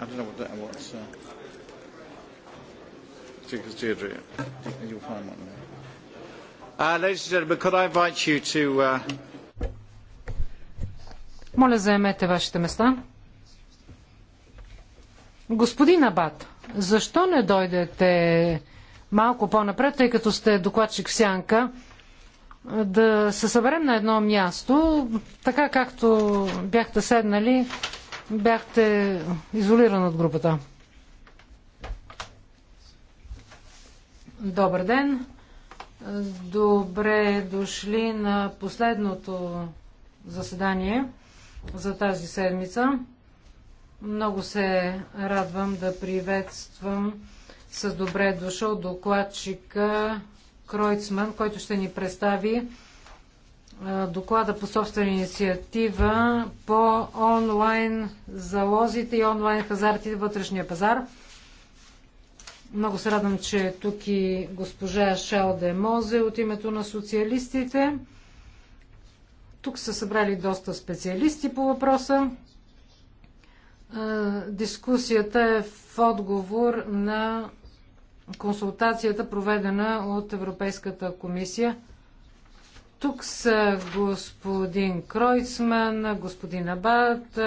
I don't know what that was. Uh, because Deirdre, you'll find one. Uh, ladies and gentlemen, could I invite you to... Uh, Моля, заемете вашите места. Господин Абат, защо не дойдете малко по-напред, тъй като сте докладчик в Сянка, да се съберем на едно място, така както бяхте седнали бяхте изолиран от групата. Добър ден! Добре дошли на последното заседание за тази седмица. Много се радвам да приветствам с добре дошъл докладчика Кройцман, който ще ни представи доклада по собствена инициатива по онлайн залозите и онлайн в вътрешния пазар. Много се радвам, че е тук и госпожа Шалде Мозе от името на социалистите. Тук са събрали доста специалисти по въпроса. Дискусията е в отговор на консултацията, проведена от Европейската комисия – тук са господин Кройцман, господин Абат,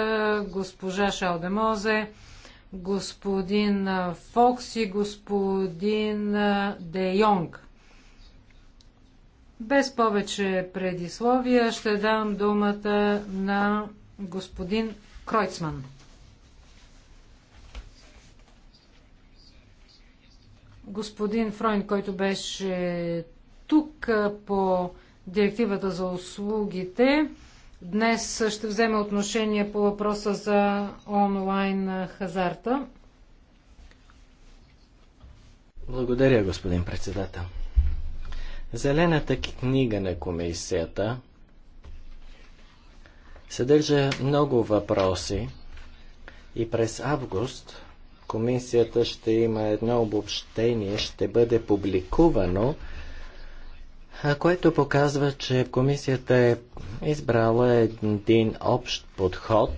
госпожа Шалдемозе, господин Фокс и господин Де Йонг. Без повече предисловия ще дам думата на господин Кройцман. Господин Фройн, който беше тук по директивата за услугите. Днес ще вземе отношение по въпроса за онлайн хазарта. Благодаря, господин председател. Зелената книга на комисията съдържа много въпроси и през август комисията ще има едно обобщение, ще бъде публикувано което показва, че комисията е избрала един общ подход,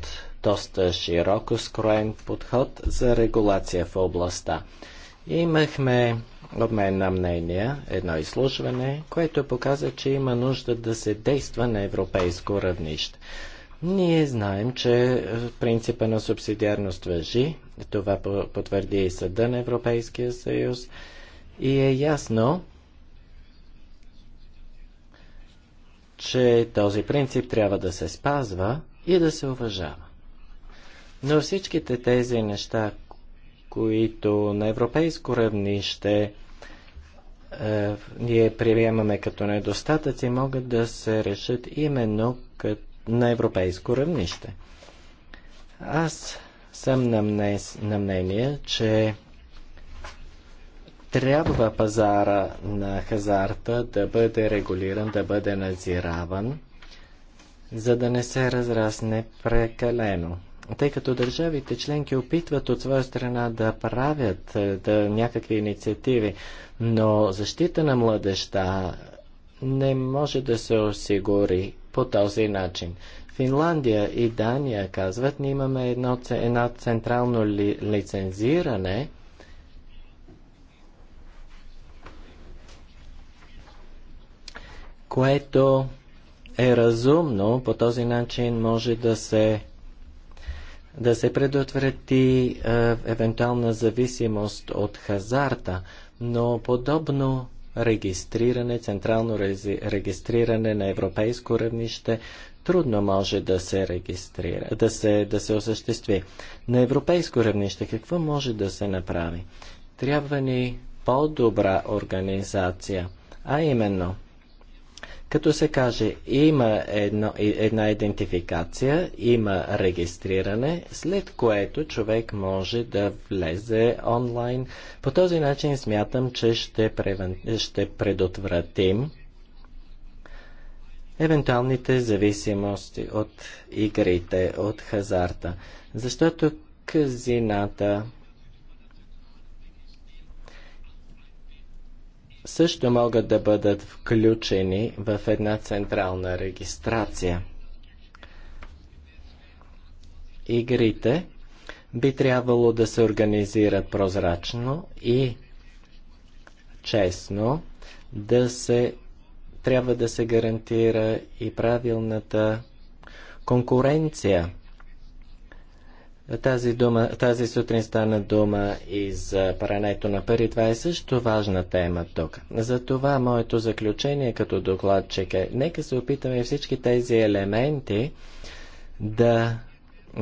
доста широко скроен подход за регулация в областта. Имахме обмен на мнения, едно изслушване, което показа, че има нужда да се действа на европейско равнище. Ние знаем, че е, принципа на субсидиарност въжи, това потвърди и Съда на Европейския съюз, и е ясно, че този принцип трябва да се спазва и да се уважава. Но всичките тези неща, които на европейско равнище е, ние приемаме като недостатъци, могат да се решат именно кът, на европейско равнище. Аз съм на, мнес, на мнение, че трябва пазара на хазарта да бъде регулиран, да бъде надзираван, за да не се разрасне прекалено тъй като държавите членки опитват от своя страна да правят е, да, някакви инициативи, но защита на младеща не може да се осигури по този начин. Финландия и Дания казват, ние имаме едно, едно централно ли, лицензиране което е разумно. По този начин може да се да се предотврати е, евентуална зависимост от хазарта, но подобно регистриране, централно регистриране на европейско равнище трудно може да се регистрира, да се, да се осъществи. На европейско равнище какво може да се направи? Трябва ни по-добра организация, а именно – като се каже има едно, една идентификация, има регистриране, след което човек може да влезе онлайн. По този начин смятам, че ще, превен... ще предотвратим евентуалните зависимости от игрите, от хазарта, защото казината също могат да бъдат включени в една централна регистрация. Игрите би трябвало да се организират прозрачно и честно, да се, трябва да се гарантира и правилната конкуренция тази, дума, тази сутрин стана дума и за прането на пари. Това е също важна тема тук. Затова моето заключение като докладчик е, нека се опитаме всички тези елементи да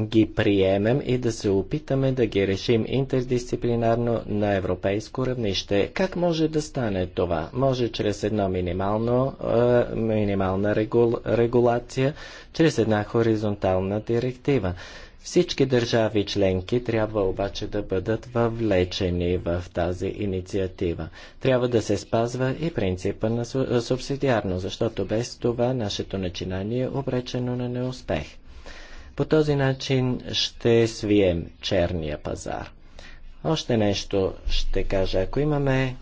ги приемем и да се опитаме да ги решим интердисциплинарно на европейско равнище. Как може да стане това? Може чрез едно минимално, е, минимална регул, регулация, чрез една хоризонтална директива. Всички държави членки трябва обаче да бъдат въвлечени в тази инициатива. Трябва да се спазва и принципа на субсидиарно, защото без това нашето начинание е обречено на неуспех. По този начин ще свием черния пазар. Още нещо ще кажа. Ако имаме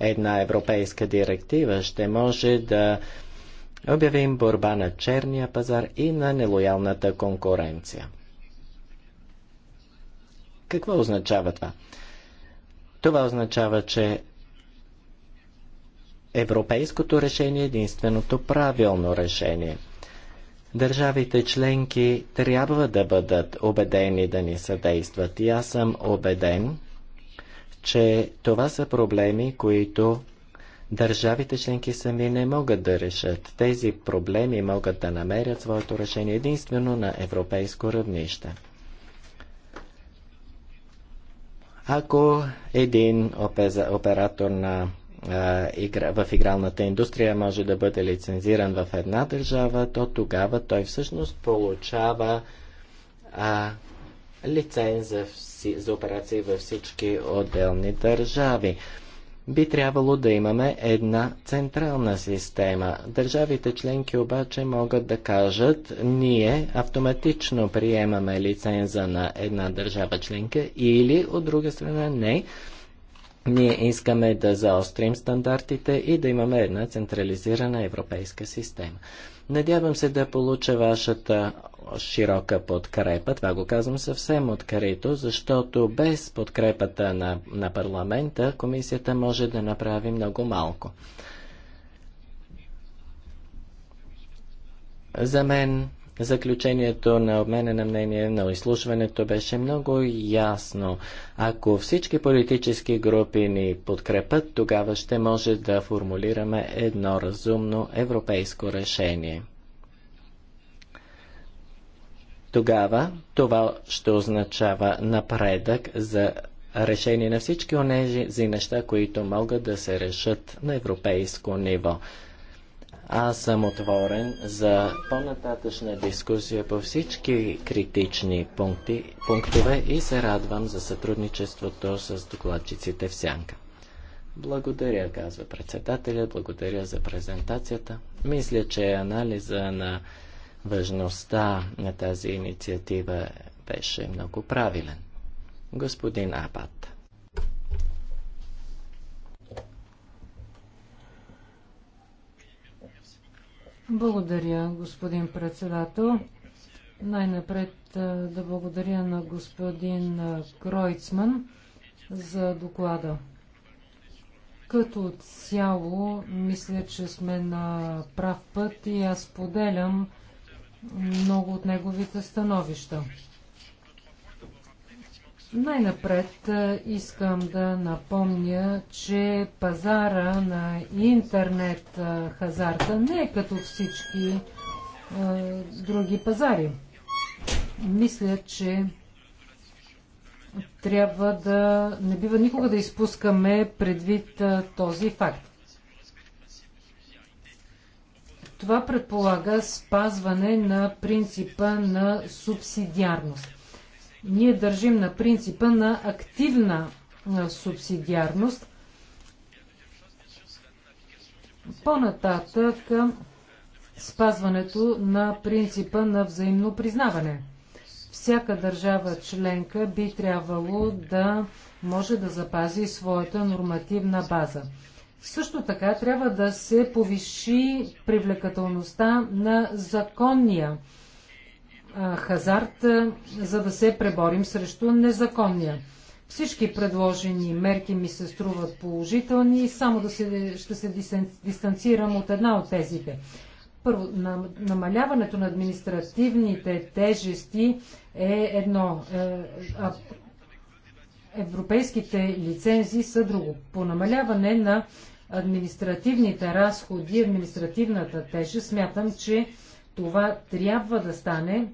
една европейска директива, ще може да обявим борба на черния пазар и на нелоялната конкуренция. Какво означава това? Това означава, че европейското решение е единственото правилно решение. Държавите членки трябва да бъдат убедени да ни съдействат и аз съм убеден, че това са проблеми, които Държавите членки сами не могат да решат. Тези проблеми могат да намерят своето решение единствено на европейско равнище. Ако един оператор на в игралната индустрия може да бъде лицензиран в една държава, то тогава той всъщност получава а, лиценз за, за операции във всички отделни държави би трябвало да имаме една централна система. Държавите членки обаче могат да кажат, ние автоматично приемаме лиценза на една държава членка или от друга страна не. Ние искаме да заострим стандартите и да имаме една централизирана европейска система. Надявам се да получа вашата широка подкрепа. Това го казвам съвсем открито, защото без подкрепата на, на парламента комисията може да направи много малко. За мен Заключението на обмена на мнение на изслушването беше много ясно. Ако всички политически групи ни подкрепят, тогава ще може да формулираме едно разумно европейско решение. Тогава това ще означава напредък за решение на всички онези неща, които могат да се решат на европейско ниво. Аз съм отворен за по-нататъчна дискусия по всички критични пункти, пунктове и се радвам за сътрудничеството с докладчиците в Сянка. Благодаря, казва председателя, благодаря за презентацията. Мисля, че анализа на важността на тази инициатива беше много правилен. Господин Абат. Благодаря, господин председател. Най-напред да благодаря на господин Кройцман за доклада. Като цяло, мисля, че сме на прав път и аз поделям много от неговите становища. Най-напред искам да напомня, че пазара на интернет хазарта не е като всички е, други пазари. Мисля, че трябва да не бива никога да изпускаме предвид е, този факт. Това предполага спазване на принципа на субсидиарност ние държим на принципа на активна субсидиарност. По-нататък спазването на принципа на взаимно признаване. Всяка държава членка би трябвало да може да запази своята нормативна база. Също така трябва да се повиши привлекателността на законния хазарт, за да се преборим срещу незаконния. Всички предложени мерки ми се струват положителни и само да се, ще се дистанцирам от една от тезите. Първо, намаляването на административните тежести е едно. Е, а европейските лицензии са друго. По намаляване на административните разходи, административната тежест, смятам, че това трябва да стане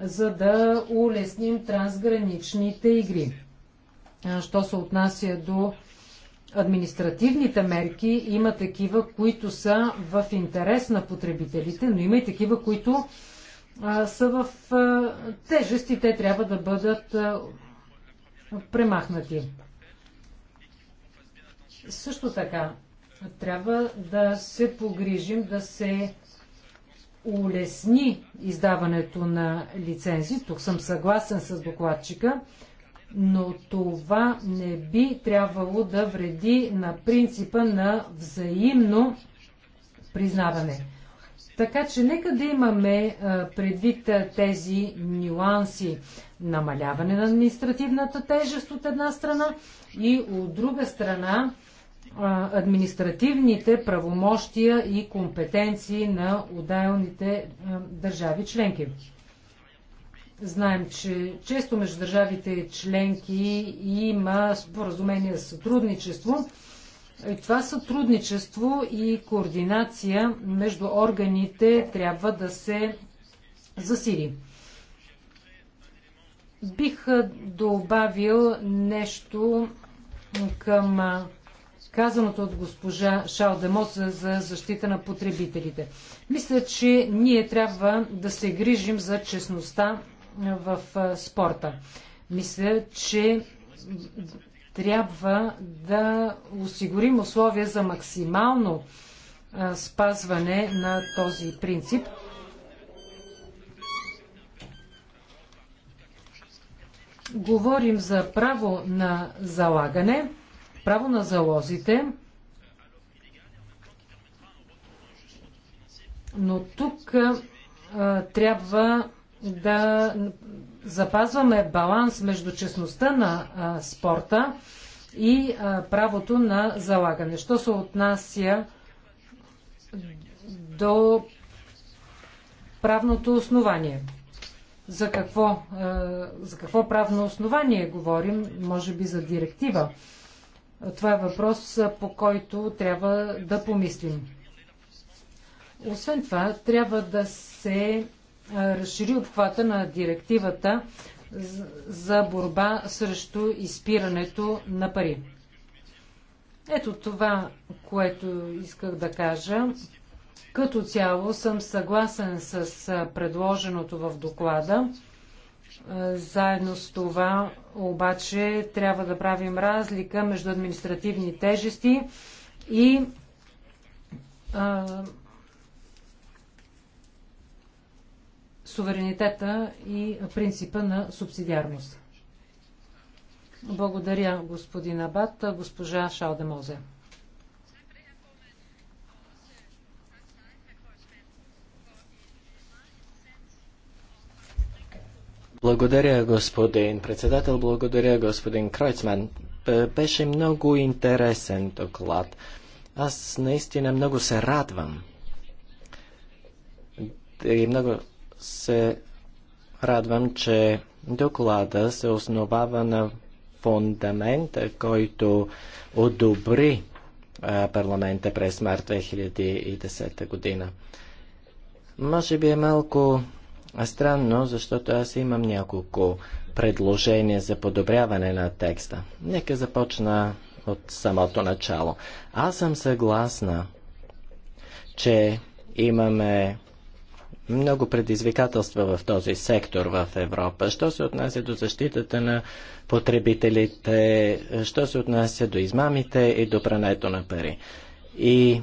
за да улесним трансграничните игри. Що се отнася до административните мерки, има такива, които са в интерес на потребителите, но има и такива, които са в тежести, тежест и те трябва да бъдат премахнати. Също така, трябва да се погрижим да се улесни издаването на лицензи. Тук съм съгласен с докладчика, но това не би трябвало да вреди на принципа на взаимно признаване. Така че нека да имаме предвид тези нюанси. Намаляване на административната тежест от една страна и от друга страна административните правомощия и компетенции на отделните държави членки. Знаем, че често между държавите членки има споразумение за сътрудничество. И това сътрудничество и координация между органите трябва да се засили. Бих добавил нещо към казаното от госпожа Шалдемос за защита на потребителите. Мисля, че ние трябва да се грижим за честността в спорта. Мисля, че трябва да осигурим условия за максимално спазване на този принцип. Говорим за право на залагане право на залозите, но тук а, трябва да запазваме баланс между честността на а, спорта и а, правото на залагане. Що се отнася до правното основание? За какво, за какво правно основание говорим? Може би за директива. Това е въпрос, по който трябва да помислим. Освен това, трябва да се разшири обхвата на директивата за борба срещу изпирането на пари. Ето това, което исках да кажа. Като цяло съм съгласен с предложеното в доклада. Заедно с това обаче трябва да правим разлика между административни тежести и а, суверенитета и принципа на субсидиарност. Благодаря, господин Абат. Госпожа Шалдемозе. Благодаря, господин председател. Благодаря, господин Кройцман. Беше много интересен доклад. Аз наистина много се радвам. И много се радвам, че доклада се основава на фундамента, който одобри парламента през март 2010 година. Може би е малко странно, защото аз имам няколко предложения за подобряване на текста. Нека започна от самото начало. Аз съм съгласна, че имаме много предизвикателства в този сектор в Европа. Що се отнася до защитата на потребителите, що се отнася до измамите и до прането на пари. И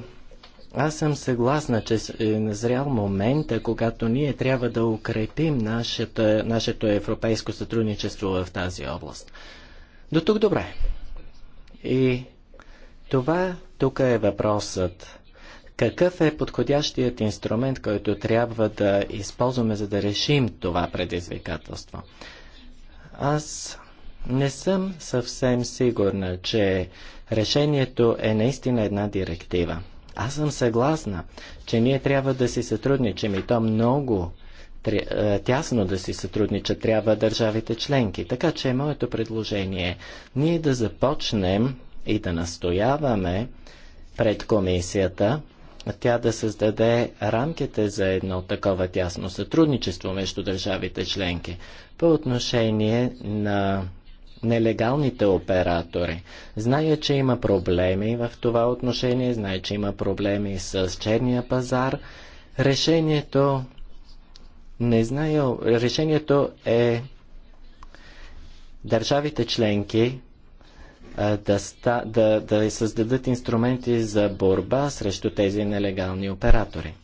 аз съм съгласна, че е назрял момента, когато ние трябва да укрепим нашето, нашето европейско сътрудничество в тази област. До тук добре. И това тук е въпросът. Какъв е подходящият инструмент, който трябва да използваме, за да решим това предизвикателство? Аз не съм съвсем сигурна, че решението е наистина една директива. Аз съм съгласна, че ние трябва да си сътрудничим и то много е, тясно да си сътрудничат трябва държавите членки. Така че моето предложение е ние да започнем и да настояваме пред комисията тя да създаде рамките за едно такова тясно сътрудничество между държавите членки по отношение на нелегалните оператори. Зная, че има проблеми в това отношение, знае, че има проблеми с черния пазар. Решението не зная, решението е държавите членки да, ста, да, да създадат инструменти за борба срещу тези нелегални оператори.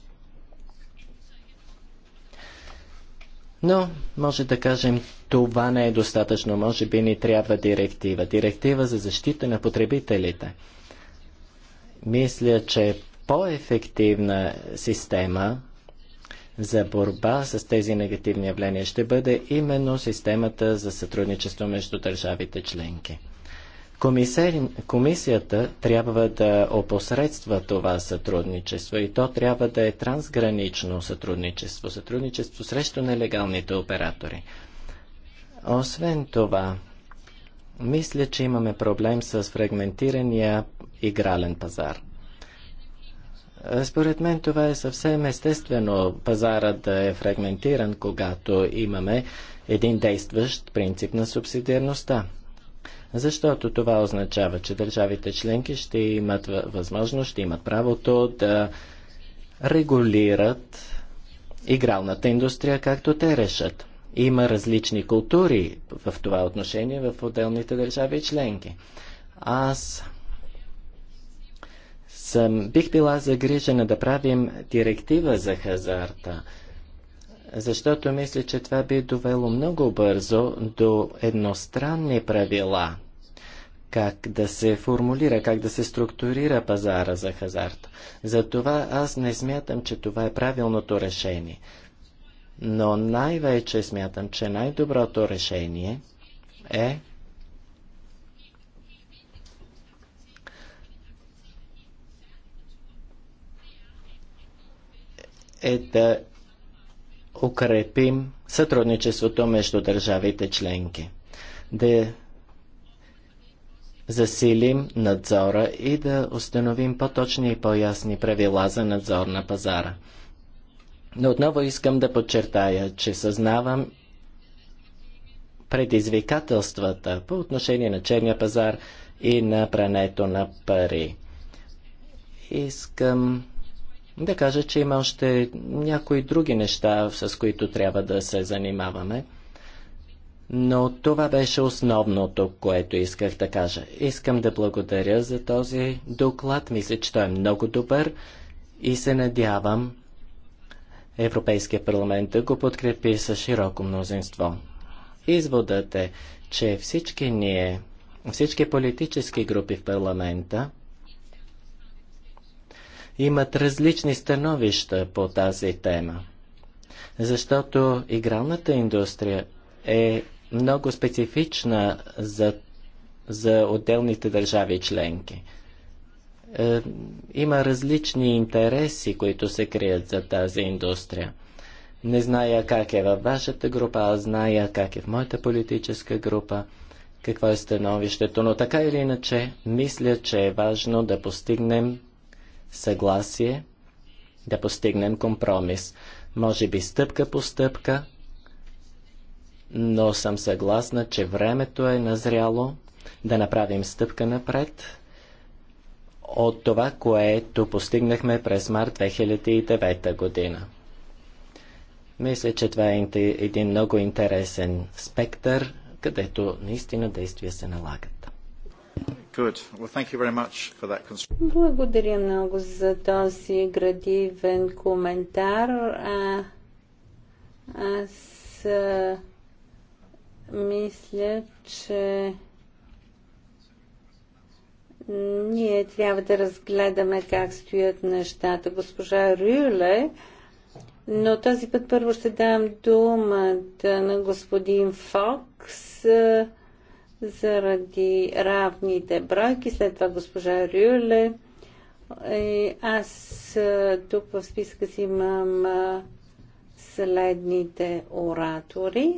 Но може да кажем, това не е достатъчно. Може би ни трябва директива. Директива за защита на потребителите. Мисля, че по-ефективна система за борба с тези негативни явления ще бъде именно системата за сътрудничество между държавите членки. Комисия, комисията трябва да опосредства това сътрудничество и то трябва да е трансгранично сътрудничество, сътрудничество срещу нелегалните оператори. Освен това, мисля, че имаме проблем с фрагментирания игрален пазар. Е, според мен това е съвсем естествено пазарът да е фрагментиран, когато имаме един действащ принцип на субсидиарността. Защото това означава, че държавите членки ще имат възможност, ще имат правото да регулират игралната индустрия, както те решат. Има различни култури в това отношение в отделните държави и членки. Аз съм, бих била загрижена да правим директива за хазарта, защото мисля, че това би довело много бързо до едностранни правила, как да се формулира, как да се структурира пазара за хазарт. Затова аз не смятам, че това е правилното решение. Но най-вече смятам, че най-доброто решение е е да укрепим сътрудничеството между държавите членки, да засилим надзора и да установим по-точни и по-ясни правила за надзор на пазара. Но отново искам да подчертая, че съзнавам предизвикателствата по отношение на черния пазар и на прането на пари. Искам да кажа, че има още някои други неща, с които трябва да се занимаваме. Но това беше основното, което исках да кажа. Искам да благодаря за този доклад. Мисля, че той е много добър и се надявам Европейския парламент да го подкрепи с широко мнозинство. Изводът е, че всички ние, всички политически групи в парламента имат различни становища по тази тема. Защото игралната индустрия е много специфична за, за отделните държави членки. Е, има различни интереси, които се крият за тази индустрия. Не зная как е във вашата група, а зная как е в моята политическа група, какво е становището, но така или иначе, мисля, че е важно да постигнем съгласие, да постигнем компромис. Може би стъпка по стъпка, но съм съгласна, че времето е назряло да направим стъпка напред от това, което постигнахме през март 2009 година. Мисля, че това е един много интересен спектър, където наистина действия се налагат. Well, Благодаря много за този градивен коментар. А, аз а, мисля, че ние трябва да разгледаме как стоят нещата. Госпожа Рюле, но този път първо ще дам думата на господин Фокс заради равните бройки, след това госпожа Рюле. Аз тук в списка си имам следните оратори.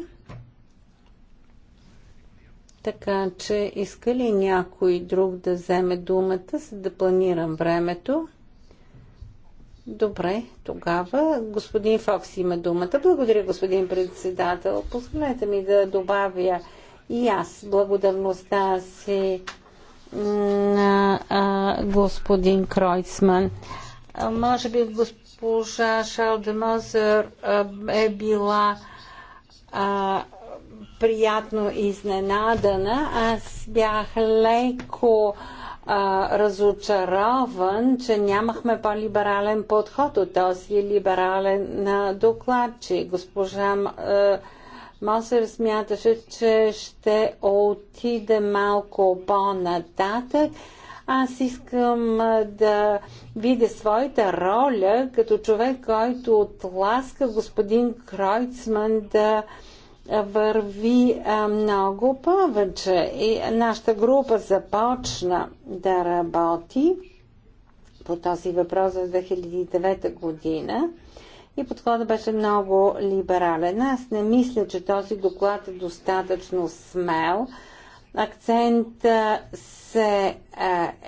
Така че иска ли някой друг да вземе думата, за да планирам времето? Добре, тогава господин Фокс има думата. Благодаря, господин председател. Позволете ми да добавя и аз благодарността си на а, господин Кройцман. А, може би госпожа Шалдемозер е била а, приятно изненадана. Аз бях леко а, разочарован, че нямахме по-либерален подход от този либерален а, доклад, че госпожа а, Мосер смяташе, че ще отиде малко по-нататък. Аз искам да видя своята роля като човек, който отласка господин Кройцман да а, върви много повече. И нашата група започна да работи по този въпрос в 2009 година и подходът беше много либерален. Аз не мисля, че този доклад е достатъчно смел. Акцент се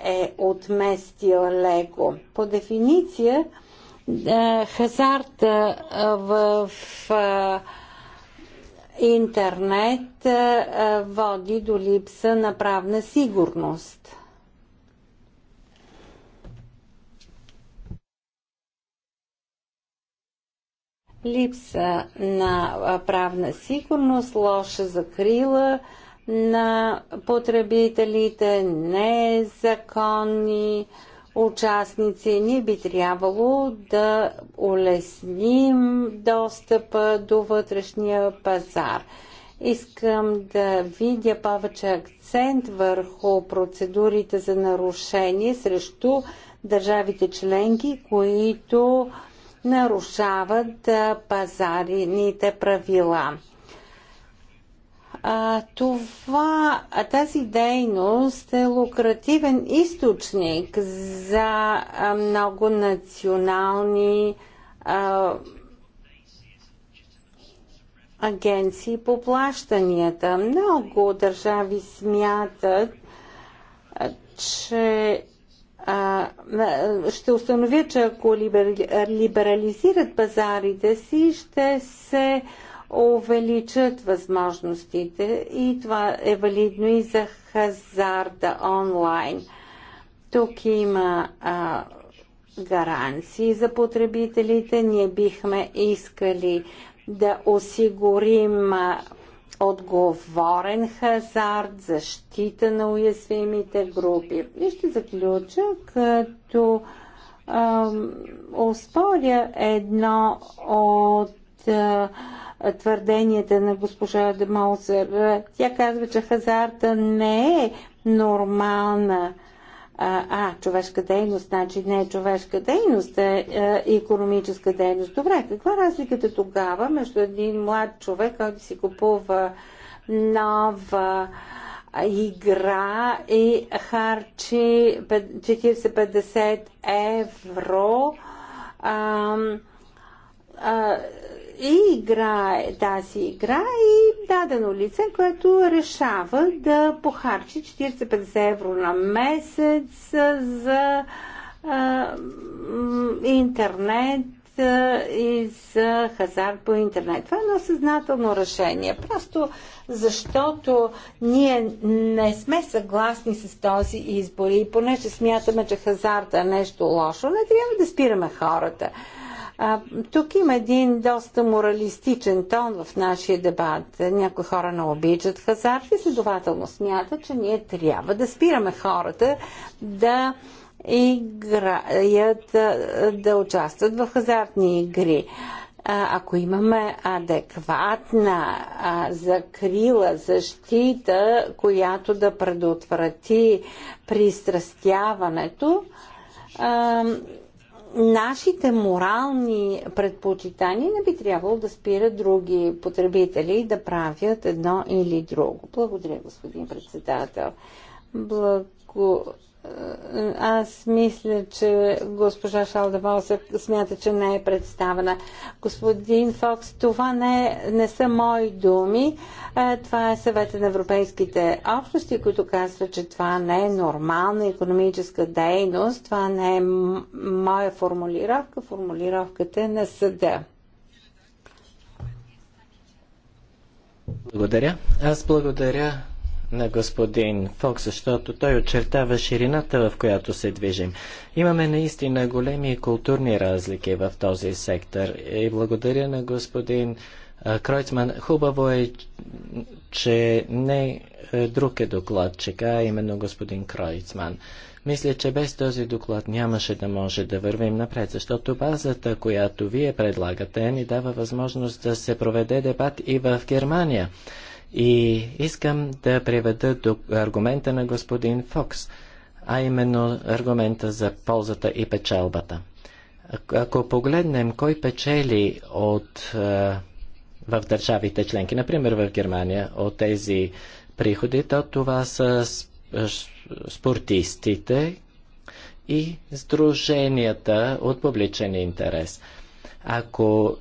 е отместил леко. По дефиниция, хазарта в интернет води до липса на правна сигурност. Липса на правна сигурност, лоша закрила на потребителите, незаконни участници. Ние би трябвало да улесним достъпа до вътрешния пазар. Искам да видя повече акцент върху процедурите за нарушение срещу държавите членки, които нарушават пазарните правила. А, това, тази дейност е лукративен източник за много национални а, агенции по плащанията. Много държави смятат, че а, ще установят, че ако либерализират пазарите си, ще се а, увеличат възможностите и това е валидно и за хазарда онлайн. Тук има а, гаранции за потребителите. Ние бихме искали да осигурим а, отговорен хазарт, защита на уязвимите групи. И ще заключа, като а, успоря едно от а, твърденията на госпожа Демолзер. Тя казва, че хазарта не е нормална а, а, човешка дейност, значи не е човешка дейност, е, е економическа дейност. Добре, каква е разликата тогава между един млад човек, който си купува нова игра и харчи 40-50 евро а, а, и играе тази игра и дадено лице, което решава да похарчи 40-50 евро на месец за а, интернет и за хазарт по интернет. Това е едно съзнателно решение. Просто защото ние не сме съгласни с този избор и понеже смятаме, че хазарта е нещо лошо, не трябва да спираме хората. А, тук има един доста моралистичен тон в нашия дебат. Някои хора не обичат хазарт и следователно смятат, че ние трябва да спираме хората да играят, да участват в хазартни игри ако имаме адекватна закрила, защита, която да предотврати пристрастяването, нашите морални предпочитания не би трябвало да спират други потребители да правят едно или друго. Благодаря, господин председател. Благо... Е, аз мисля, че госпожа се смята, че не е представена. Господин Фокс, това не, не са мои думи. Е, това е съвета на европейските общности, които казва, че това не е нормална економическа дейност. Това не е моя формулировка. Формулировката е на съда. Благодаря. Аз благодаря на господин Фокс, защото той очертава ширината, в която се движим. Имаме наистина големи културни разлики в този сектор и благодаря на господин Кройцман. Хубаво е, че не е, друг е докладчик, а именно господин Кройцман. Мисля, че без този доклад нямаше да може да вървим напред, защото базата, която вие предлагате, ни дава възможност да се проведе дебат и в Германия. И искам да преведа до аргумента на господин Фокс, а именно аргумента за ползата и печалбата. Ако погледнем кой печели от, е, в държавите членки, например в Германия, от тези приходи, то това са е, спортистите и сдруженията от публичен интерес. Ако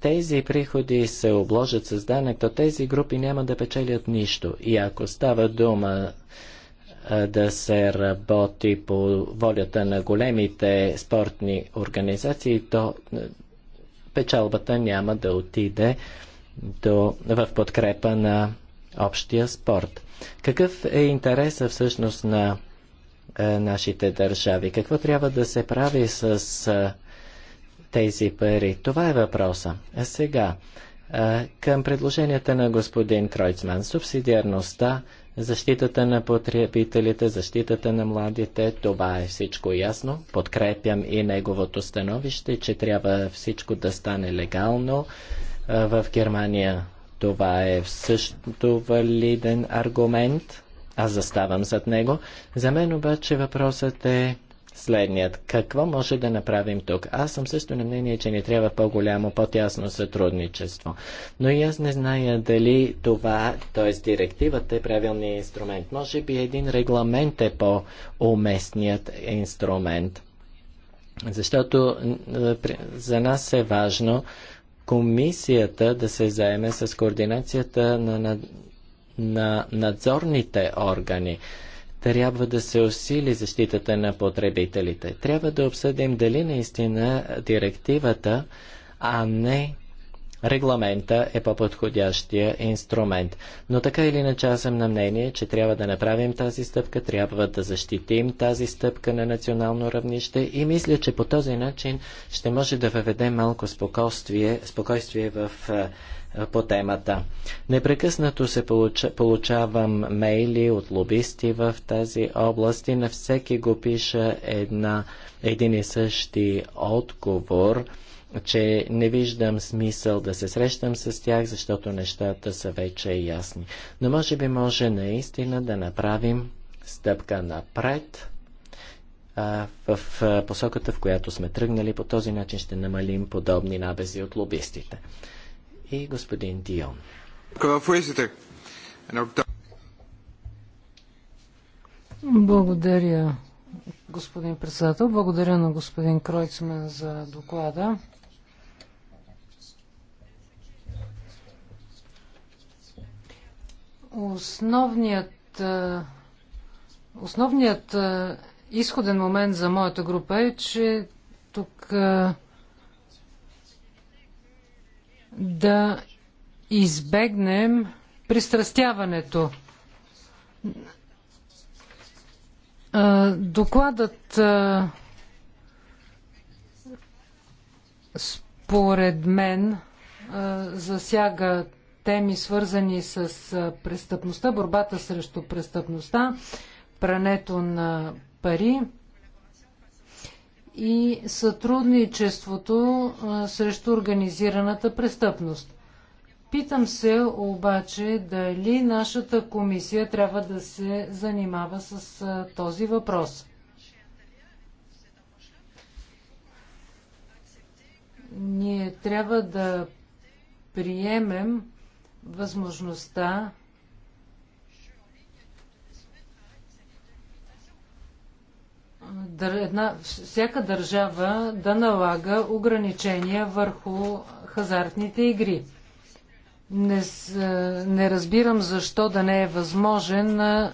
тези приходи се обложат с данък, то тези групи няма да печелят нищо. И ако става дума да се работи по волята на големите спортни организации, то печалбата няма да отиде до, в подкрепа на общия спорт. Какъв е интересът всъщност на е, нашите държави? Какво трябва да се прави с тези пари? Това е въпроса. А сега, към предложенията на господин Кройцман, субсидиарността, защитата на потребителите, защитата на младите, това е всичко ясно. Подкрепям и неговото становище, че трябва всичко да стане легално. В Германия това е също валиден аргумент. Аз заставам зад него. За мен обаче въпросът е следният. Какво може да направим тук? Аз съм също на мнение, че ни трябва по-голямо, по-тясно сътрудничество. Но и аз не зная дали това, т.е. директивата е правилният инструмент. Може би един регламент е по-уместният инструмент. Защото за нас е важно комисията да се заеме с координацията на, на, на надзорните органи трябва да се усили защитата на потребителите. Трябва да обсъдим дали наистина директивата, а не регламента е по-подходящия инструмент. Но така или иначе аз съм на мнение, че трябва да направим тази стъпка, трябва да защитим тази стъпка на национално равнище и мисля, че по този начин ще може да въведем малко спокойствие, спокойствие в по темата. Непрекъснато се получавам мейли от лобисти в тази област и на всеки го пиша една, един и същи отговор че не виждам смисъл да се срещам с тях, защото нещата са вече ясни. Но може би може наистина да направим стъпка напред а, в посоката, в която сме тръгнали. По този начин ще намалим подобни набези от лобистите и господин Дион. Благодаря, господин председател. Благодаря на господин Кройцмен за доклада. Основният, основният изходен момент за моята група е, че тук да избегнем пристрастяването. Докладът според мен засяга теми свързани с престъпността, борбата срещу престъпността, прането на пари и сътрудничеството срещу организираната престъпност. Питам се обаче дали нашата комисия трябва да се занимава с този въпрос. Ние трябва да приемем възможността една, всяка държава да налага ограничения върху хазартните игри. Не, е, не разбирам защо да не е възможен а,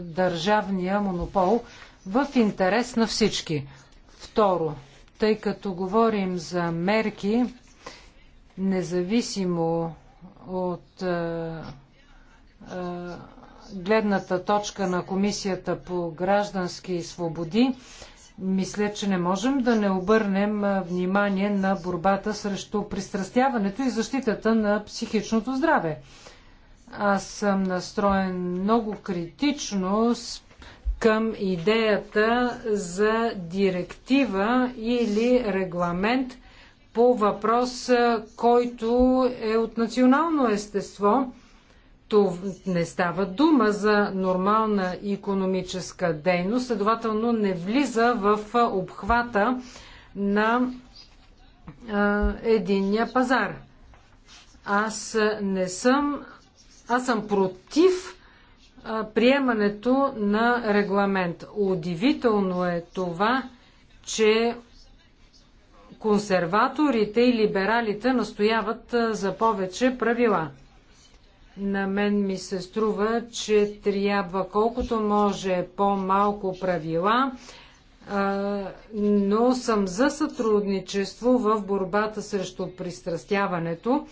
е, държавния монопол в интерес на всички. Второ, тъй като говорим за мерки, независимо от а, е, а, гледната точка на Комисията по граждански свободи, мисля, че не можем да не обърнем внимание на борбата срещу пристрастяването и защитата на психичното здраве. Аз съм настроен много критично към идеята за директива или регламент по въпрос, който е от национално естество – това не става дума за нормална економическа дейност, следователно не влиза в обхвата на единния пазар. Аз не съм. Аз съм против приемането на регламент. Удивително е това, че консерваторите и либералите настояват за повече правила на мен ми се струва, че трябва колкото може по-малко правила, но съм за сътрудничество в борбата срещу пристрастяването.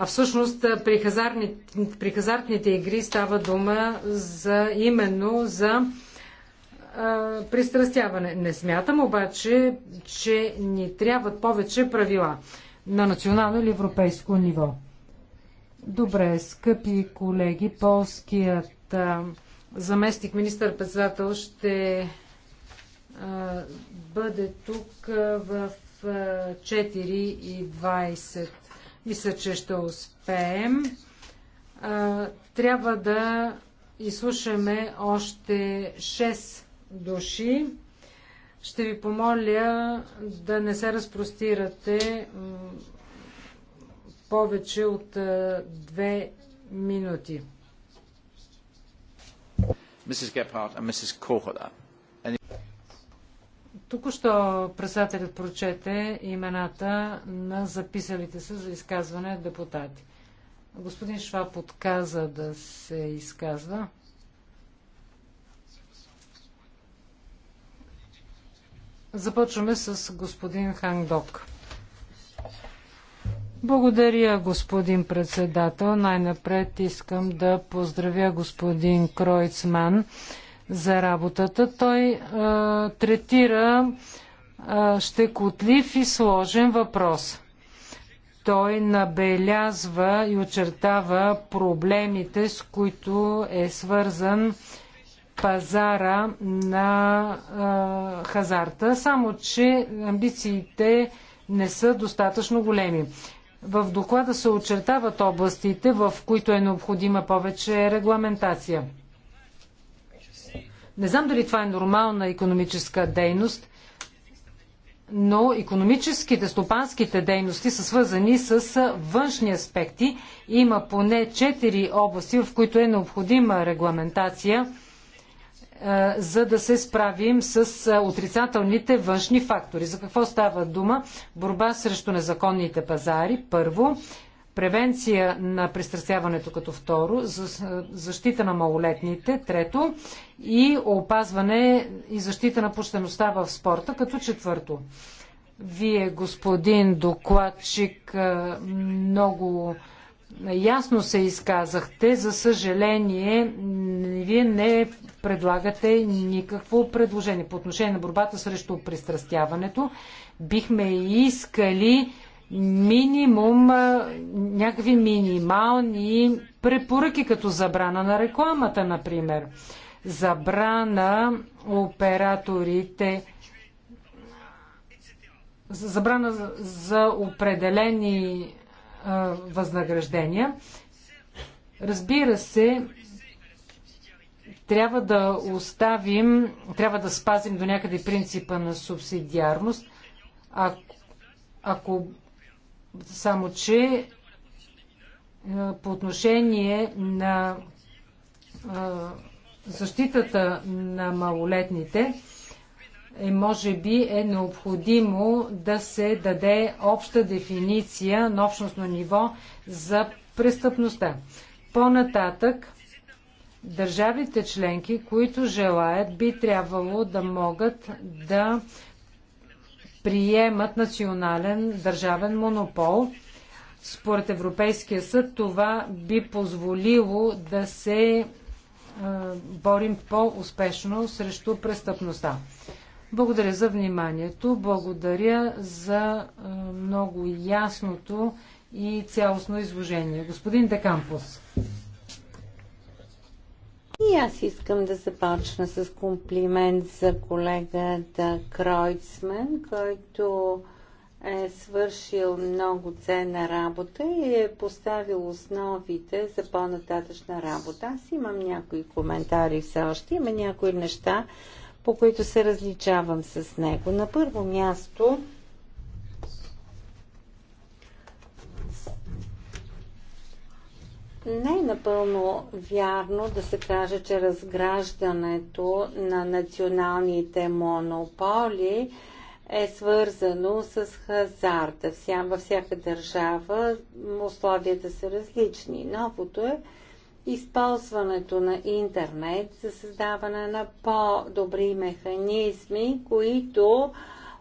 А всъщност при, хазарни, при хазартните игри става дума за, именно за а, пристрастяване. Не смятам обаче, че ни трябват повече правила на национално или европейско ниво. Добре, скъпи колеги, полският а, заместник министър-председател ще а, бъде тук в 4.20. Мисля, че ще успеем. трябва да изслушаме още 6 души. Ще ви помоля да не се разпростирате повече от две минути. Току-що председателят прочете имената на записалите се за изказване депутати. Господин Шваб отказа да се изказва. Започваме с господин Хангдок. Благодаря, господин председател. Най-напред искам да поздравя господин Кройцман за работата. Той а, третира а, щекотлив и сложен въпрос. Той набелязва и очертава проблемите, с които е свързан пазара на а, хазарта, само че амбициите не са достатъчно големи. В доклада се очертават областите, в които е необходима повече регламентация. Не знам дали това е нормална економическа дейност, но економическите, стопанските дейности са свързани с външни аспекти. Има поне четири области, в които е необходима регламентация за да се справим с отрицателните външни фактори. За какво става дума? Борба срещу незаконните пазари, първо, превенция на пристрастяването като второ, защита на малолетните, трето, и опазване и защита на почтеността в спорта като четвърто. Вие, господин докладчик, много ясно се изказахте. За съжаление, вие не предлагате никакво предложение. По отношение на борбата срещу пристрастяването, бихме искали минимум, някакви минимални препоръки, като забрана на рекламата, например. Забрана операторите забрана за определени възнаграждения. Разбира се, трябва да оставим, трябва да спазим до някъде принципа на субсидиарност, ако, ако само че е, по отношение на е, защитата на малолетните, е, може би е необходимо да се даде обща дефиниция на общностно ниво за престъпността. По-нататък Държавите членки, които желаят, би трябвало да могат да приемат национален държавен монопол. Според Европейския съд това би позволило да се е, борим по-успешно срещу престъпността. Благодаря за вниманието, благодаря за е, много ясното и цялостно изложение. Господин Декампус. И аз искам да започна с комплимент за колегата Кройцман, който е свършил много ценна работа и е поставил основите за по-нататъчна работа. Аз имам някои коментари все още, има някои неща, по които се различавам с него. На първо място, Не е напълно вярно да се каже, че разграждането на националните монополи е свързано с хазарта. Вся, във всяка държава условията са различни. Новото е използването на интернет за създаване на по-добри механизми, които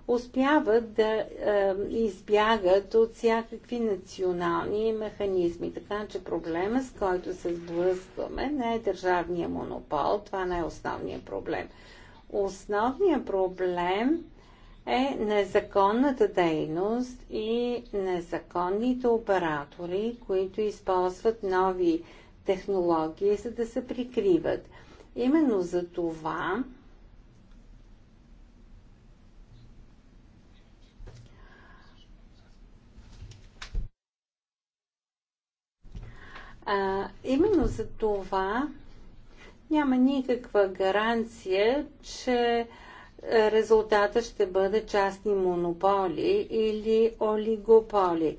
успяват да е, избягат от всякакви национални механизми. Така че проблема, с който се сблъскваме, не е държавния монопол, това не е основният проблем. Основният проблем е незаконната дейност и незаконните оператори, които използват нови технологии, за да се прикриват. Именно за това А, именно за това няма никаква гаранция, че е, резултата ще бъде частни монополи или олигополи.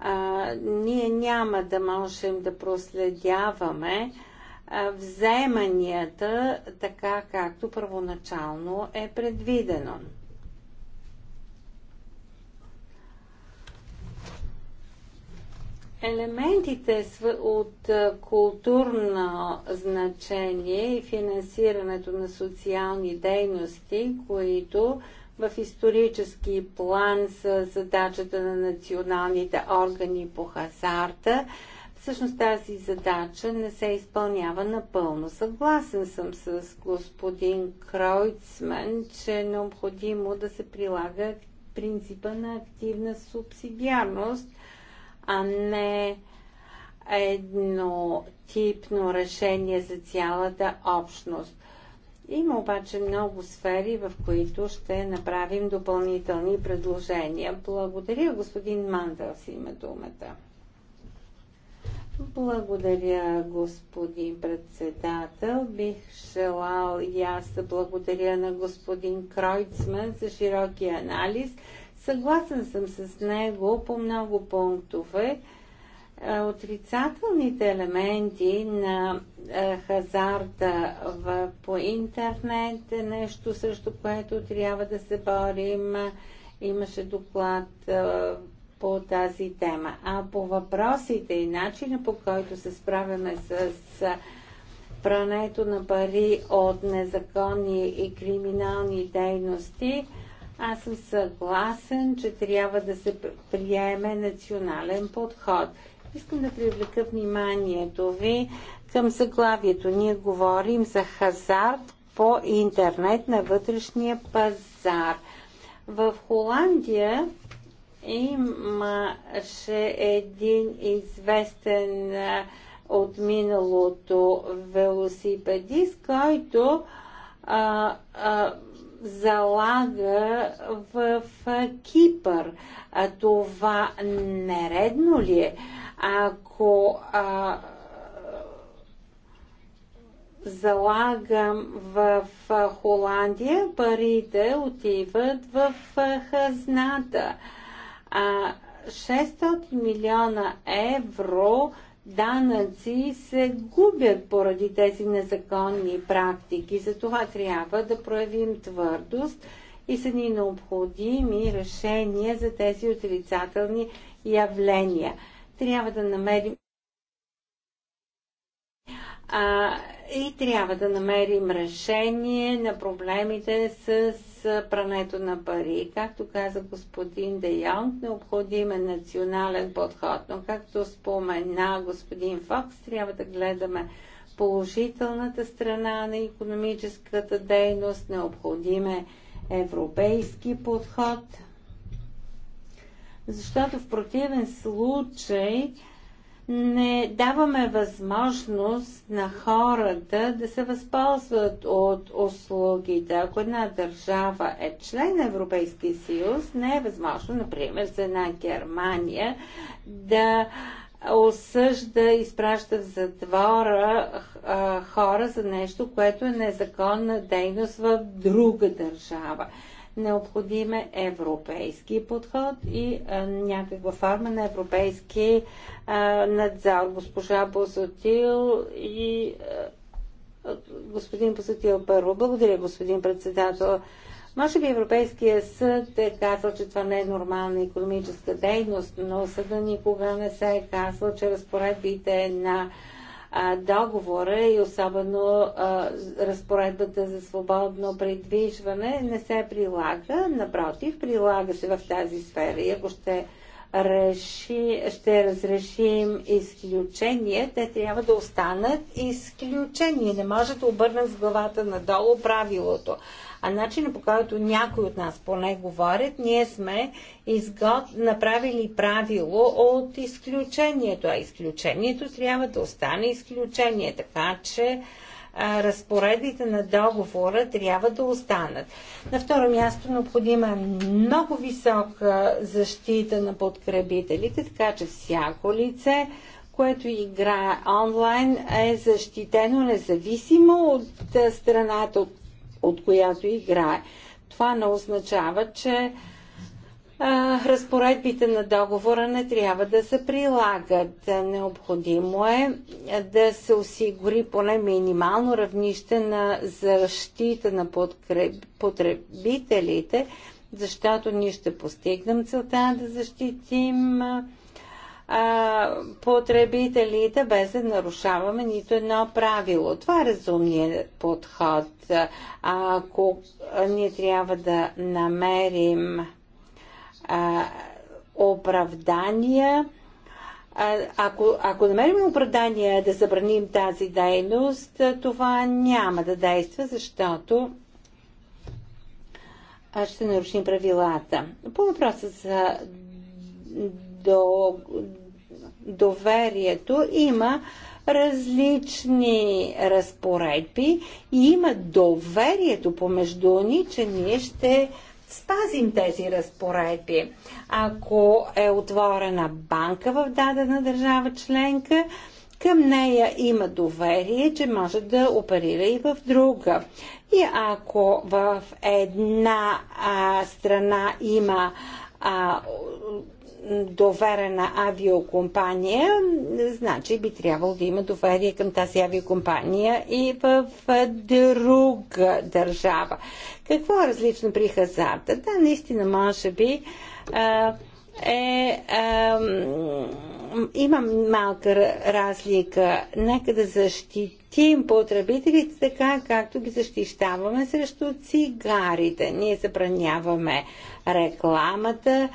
А, ние няма да можем да проследяваме а, е, вземанията така, както първоначално е предвидено. Елементите от културно значение и финансирането на социални дейности, които в исторически план са задачата на националните органи по хазарта, всъщност тази задача не се изпълнява напълно. Съгласен съм с господин Кройцмен, че е необходимо да се прилага принципа на активна субсидиарност – а не едно типно решение за цялата общност. Има обаче много сфери, в които ще направим допълнителни предложения. Благодаря, господин Мандълс има думата. Благодаря, господин председател. Бих желал и аз да благодаря на господин Кройцман за широкия анализ – Съгласен съм с него по много пунктове. Е, отрицателните елементи на е, хазарта в, по интернет е нещо също, което трябва да се борим. Имаше доклад е, по тази тема. А по въпросите и начина по който се справяме с прането на пари от незаконни и криминални дейности, аз съм съгласен, че трябва да се приеме национален подход. Искам да привлека вниманието ви към съглавието. Ние говорим за хазарт по интернет на вътрешния пазар. В Холандия имаше един известен от миналото велосипедист, който а, а, залага в Кипър. А това нередно ли е? Ако а, залагам в Холандия, парите отиват в хазната. А 600 милиона евро данъци се губят поради тези незаконни практики. Затова трябва да проявим твърдост и са ни необходими решения за тези отрицателни явления. Трябва да намерим а, и трябва да намерим решение на проблемите с за прането на пари. Както каза господин Де Йонг, необходим е национален подход, но както спомена господин Фокс, трябва да гледаме положителната страна на економическата дейност, необходим е европейски подход, защото в противен случай не даваме възможност на хората да се възползват от услугите. Ако една държава е член на Европейския съюз, не е възможно, например, за една Германия да осъжда, изпраща в затвора хора за нещо, което е незаконна дейност в друга държава. Необходим е европейски подход и а, някаква форма на европейски а, надзор. Госпожа Бозотил и а, господин Бозотил първо. Благодаря, господин председател. Може би Европейския съд е казал, че това не е нормална економическа дейност, но съда никога не се е казал, че разпоредбите на договора и особено а, разпоредбата за свободно придвижване не се прилага, напротив, прилага се в тази сфера и ако ще реши, ще разрешим изключения, те трябва да останат изключения. Не може да обърнем с главата надолу правилото. А начинът по който някои от нас поне говорят, ние сме изгод, направили правило от изключението. А изключението трябва да остане изключение. Така че а, разпоредите на договора трябва да останат. На второ място необходима е много висока защита на подкребителите, така че всяко лице, което играе онлайн, е защитено независимо от страната, от от която играе. Това не означава, че а, разпоредбите на договора не трябва да се прилагат. Необходимо е да се осигури поне минимално равнище на защита на потребителите, защото ние ще постигнем целта да защитим а, потребителите, без да нарушаваме нито едно правило. Това е разумният подход. Ако ние трябва да намерим а, оправдания, ако, ако намерим оправдание да забраним тази дейност, това няма да действа, защото ще нарушим правилата. По въпроса за до, доверието има различни разпоредби и има доверието помежду ни, че ние ще спазим тези разпоредби. Ако е отворена банка в дадена държава членка, към нея има доверие, че може да оперира и в друга. И ако в една а, страна има а, доверена авиокомпания, значи би трябвало да има доверие към тази авиокомпания и в друга държава. Какво е различно при хазарта? Да, наистина, може би е, е, има малка разлика. Нека да защитим потребителите така, както ги защищаваме срещу цигарите. Ние забраняваме рекламата,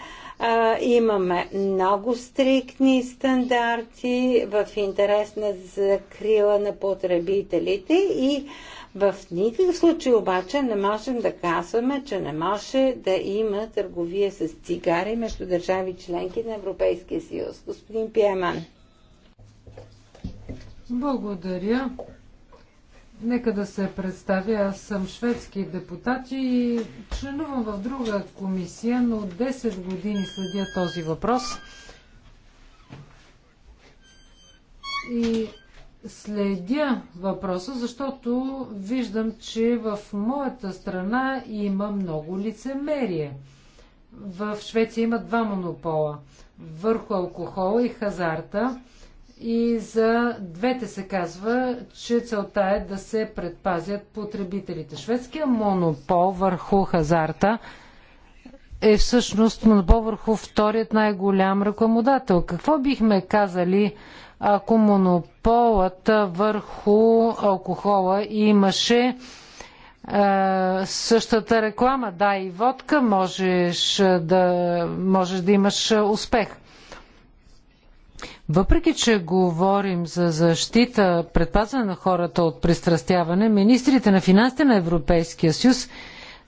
а, имаме много стриктни стандарти в интерес на закрила на потребителите и в никакъв случай обаче не можем да казваме, че не може да има търговия с цигари между държави членки на Европейския съюз. Господин Пиеман. Благодаря. Нека да се представя. Аз съм шведски депутат и членувам в друга комисия, но 10 години следя този въпрос. И следя въпроса, защото виждам, че в моята страна има много лицемерие. В Швеция има два монопола върху алкохола и хазарта. И за двете се казва, че целта е да се предпазят потребителите. Шведския монопол върху хазарта е всъщност монопол върху вторият най-голям рекламодател. Какво бихме казали, ако монополът върху алкохола имаше е, същата реклама. Да, и водка можеш е, да, можеш да имаш успех. Въпреки, че говорим за защита, предпазване на хората от пристрастяване, министрите на финансите на Европейския съюз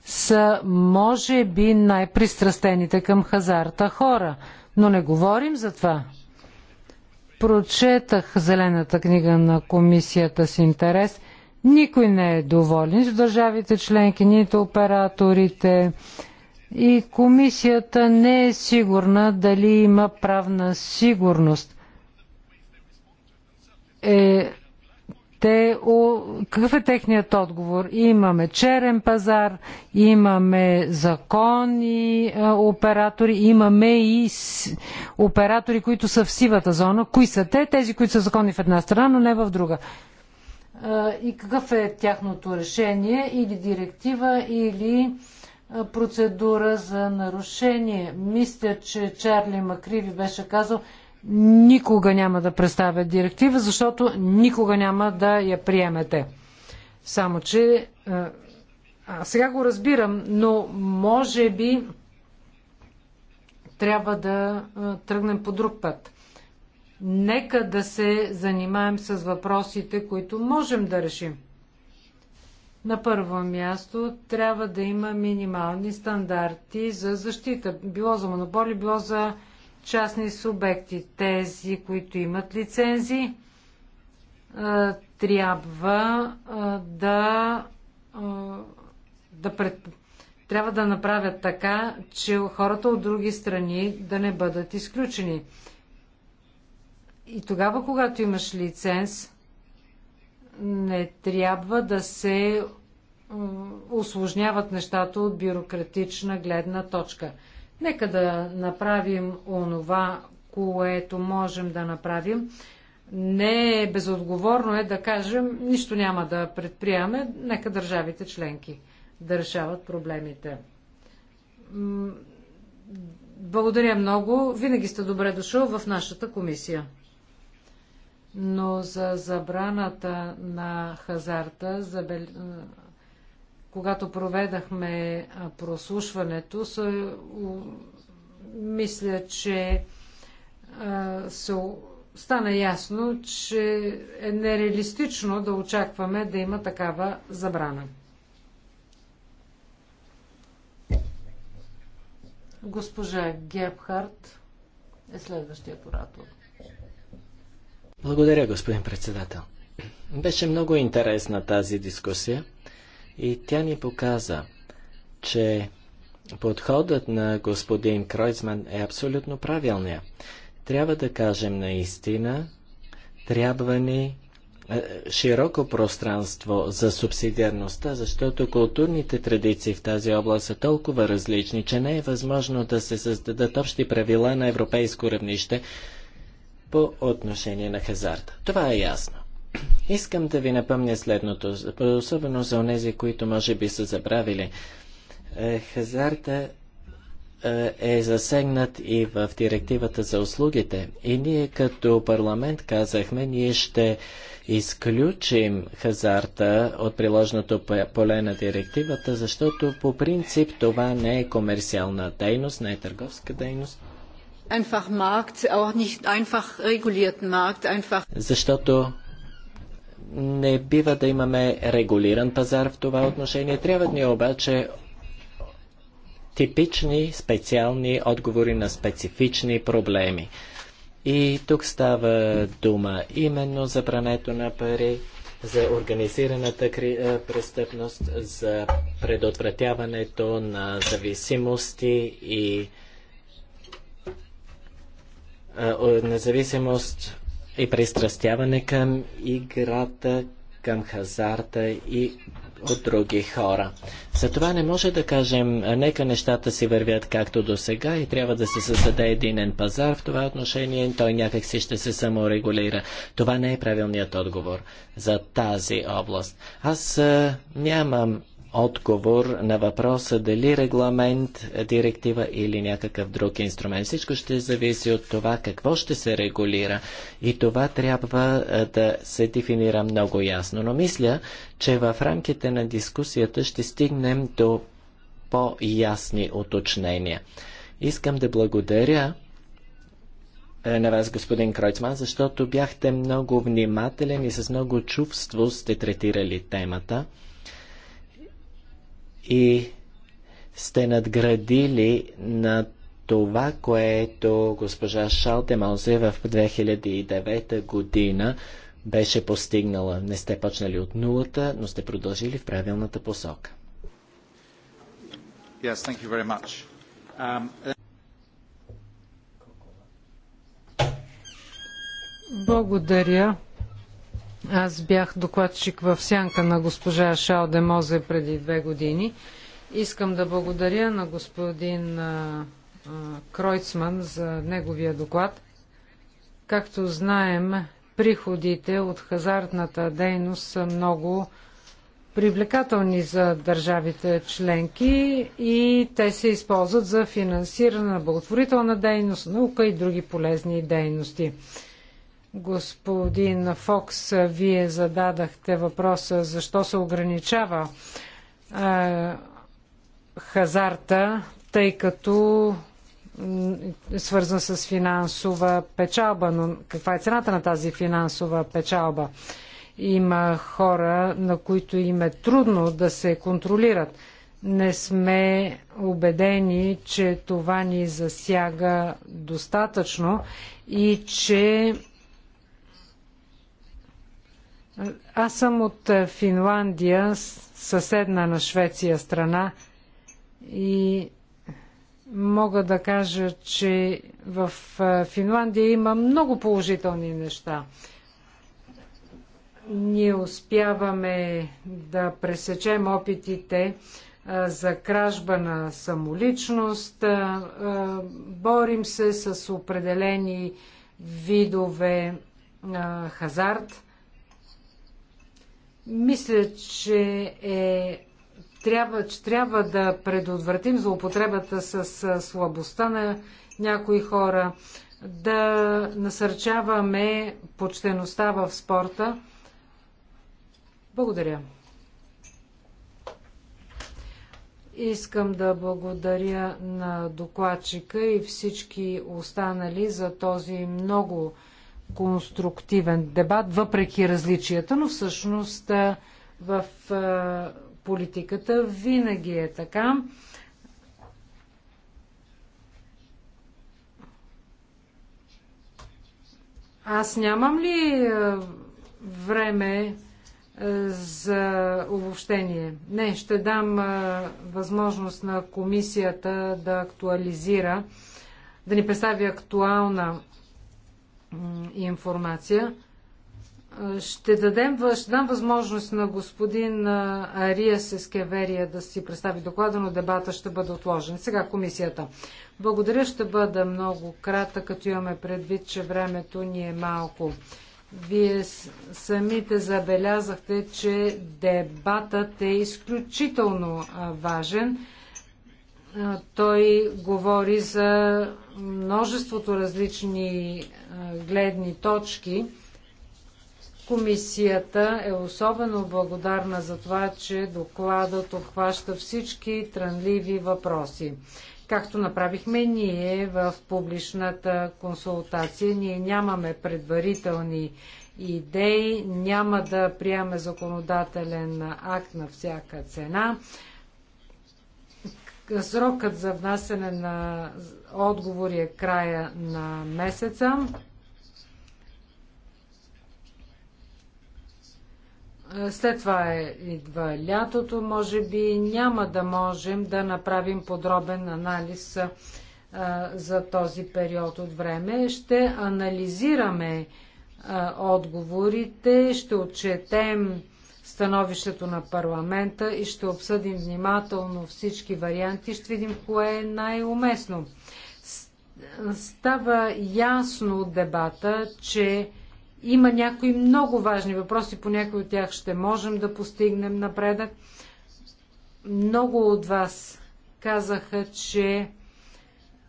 са, може би, най-пристрастените към хазарта хора. Но не говорим за това. Прочетах зелената книга на комисията с интерес. Никой не е доволен. Нито държавите членки, нито операторите, и комисията не е сигурна дали има правна сигурност. Е, те, о, какъв е техният отговор? Имаме черен пазар, имаме законни оператори, имаме и с, оператори, които са в сивата зона. Кои са те? Тези, които са закони в една страна, но не в друга. и какъв е тяхното решение? Или директива, или процедура за нарушение. Мисля, че Чарли Макриви беше казал, никога няма да представя директива, защото никога няма да я приемете. Само, че а, сега го разбирам, но може би трябва да тръгнем по друг път. Нека да се занимаем с въпросите, които можем да решим. На първо място трябва да има минимални стандарти за защита, било за монополи, било за частни субекти. Тези, които имат лицензи, трябва да, да пред, трябва да направят така, че хората от други страни да не бъдат изключени. И тогава, когато имаш лиценз, не трябва да се осложняват нещата от бюрократична гледна точка. Нека да направим онова, което можем да направим. Не е безотговорно е да кажем, нищо няма да предприеме, нека държавите членки да решават проблемите. Благодаря много. Винаги сте добре дошъл в нашата комисия. Но за забраната на хазарта, за когато проведахме прослушването, са, мисля, че се, стана ясно, че е нереалистично да очакваме да има такава забрана. Госпожа Гебхарт е следващия оратор. Благодаря, господин председател. Беше много интересна тази дискусия. И тя ни показа, че подходът на господин Кройцман е абсолютно правилния. Трябва да кажем наистина, трябва ни е, широко пространство за субсидиарността, защото културните традиции в тази област са толкова различни, че не е възможно да се създадат общи правила на европейско равнище по отношение на хазарта. Това е ясно. Искам да ви напомня следното, особено за онези, които може би са забравили. Е, хазарта е, е засегнат и в директивата за услугите. И ние като парламент казахме, ние ще изключим хазарта от приложното поле на директивата, защото по принцип това не е комерциална дейност, не е търговска дейност. Markt, nicht, einfach, markt, einfach... Защото не бива да имаме регулиран пазар в това отношение. Трябват ни обаче типични, специални отговори на специфични проблеми. И тук става дума именно за прането на пари, за организираната е, престъпност, за предотвратяването на зависимости и е, независимост и пристрастяване към играта, към хазарта и от други хора. Затова не може да кажем, нека нещата си вървят както до сега и трябва да се създаде единен пазар. В това отношение той някак си ще се саморегулира. Това не е правилният отговор за тази област. Аз а, нямам отговор на въпроса дали регламент, директива или някакъв друг инструмент. Всичко ще зависи от това какво ще се регулира и това трябва да се дефинира много ясно. Но мисля, че в рамките на дискусията ще стигнем до по-ясни уточнения. Искам да благодаря е, на вас, господин Кройцман, защото бяхте много внимателен и с много чувство сте третирали темата и сте надградили на това, което госпожа Шалтемалзе в 2009 година беше постигнала. Не сте почнали от нулата, но сте продължили в правилната посока. Yes, thank you very much. Um... Благодаря. Аз бях докладчик в сянка на госпожа Шао де Мозе преди две години. Искам да благодаря на господин Кройцман за неговия доклад. Както знаем, приходите от хазартната дейност са много привлекателни за държавите членки и те се използват за финансиране на благотворителна дейност, наука и други полезни дейности. Господин Фокс, вие зададахте въпроса защо се ограничава е, хазарта, тъй като е свързан с финансова печалба. Но каква е цената на тази финансова печалба? Има хора, на които им е трудно да се контролират. Не сме убедени, че това ни засяга достатъчно и че аз съм от е, Финландия, съседна на Швеция страна и мога да кажа, че в е, Финландия има много положителни неща. Ние успяваме да пресечем опитите е, за кражба на самоличност, борим се с определени видове хазарт – мисля, че е трябва, че трябва да предотвратим злоупотребата с слабостта на някои хора, да насърчаваме почтеността в спорта. Благодаря. Искам да благодаря на докладчика и всички останали за този много конструктивен дебат, въпреки различията, но всъщност в политиката винаги е така. Аз нямам ли време за обобщение? Не, ще дам възможност на комисията да актуализира, да ни представи актуална информация. Ще, дадем, ще дам възможност на господин Ария Сескеверия да си представи доклада, но дебата ще бъде отложен. Сега комисията. Благодаря, ще бъда много кратък, като имаме предвид, че времето ни е малко. Вие самите забелязахте, че дебатът е изключително важен той говори за множеството различни гледни точки. Комисията е особено благодарна за това, че докладът обхваща всички трънливи въпроси. Както направихме ние в публичната консултация, ние нямаме предварителни идеи, няма да приемаме законодателен акт на всяка цена. Срокът за внасене на отговори е края на месеца. След това е идва лятото. Може би няма да можем да направим подробен анализ а, за този период от време. Ще анализираме а, отговорите, ще отчетем становището на парламента и ще обсъдим внимателно всички варианти. Ще видим кое е най-уместно. Става ясно от дебата, че има някои много важни въпроси, по някои от тях ще можем да постигнем напредък. Много от вас казаха, че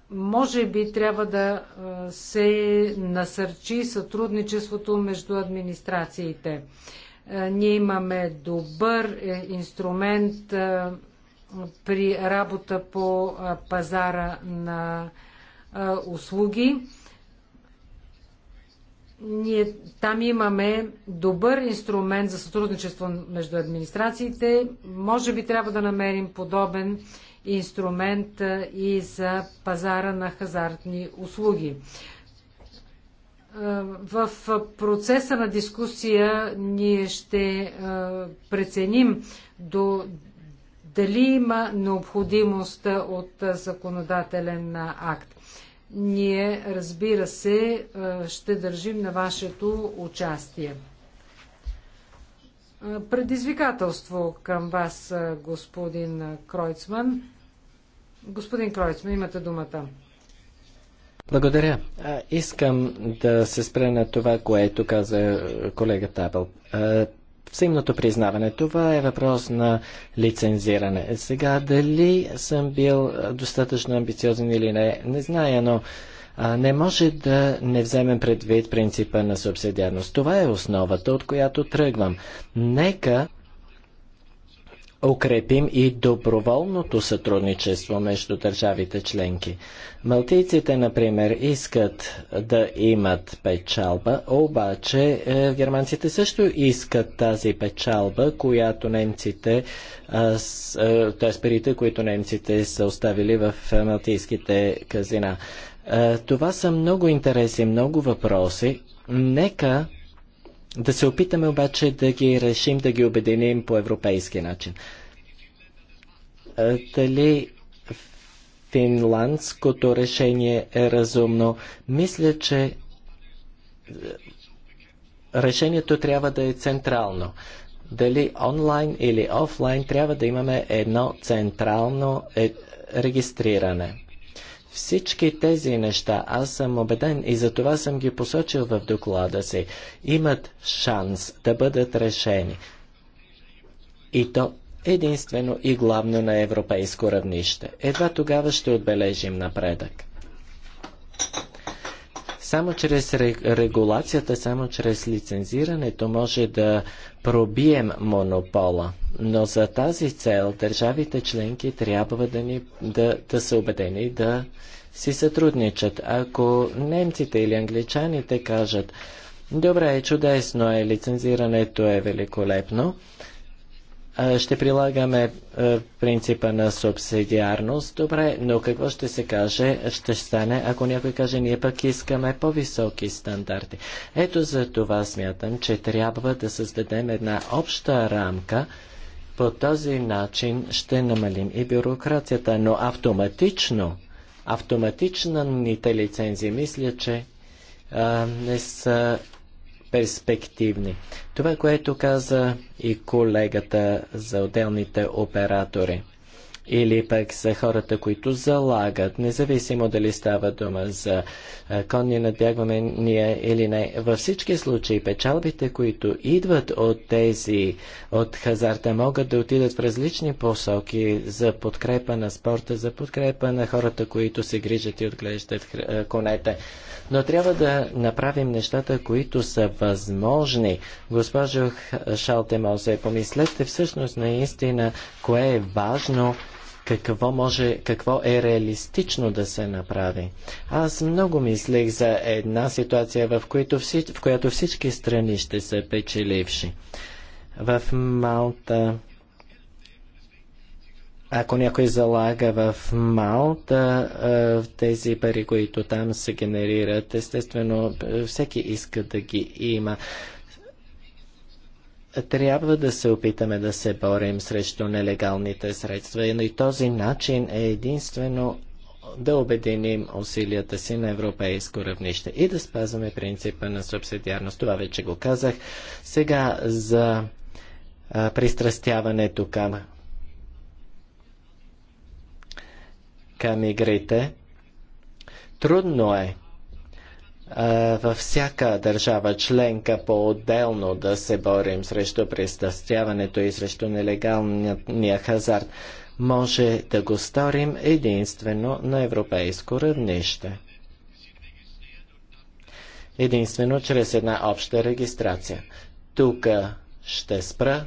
може би трябва да се насърчи сътрудничеството между администрациите. Е, ние имаме добър е, инструмент е, при работа по пазара на услуги. Ние там имаме добър инструмент за сътрудничество между администрациите. Може би трябва да намерим подобен инструмент и за пазара на хазартни услуги в процеса на дискусия ние ще е, преценим до, дали има необходимост от законодателен акт. Ние, разбира се, е, ще държим на вашето участие. Е, предизвикателство към вас, господин Кройцман. Господин Кройцман, имате думата. Благодаря. Искам да се спра на това, което каза колегата Абел. Взаимното признаване. Това е въпрос на лицензиране. Сега, дали съм бил достатъчно амбициозен или не, не зная, но а, не може да не вземем предвид принципа на субсидиарност. Това е основата, от която тръгвам. Нека укрепим и доброволното сътрудничество между държавите членки. Малтийците, например, искат да имат печалба, обаче е, германците също искат тази печалба, която немците, е, т.е. парите, които немците са оставили в е, малтийските казина. това са много интереси, много въпроси. Нека да се опитаме обаче да ги решим, да ги обединим по европейски начин. Е, дали финландското решение е разумно? Мисля, че е, решението трябва да е централно. Дали онлайн или офлайн трябва да имаме едно централно е, регистриране. Всички тези неща, аз съм убеден и за това съм ги посочил в доклада си, имат шанс да бъдат решени. И то единствено и главно на европейско равнище. Едва тогава ще отбележим напредък. Само чрез регулацията, само чрез лицензирането може да пробием монопола. Но за тази цел държавите членки трябва да, ни, да, да са убедени да си сътрудничат. Ако немците или англичаните кажат, добре, чудесно е, лицензирането е великолепно, ще прилагаме принципа на субсидиарност. Добре, но какво ще се каже, ще стане, ако някой каже, ние пък искаме по-високи стандарти. Ето за това смятам, че трябва да създадем една обща рамка. По този начин ще намалим и бюрокрацията, но автоматично, автоматичните лицензии, мисля, че а, не са перспективни. Това, което каза и колегата за отделните оператори или пък за хората, които залагат, независимо дали става дума за конни надбягвания или не. Във всички случаи печалбите, които идват от тези, от хазарта, могат да отидат в различни посоки за подкрепа на спорта, за подкрепа на хората, които се грижат и отглеждат конете. Но трябва да направим нещата, които са възможни. Госпожо Шалтемозе, помислете всъщност наистина кое е важно какво, може, какво е реалистично да се направи. Аз много мислех за една ситуация, в, които всич, в която всички страни ще са печеливши. В Малта, ако някой залага в Малта тези пари, които там се генерират, естествено всеки иска да ги има трябва да се опитаме да се борим срещу нелегалните средства и този начин е единствено да обединим усилията си на европейско равнище и да спазваме принципа на субсидиарност. Това вече го казах. Сега за а, пристрастяването към, към игрите. Трудно е във всяка държава членка по-отделно да се борим срещу престъстяването и срещу нелегалния хазарт, може да го сторим единствено на европейско равнище. Единствено чрез една обща регистрация. Тук ще спра.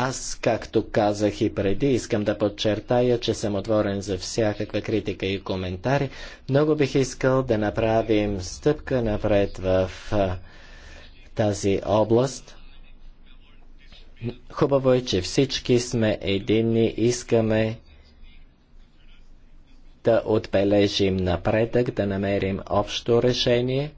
Аз, както казах и преди, искам да подчертая, че съм отворен за всякаква критика и коментари. Много бих искал да направим стъпка напред в тази област. Хубаво е, че всички сме единни, искаме да отбележим напредък, да намерим общо решение.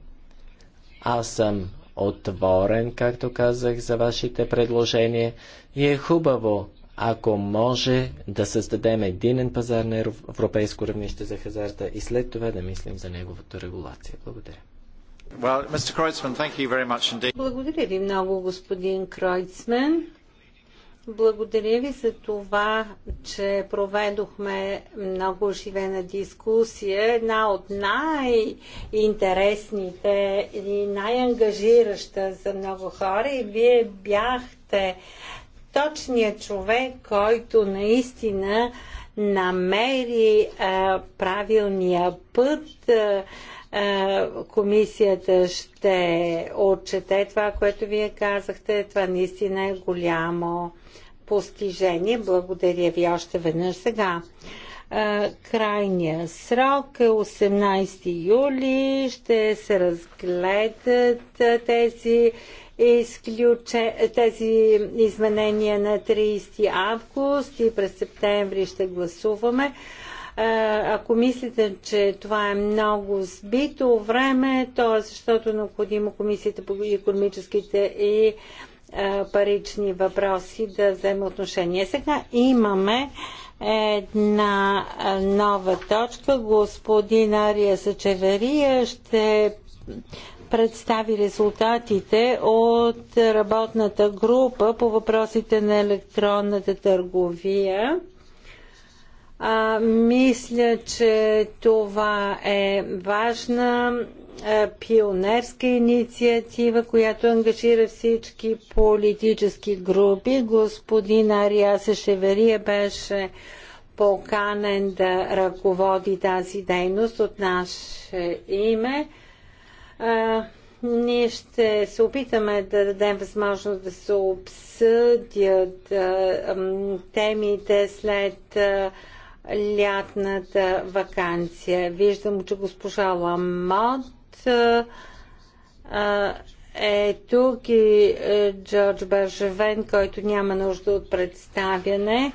Аз съм отворен, както казах, за вашите предложения и е хубаво, ако може да създадем единен пазар на европейско равнище за хазарта и след това да мислим за неговата регулация. Благодаря. Well, Благодаря ви много, господин Кройцмен. Благодаря ви за това, че проведохме много оживена дискусия, една от най-интересните и най-ангажираща за много хора и вие бяхте точният човек, който наистина намери а, правилния път. А, комисията ще отчете това, което вие казахте. Това наистина е голямо постижение. Благодаря ви още веднъж сега. Крайният срок е 18 юли. Ще се разгледат тези изключе, тези изменения на 30 август и през септември ще гласуваме. Е, ако мислите, че това е много сбито време, то е защото е необходимо комисията по економическите и е, парични въпроси да вземе отношение. Сега имаме една е, нова точка. Господин Ария Сачеверия ще представи резултатите от работната група по въпросите на електронната търговия. А, мисля, че това е важна е, пионерска инициатива, която ангажира всички политически групи. Господин Ариаса Шеверия беше поканен да ръководи тази дейност от наше име. А, ние ще се опитаме да дадем възможност да се обсъдят а, темите след а, лятната вакансия. Виждам, че госпожа Ламот е тук и е, Джордж Бержевен, който няма нужда от представяне.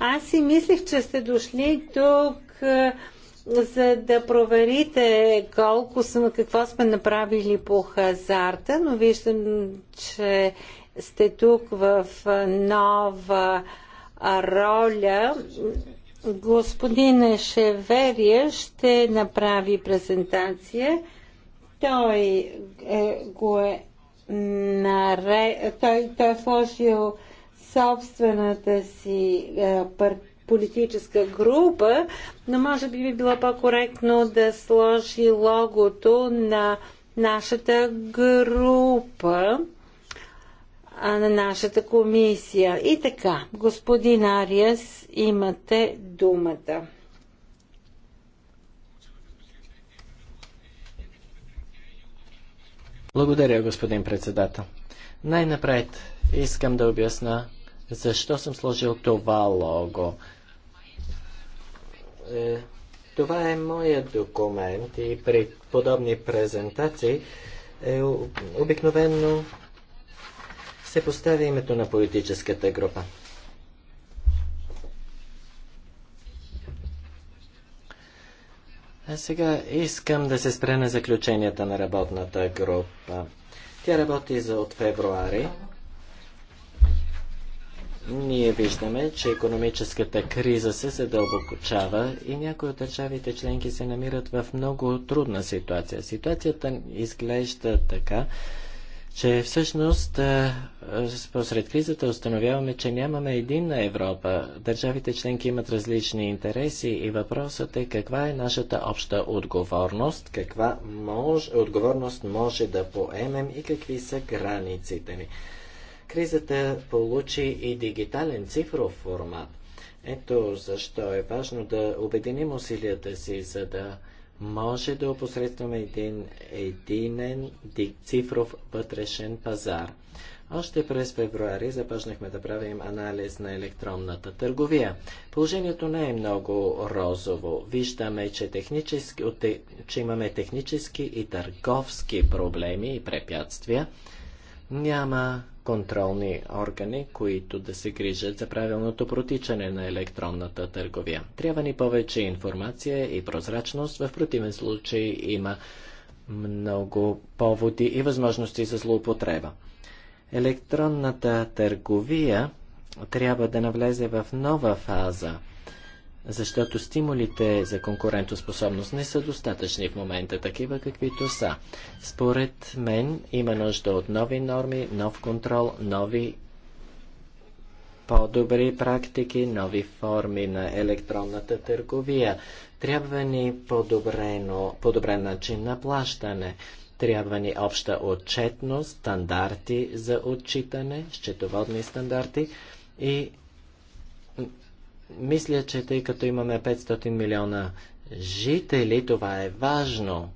Аз си мислих, че сте дошли тук за да проверите колко съм, какво сме направили по хазарта, но виждам, че сте тук в нова роля Господин Шеверия ще направи презентация. Той е, го е наре... той, той е сложил собствената си е, пар... политическа група, но може би би било по-коректно да сложи логото на нашата група на нашата комисия. И така, господин Ариас, имате думата. Благодаря, господин председател. Най-напред искам да обясна защо съм сложил това лого. Е, това е моят документ и при подобни презентации е обикновено се поставя името на политическата група. А сега искам да се спре на заключенията на работната група. Тя работи за от февруари. Ние виждаме, че економическата криза се задълбокочава и някои от държавите членки се намират в много трудна ситуация. Ситуацията изглежда така, че всъщност е, е, посред кризата установяваме, че нямаме единна Европа. Държавите членки имат различни интереси и въпросът е каква е нашата обща отговорност, каква мож, отговорност може да поемем и какви са границите ни. Кризата получи и дигитален цифров формат. Ето защо е важно да обединим усилията си, за да може да опосредстваме един единен цифров вътрешен пазар. Още през февруари започнахме да правим анализ на електронната търговия. Положението не е много розово. Виждаме, че, технически, че имаме технически и търговски проблеми и препятствия. Няма контролни органи, които да се грижат за правилното протичане на електронната търговия. Трябва ни повече информация и прозрачност, в противен случай има много поводи и възможности за злоупотреба. Електронната търговия трябва да навлезе в нова фаза – защото стимулите за конкурентоспособност не са достатъчни в момента, такива каквито са. Според мен има нужда от нови норми, нов контрол, нови по-добри практики, нови форми на електронната търговия. Трябва ни по-добрен начин на плащане. Трябва ни обща отчетност, стандарти за отчитане, счетоводни стандарти и мисля, че тъй като имаме 500 милиона жители, това е важно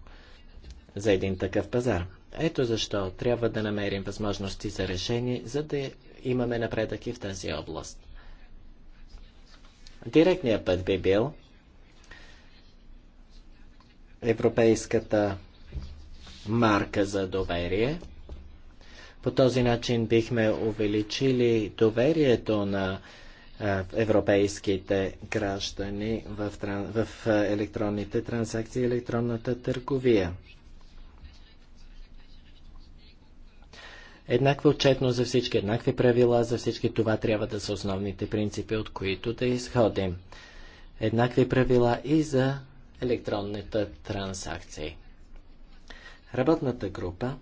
за един такъв пазар. Ето защо трябва да намерим възможности за решение, за да имаме напредък и в тази област. Директният път би бил европейската марка за доверие. По този начин бихме увеличили доверието на европейските граждани в, в електронните транзакции и електронната търговия. Еднаква отчетност за всички, еднакви правила за всички, това трябва да са основните принципи, от които да изходим. Еднакви правила и за електронните транзакции. Работната група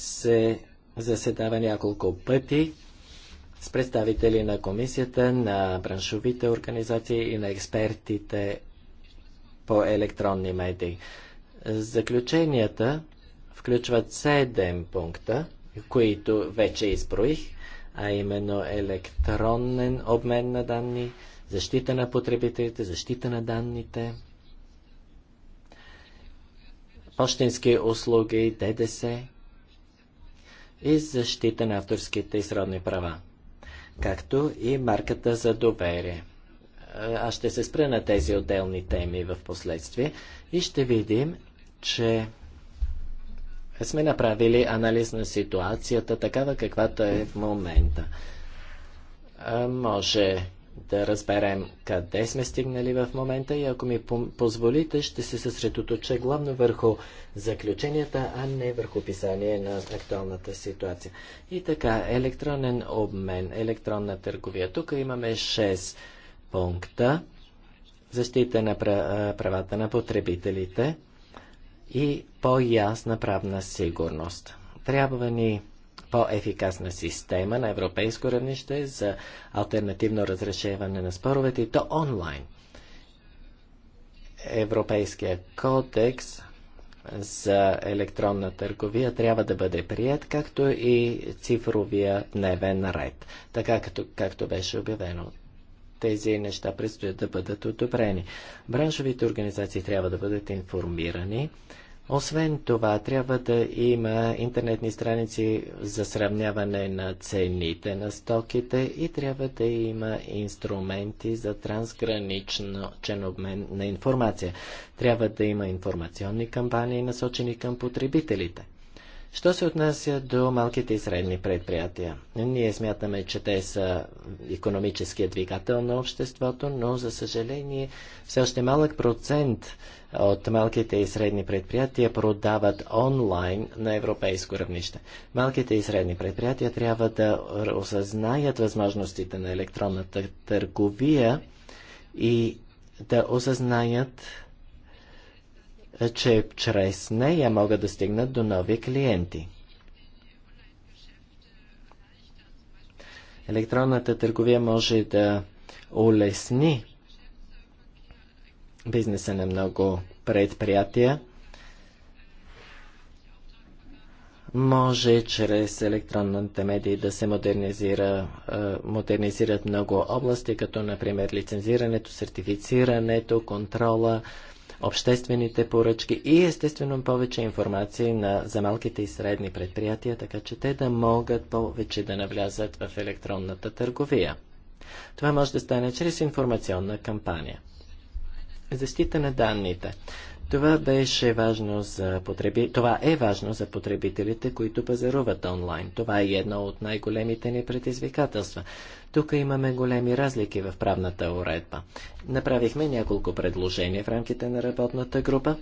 се заседава няколко пъти с представители на комисията, на браншовите организации и на експертите по електронни медии. Заключенията включват 7 пункта, които вече изброих, а именно електронен обмен на данни, защита на потребителите, защита на данните, почтенски услуги, ДДС, и защита на авторските и сродни права, както и марката за доверие. Аз ще се спра на тези отделни теми в последствие и ще видим, че сме направили анализ на ситуацията такава каквато е в момента. Може да разберем къде сме стигнали в момента и ако ми позволите, ще се съсредоточа главно върху заключенията, а не върху описание на актуалната ситуация. И така, електронен обмен, електронна търговия. Тук имаме 6 пункта. Защита на правата на потребителите и по-ясна правна сигурност. Трябва ни по-ефикасна система на европейско равнище за альтернативно разрешаване на споровете и то онлайн. Европейския кодекс за електронна търговия трябва да бъде прият, както и цифровия дневен ред, така като, както беше обявено. Тези неща предстоят да бъдат одобрени. Браншовите организации трябва да бъдат информирани освен това, трябва да има интернетни страници за сравняване на цените на стоките и трябва да има инструменти за трансграничен обмен на информация. Трябва да има информационни кампании, насочени към потребителите. Що се отнася до малките и средни предприятия? Ние смятаме, че те са економическия двигател на обществото, но за съжаление все още малък процент от малките и средни предприятия продават онлайн на европейско равнище. Малките и средни предприятия трябва да осъзнаят възможностите на електронната търговия и да осъзнаят, че чрез нея могат да стигнат до нови клиенти. Електронната търговия може да улесни бизнеса на е много предприятия може чрез електронните медии да се модернизира, модернизират много области, като например лицензирането, сертифицирането, контрола, обществените поръчки и естествено повече информации на, за малките и средни предприятия, така че те да могат повече да навлязат в електронната търговия. Това може да стане чрез информационна кампания защита на данните. Това беше важно за потреби... Това е важно за потребителите, които пазаруват онлайн. Това е едно от най-големите ни предизвикателства. Тук имаме големи разлики в правната уредба. Направихме няколко предложения в рамките на работната група.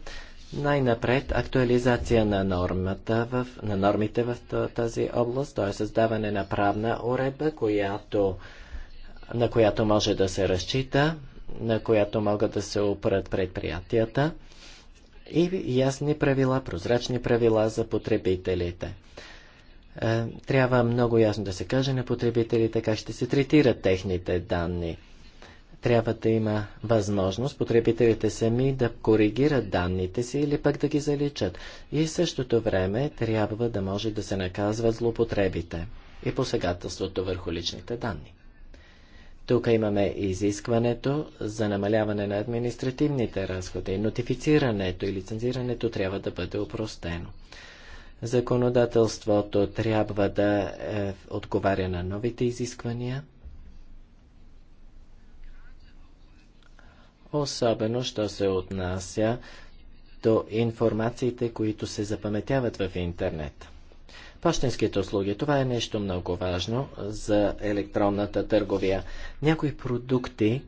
Най-напред актуализация на, нормата в, на нормите в тази област, т.е. създаване на правна уредба, която, на която може да се разчита на която могат да се опрат предприятията и ясни правила, прозрачни правила за потребителите. Е, трябва много ясно да се каже на потребителите как ще се третират техните данни. Трябва да има възможност потребителите сами да коригират данните си или пък да ги заличат. И в същото време трябва да може да се наказват злопотребите и посегателството върху личните данни. Тук имаме изискването за намаляване на административните разходи. Нотифицирането и лицензирането трябва да бъде упростено. Законодателството трябва да е, отговаря на новите изисквания, особено що се отнася до информациите, които се запаметяват в интернет. Пощенските услуги. Това е нещо много важно за електронната търговия. Някои продукти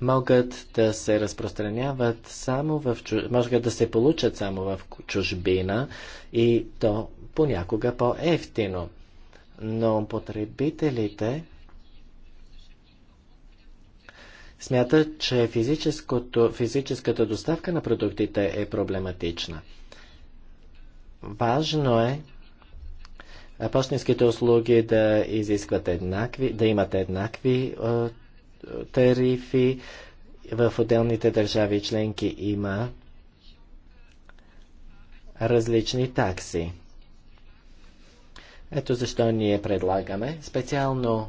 могат да се разпространяват само в могат да се получат само в чужбина и то понякога по-ефтино. Но потребителите смятат, че физическата доставка на продуктите е проблематична. Важно е почтенските услуги да изискват еднакви, да имат еднакви е, тарифи. В отделните държави членки има различни такси. Ето защо ние предлагаме специално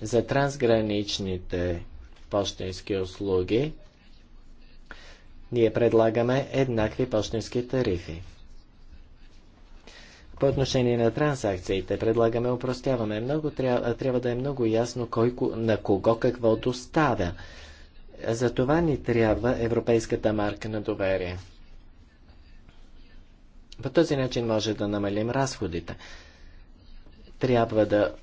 за трансграничните почтенски услуги ние предлагаме еднакви почтенски тарифи. По отношение на транзакциите предлагаме упростяваме. Много трябва, трябва да е много ясно кой, на кого какво доставя. За това ни трябва европейската марка на доверие. По този начин може да намалим разходите. Трябва да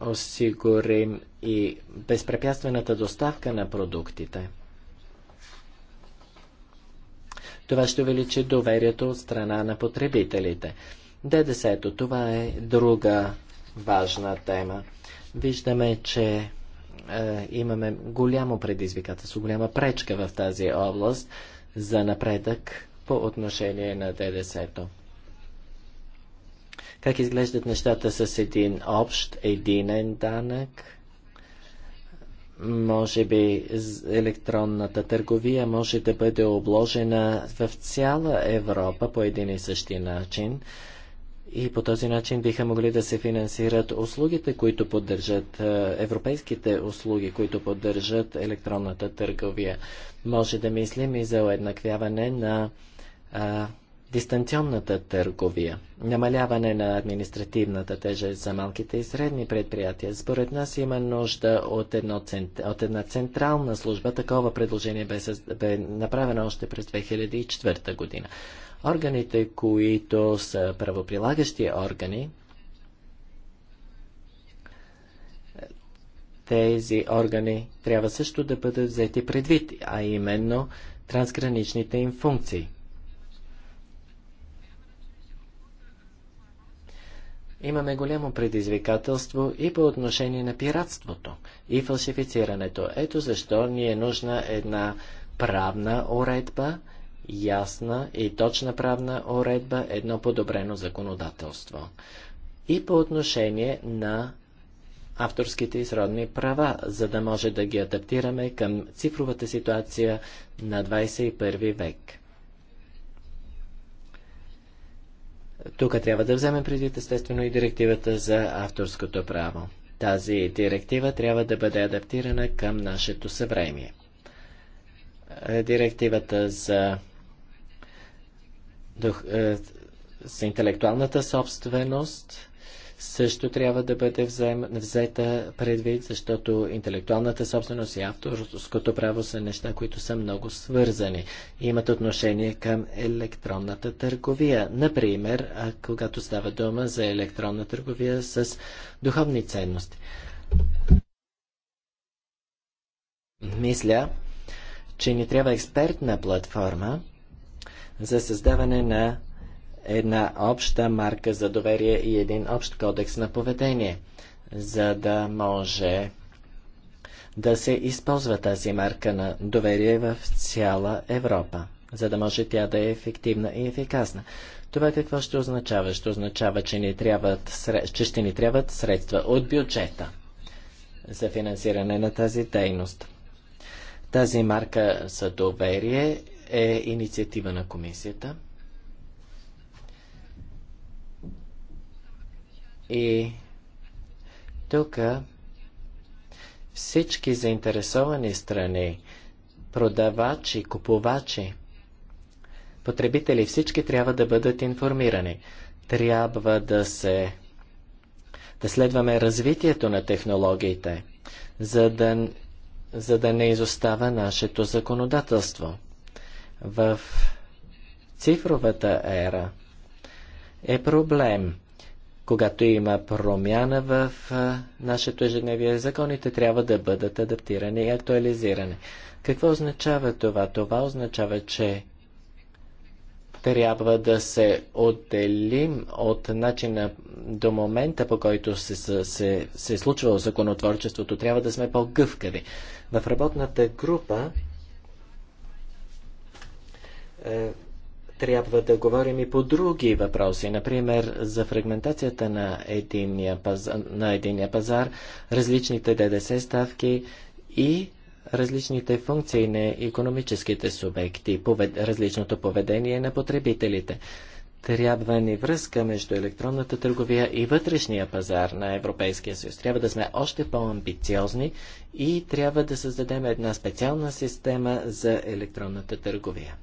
осигурим и безпрепятствената доставка на продуктите. Това ще увеличи доверието от страна на потребителите. ДДС, -то, това е друга важна тема. Виждаме, че е, имаме голямо предизвикателство, голяма пречка в тази област за напредък по отношение на ДДС. -то. Как изглеждат нещата с един общ, единен данък? Може би електронната търговия може да бъде обложена в цяла Европа по един и същи начин и по този начин биха могли да се финансират услугите, които поддържат е, европейските услуги, които поддържат електронната търговия. Може да мислим и за уеднаквяване на а, е, дистанционната търговия, намаляване на административната тежест за малките и средни предприятия. Според нас има нужда от, едно, от една централна служба. Такова предложение бе, бе направено още през 2004 година. Органите, които са правоприлагащи органи, тези органи трябва също да бъдат взети предвид, а именно трансграничните им функции. Имаме голямо предизвикателство и по отношение на пиратството и фалшифицирането. Ето защо ни е нужна една правна уредба, ясна и точна правна уредба, едно подобрено законодателство. И по отношение на авторските и сродни права, за да може да ги адаптираме към цифровата ситуация на 21 век. Тук трябва да вземем предвид естествено и директивата за авторското право. Тази директива трябва да бъде адаптирана към нашето съвремие. Директивата за за е, интелектуалната собственост също трябва да бъде взем, взета предвид, защото интелектуалната собственост и авторското право са неща, които са много свързани и имат отношение към електронната търговия. Например, когато става дума за електронна търговия с духовни ценности. Мисля, че ни трябва експертна платформа, за създаване на една обща марка за доверие и един общ кодекс на поведение, за да може да се използва тази марка на доверие в цяла Европа, за да може тя да е ефективна и ефикасна. Това какво ще означава? Ще означава, че, ни трябват, че ще ни трябват средства от бюджета за финансиране на тази дейност. Тази марка за доверие е инициатива на комисията. И тук всички заинтересовани страни, продавачи, купувачи, потребители, всички трябва да бъдат информирани. Трябва да се да следваме развитието на технологиите, за да, за да не изостава нашето законодателство в цифровата ера е проблем. Когато има промяна в нашето ежедневие, законите трябва да бъдат адаптирани и актуализирани. Какво означава това? Това означава, че трябва да се отделим от начина до момента, по който се, се, се, се е случвало законотворчеството. Трябва да сме по-гъвкави. В работната група е, трябва да говорим и по други въпроси. Например, за фрагментацията на единия пазар, на единия пазар различните ДДС ставки и различните функции на економическите субекти, повед... различното поведение на потребителите. Трябва ни връзка между електронната търговия и вътрешния пазар на Европейския съюз. Трябва да сме още по-амбициозни и трябва да създадем една специална система за електронната търговия.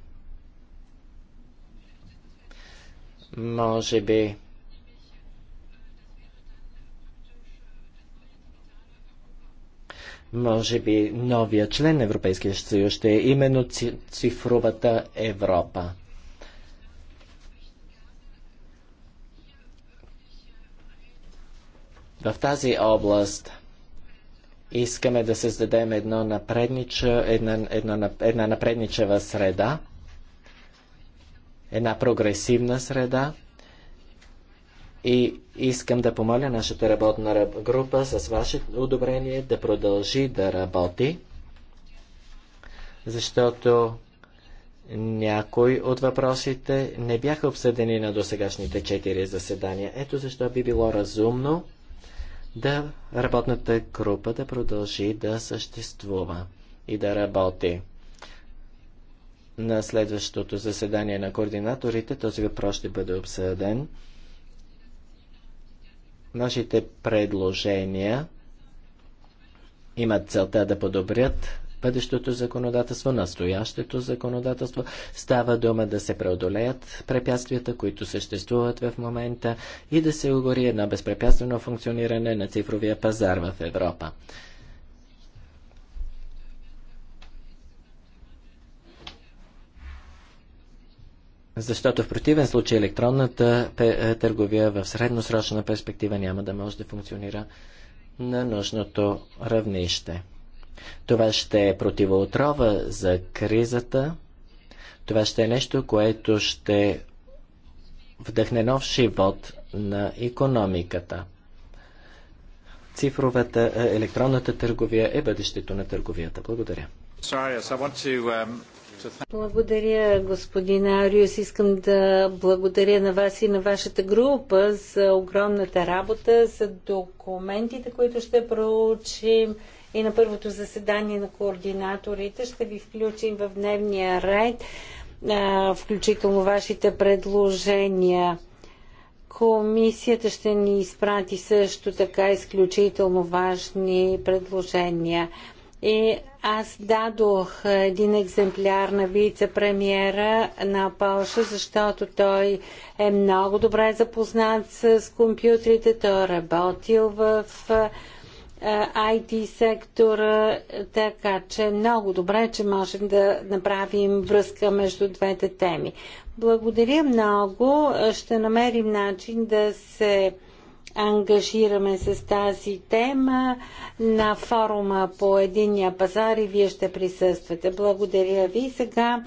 Може би може би новия член на Европейския съюз ще е именно цифровата Европа. В тази област искаме да създадем едно напредниче, една, една, една напредничева среда – една прогресивна среда. И искам да помоля нашата работна група с ваше одобрение да продължи да работи, защото някои от въпросите не бяха обсъдени на досегашните четири заседания. Ето защо би било разумно да работната група да продължи да съществува и да работи на следващото заседание на координаторите този въпрос ще бъде обсъден. Нашите предложения имат целта да подобрят бъдещото законодателство, настоящето законодателство. Става дума да се преодолеят препятствията, които съществуват в момента и да се угори едно безпрепятствено функциониране на цифровия пазар в Европа. Защото в противен случай електронната е, търговия в средносрочна перспектива няма да може да функционира на нужното равнище. Това ще е противоотрова за кризата. Това ще е нещо, което ще вдъхне нов живот на економиката. Цифровата е, електронната търговия е бъдещето на търговията. Благодаря. Sorry, um, благодаря, господин Ариус. Искам да благодаря на вас и на вашата група за огромната работа, за документите, които ще проучим и на първото заседание на координаторите. Ще ви включим в дневния ред, включително вашите предложения. Комисията ще ни изпрати също така изключително важни предложения. И аз дадох един екземпляр на вице-премьера на Польша, защото той е много добре запознат с компютрите, той е работил в IT сектора, така че много добре, че можем да направим връзка между двете теми. Благодаря много. Ще намерим начин да се ангажираме с тази тема на форума по единния пазар и вие ще присъствате. Благодаря ви. Сега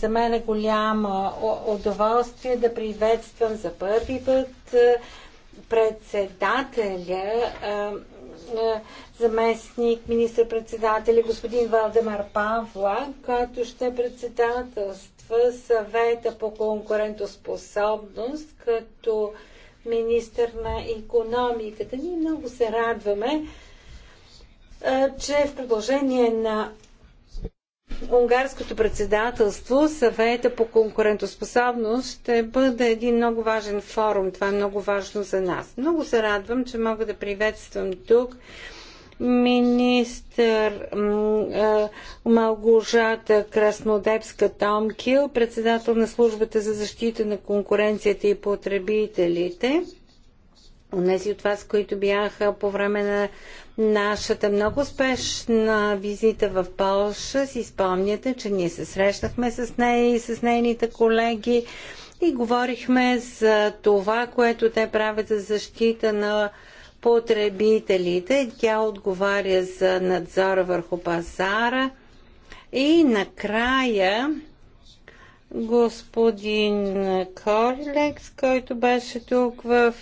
за мен е голямо удоволствие да приветствам за първи път председателя заместник министър-председателя господин Валдемар Павла, който ще председателства съвета по конкурентоспособност, като министър на економиката. Ние много се радваме, че в продължение на унгарското председателство, съвета по конкурентоспособност ще бъде един много важен форум. Това е много важно за нас. Много се радвам, че мога да приветствам тук министър Малгожата Краснодепска Томкил, председател на службата за защита на конкуренцията и потребителите. Унези от вас, които бяха по време на нашата много успешна визита в Польша, си спомняте, че ние се срещнахме с нея и с нейните колеги и говорихме за това, което те правят за защита на потребителите. Тя отговаря за надзора върху пазара. И накрая господин Корлекс, който беше тук в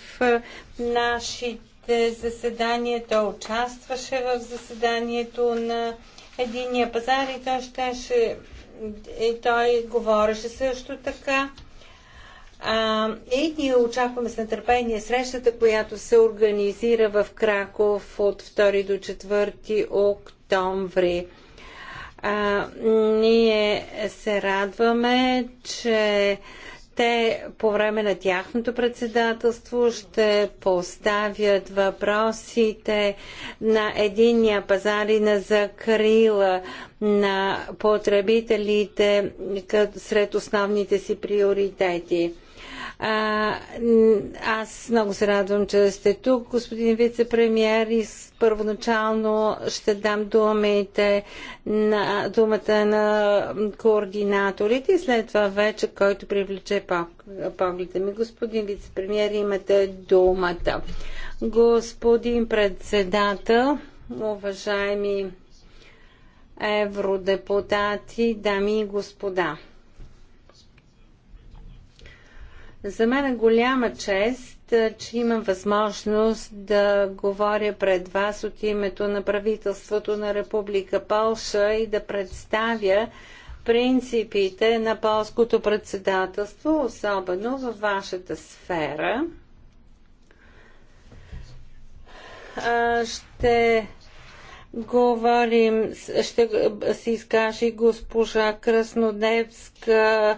нашите заседания, той участваше в заседанието на единия пазар и той щеше и той говореше също така а, и ние очакваме с нетърпение срещата, която се организира в Краков от 2 до 4 октомври. А, ние се радваме, че те по време на тяхното председателство ще поставят въпросите на единния пазар и на закрила на потребителите сред основните си приоритети. А, аз много се радвам, че сте тук, господин вице-премьер, и първоначално ще дам думите на, думата на координаторите и след това вече, който привлече погледа ми. Господин вице-премьер, имате думата. Господин председател, уважаеми евродепутати, дами и господа. За мен е голяма чест, че имам възможност да говоря пред вас от името на правителството на Република Полша и да представя принципите на полското председателство, особено във вашата сфера. Ще говорим, ще се изкаже госпожа Краснодевска,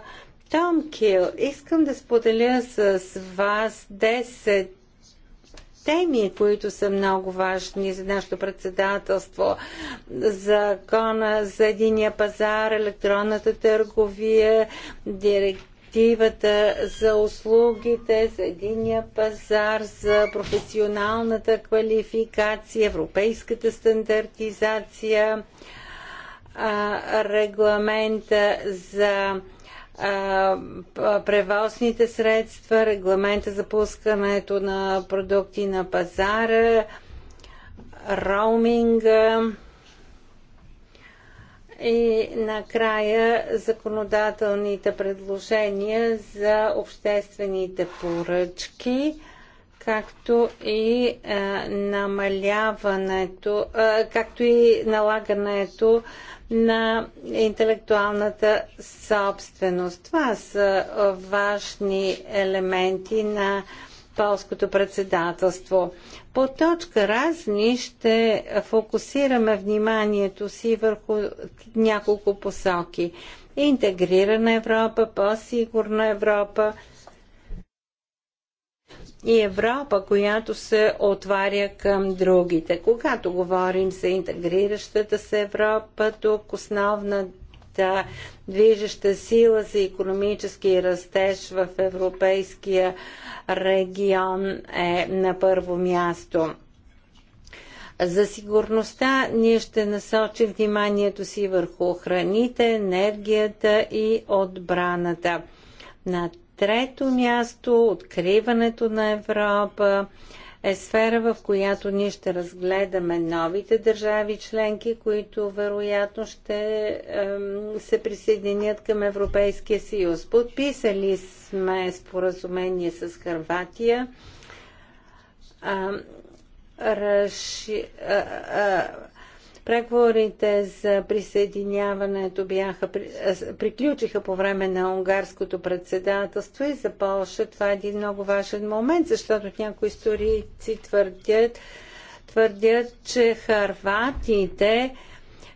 Том Кил, искам да споделя с вас 10 теми, които са много важни за нашето председателство. Закона за единия пазар, електронната търговия, директивата за услугите, за единия пазар, за професионалната квалификация, европейската стандартизация, регламента за превозните средства, регламента за пускането на продукти на пазара, роуминга и накрая законодателните предложения за обществените поръчки както и а, намаляването, а, както и налагането на интелектуалната собственост. Това са важни елементи на полското председателство. По точка разни ще фокусираме вниманието си върху няколко посоки. Интегрирана Европа, по-сигурна Европа, и Европа, която се отваря към другите. Когато говорим за интегриращата се Европа, тук основната движеща сила за економически растеж в европейския регион е на първо място. За сигурността ние ще насочим вниманието си върху храните, енергията и отбраната. На трето място, откриването на Европа е сфера, в която ние ще разгледаме новите държави членки, които вероятно ще се присъединят към Европейския съюз. Подписали сме споразумение с Харватия. Преговорите за присъединяването бяха, приключиха по време на унгарското председателство и за Польша това е един много важен момент, защото някои историци твърдят, твърдят че харватите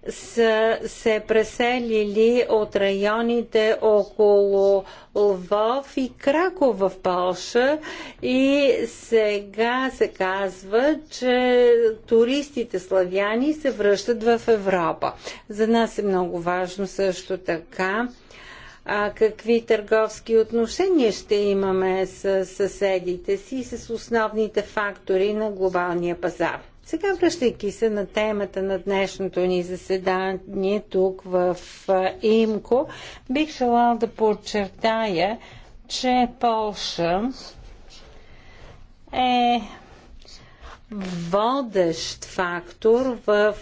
са се преселили от районите около Лвов и Краков в Полша и сега се казва, че туристите славяни се връщат в Европа. За нас е много важно също така а, какви търговски отношения ще имаме с съседите си и с основните фактори на глобалния пазар. Сега, връщайки се на темата на днешното ни заседание тук в ИМКО, бих желал да подчертая, че Полша е водещ фактор в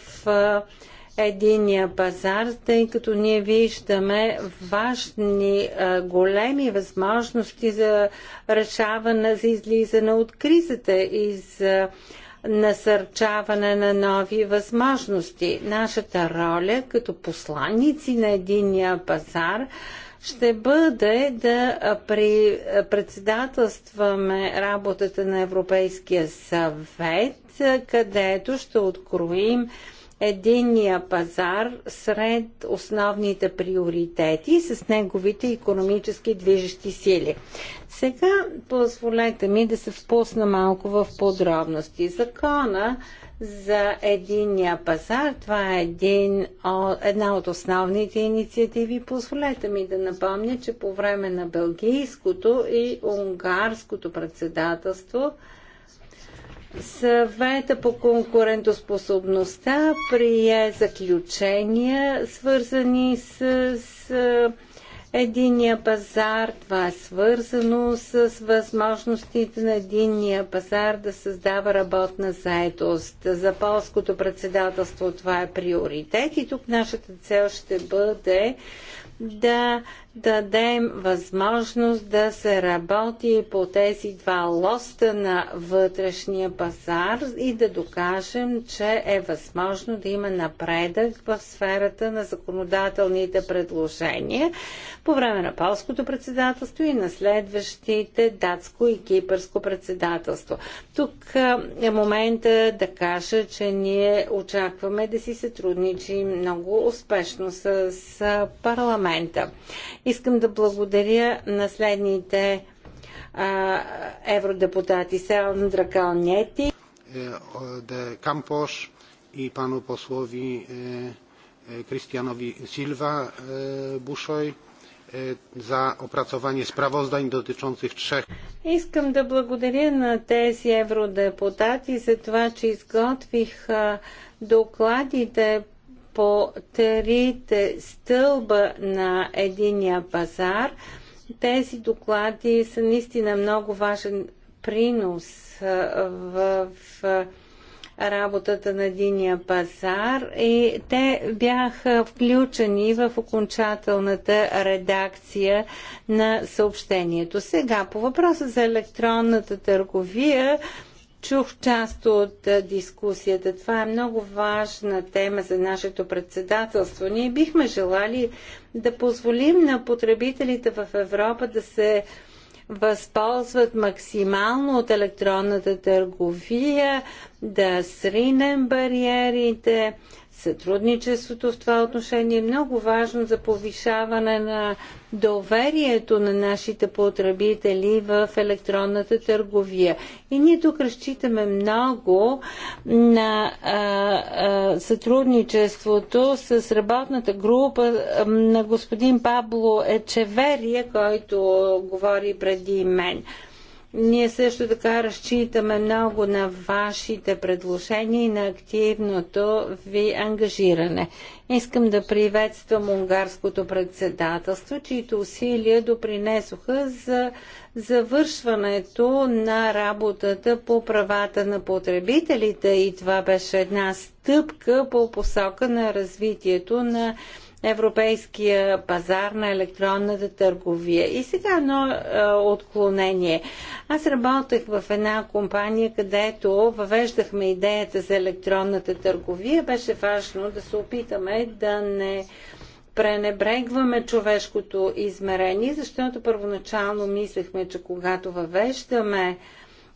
единия пазар, тъй като ние виждаме важни, големи възможности за решаване, за излизане от кризата и за насърчаване на нови възможности. Нашата роля като посланници на единния пазар ще бъде да при председателстваме работата на Европейския съвет, където ще откроим единния пазар сред основните приоритети с неговите економически движещи сили. Сега позволете ми да се впусна малко в подробности. Закона за единния пазар. Това е един, една от основните инициативи. Позволете ми да напомня, че по време на белгийското и унгарското председателство Съвета по конкурентоспособността прие заключения, свързани с, с единия пазар. Това е свързано с възможностите на единния пазар да създава работна заедост. За полското председателство това е приоритет и тук нашата цел ще бъде да дадем възможност да се работи по тези два лоста на вътрешния пазар и да докажем, че е възможно да има напредък в сферата на законодателните предложения по време на полското председателство и на следващите датско и кипърско председателство. Тук е момента да кажа, че ние очакваме да си сътрудничим много успешно с парламента. Искам да благодаря на следните а, евродепутати Сандра Калнети. Е, де Кампош и пану послови е, е, Кристианови Силва Бушой за опрацование справоздань дотичących трех. Искам да благодаря на тези евродепутати за това, че изготвих докладите по трите стълба на единия пазар. Тези доклади са наистина много важен принос в, в работата на единия пазар и те бяха включени в окончателната редакция на съобщението. Сега по въпроса за електронната търговия чух част от дискусията. Това е много важна тема за нашето председателство. Ние бихме желали да позволим на потребителите в Европа да се възползват максимално от електронната търговия, да сринем бариерите, Сътрудничеството в това отношение е много важно за повишаване на доверието на нашите потребители в електронната търговия. И ние тук разчитаме много на а, а, сътрудничеството с работната група на господин Пабло Ечеверия, който говори преди мен. Ние също така разчитаме много на вашите предложения и на активното ви ангажиране. Искам да приветствам унгарското председателство, чието усилия допринесоха за завършването на работата по правата на потребителите и това беше една стъпка по посока на развитието на европейския пазар на електронната търговия. И сега едно е, отклонение. Аз работех в една компания, където въвеждахме идеята за електронната търговия. Беше важно да се опитаме да не пренебрегваме човешкото измерение, защото първоначално мислехме, че когато въвеждаме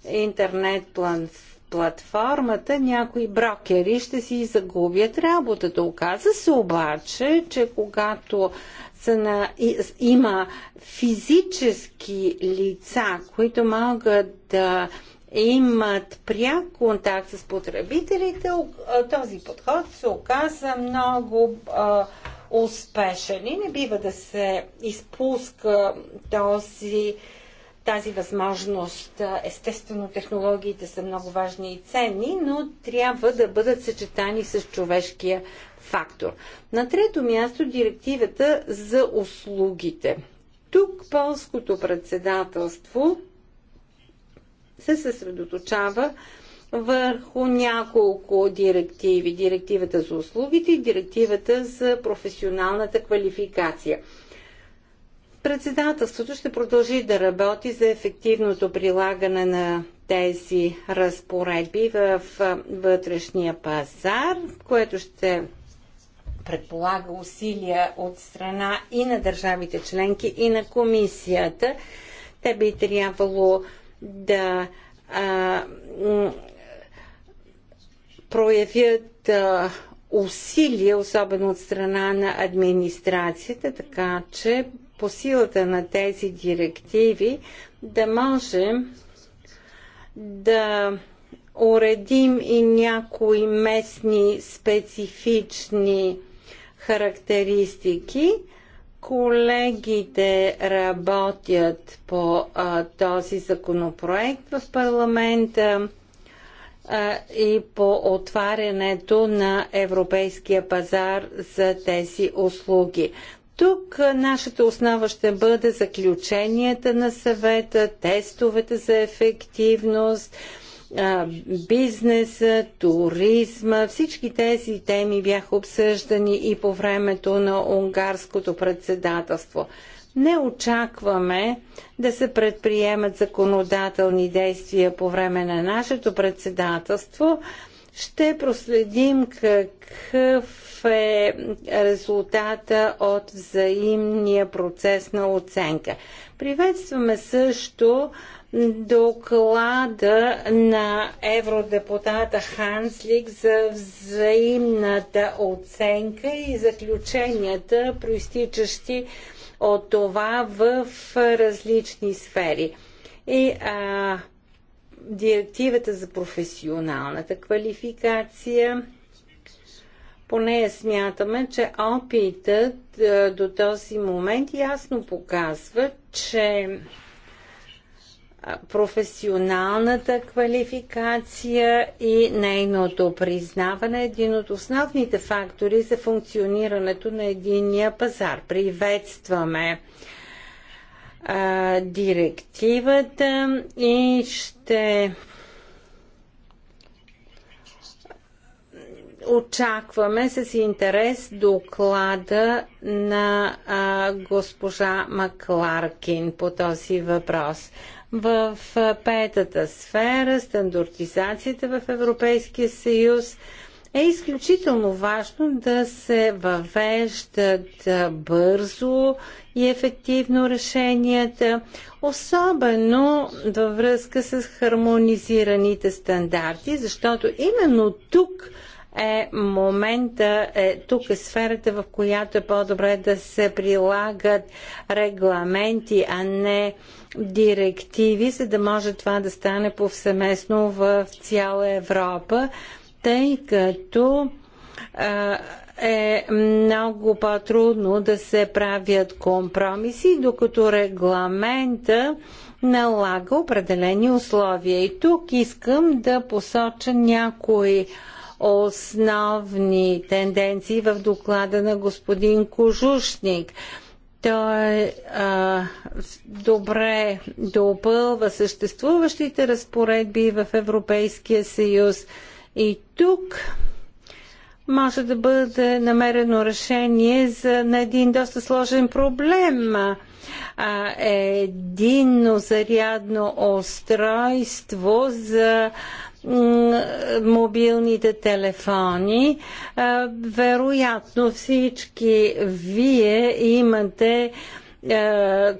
интернет план платформата някои брокери ще си загубят работата. Оказа се обаче, че когато са на, има физически лица, които могат да имат пряк контакт с потребителите, този подход се оказа много а, успешен и не бива да се изпуска този тази възможност. Естествено, технологиите са много важни и ценни, но трябва да бъдат съчетани с човешкия фактор. На трето място директивата за услугите. Тук полското председателство се съсредоточава върху няколко директиви. Директивата за услугите и директивата за професионалната квалификация. Председателството ще продължи да работи за ефективното прилагане на тези разпоредби в вътрешния пазар, което ще предполага усилия от страна и на държавите членки, и на комисията. Те би трябвало да а, проявят а, усилия, особено от страна на администрацията, така че по силата на тези директиви да можем да уредим и някои местни специфични характеристики. Колегите работят по а, този законопроект в парламента а, и по отварянето на европейския пазар за тези услуги. Тук нашата основа ще бъде заключенията на съвета, тестовете за ефективност, бизнеса, туризма, всички тези теми бяха обсъждани и по времето на унгарското председателство. Не очакваме да се предприемат законодателни действия по време на нашето председателство, ще проследим какъв е резултата от взаимния процес на оценка. Приветстваме също доклада на евродепутата Ханслик за взаимната оценка и заключенията, проистичащи от това в различни сфери. И а, директивата за професионалната квалификация. По нея смятаме, че опитът е, до този момент ясно показва, че е, професионалната квалификация и нейното признаване е един от основните фактори за функционирането на единния пазар. Приветстваме а, директивата и ще очакваме с интерес доклада на а, госпожа Макларкин по този въпрос. В петата сфера стандартизацията в Европейския съюз е изключително важно да се въвеждат бързо и ефективно решенията, особено във връзка с хармонизираните стандарти, защото именно тук е момента, е, тук е сферата, в която е по-добре да се прилагат регламенти, а не директиви, за да може това да стане повсеместно в цяла Европа тъй като а, е много по-трудно да се правят компромиси, докато регламента налага определени условия. И тук искам да посоча някои основни тенденции в доклада на господин Кожушник. Той а, добре допълва съществуващите разпоредби в Европейския съюз и тук може да бъде намерено решение за, на един доста сложен проблем. А, е единно зарядно устройство за мобилните телефони. вероятно всички вие имате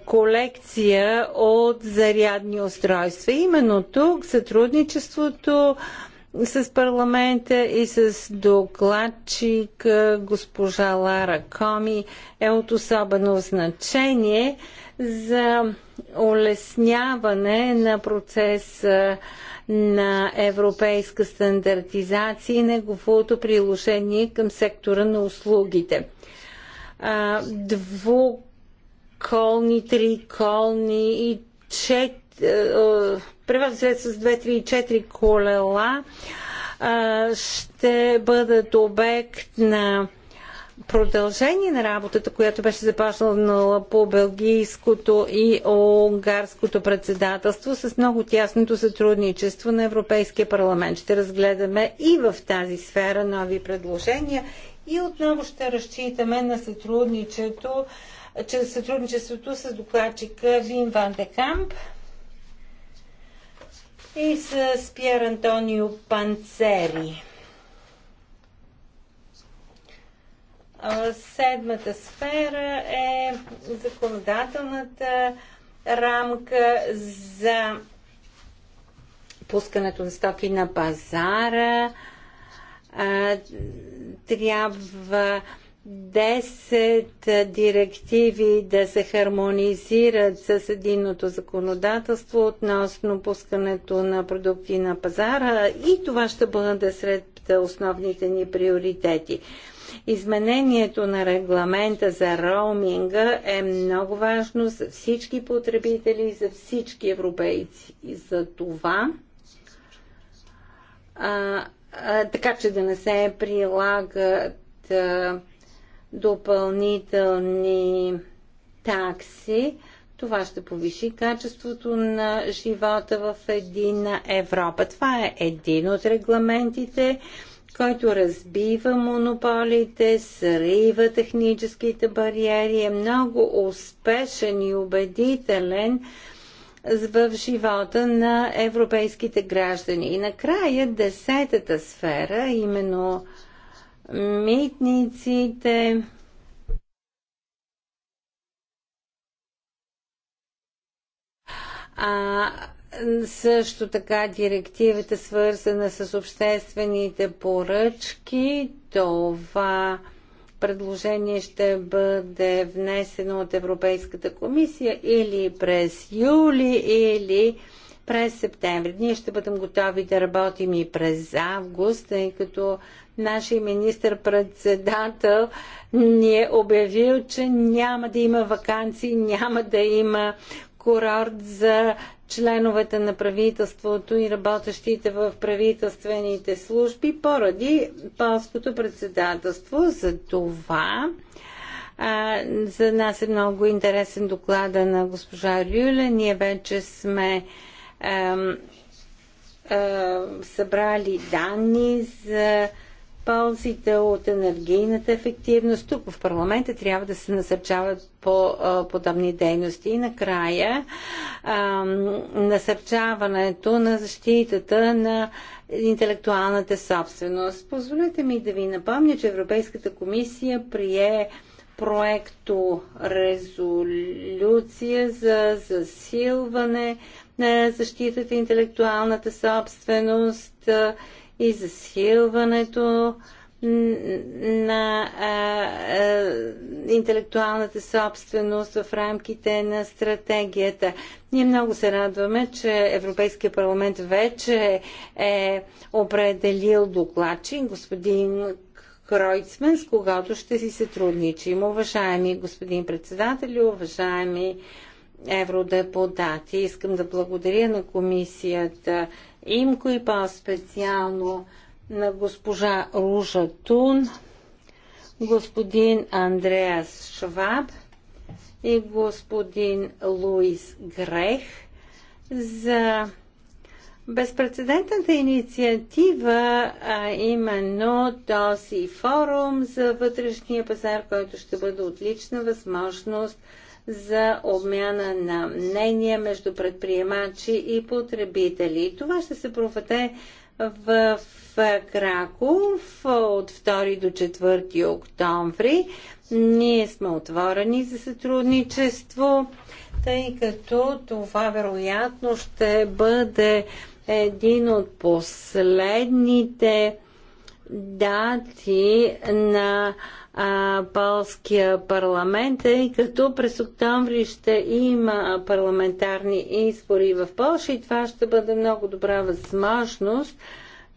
колекция от зарядни устройства. Именно тук сътрудничеството с парламента и с докладчик госпожа Лара Коми е от особено значение за улесняване на процеса на европейска стандартизация и неговото приложение към сектора на услугите. Двуколни, триколни и четири превозни е с 2, 3 4 колела ще бъдат обект на продължение на работата, която беше започнала по белгийското и унгарското председателство с много тясното сътрудничество на Европейския парламент. Ще разгледаме и в тази сфера нови предложения и отново ще разчитаме на сътрудничеството, чрез сътрудничеството с докладчика Вин Ван де Камп и с Пьер Антонио Панцери. Седмата сфера е законодателната рамка за пускането на стоки на пазара. Трябва 10 директиви да се хармонизират с единното законодателство относно пускането на продукти на пазара и това ще бъде сред основните ни приоритети. Изменението на регламента за роуминга е много важно за всички потребители и за всички европейци. И за това а, а, така че да не се прилагат а, допълнителни такси. Това ще повиши качеството на живота в Едина Европа. Това е един от регламентите, който разбива монополите, срива техническите бариери, е много успешен и убедителен в живота на европейските граждани. И накрая десетата сфера, именно митниците, а също така директивата свързана с обществените поръчки. Това предложение ще бъде внесено от Европейската комисия или през юли, или през септември. Ние ще бъдем готови да работим и през август, тъй като нашия министр-председател ни е обявил, че няма да има вакансии, няма да има курорт за членовете на правителството и работещите в правителствените служби поради полското председателство. За това а, за нас е много интересен доклада на госпожа Рюля. Ние вече сме а, събрали данни за ползите от енергийната ефективност. Тук в парламента трябва да се насърчават по подобни дейности. И накрая насърчаването на защитата на интелектуалната собственост. Позволете ми да ви напомня, че Европейската комисия прие проекто резолюция за засилване на защитата интелектуалната собственост и засилването на интелектуалната собственост в рамките на стратегията. Ние много се радваме, че Европейския парламент вече е определил докладчик господин Кройцмен, с когото ще си сътрудничим. Уважаеми господин председател, уважаеми евродепутати. Искам да благодаря на комисията Имко и по-специално на госпожа Ружа Тун, господин Андреас Шваб и господин Луис Грех за безпредседентната инициатива, а именно този форум за вътрешния пазар, който ще бъде отлична възможност – за обмяна на мнения между предприемачи и потребители. Това ще се проведе в Краков от 2 до 4 октомври. Ние сме отворени за сътрудничество, тъй като това вероятно ще бъде един от последните дати на а, полския парламент, тъй е, като през октомври ще има парламентарни избори в Польша и това ще бъде много добра възможност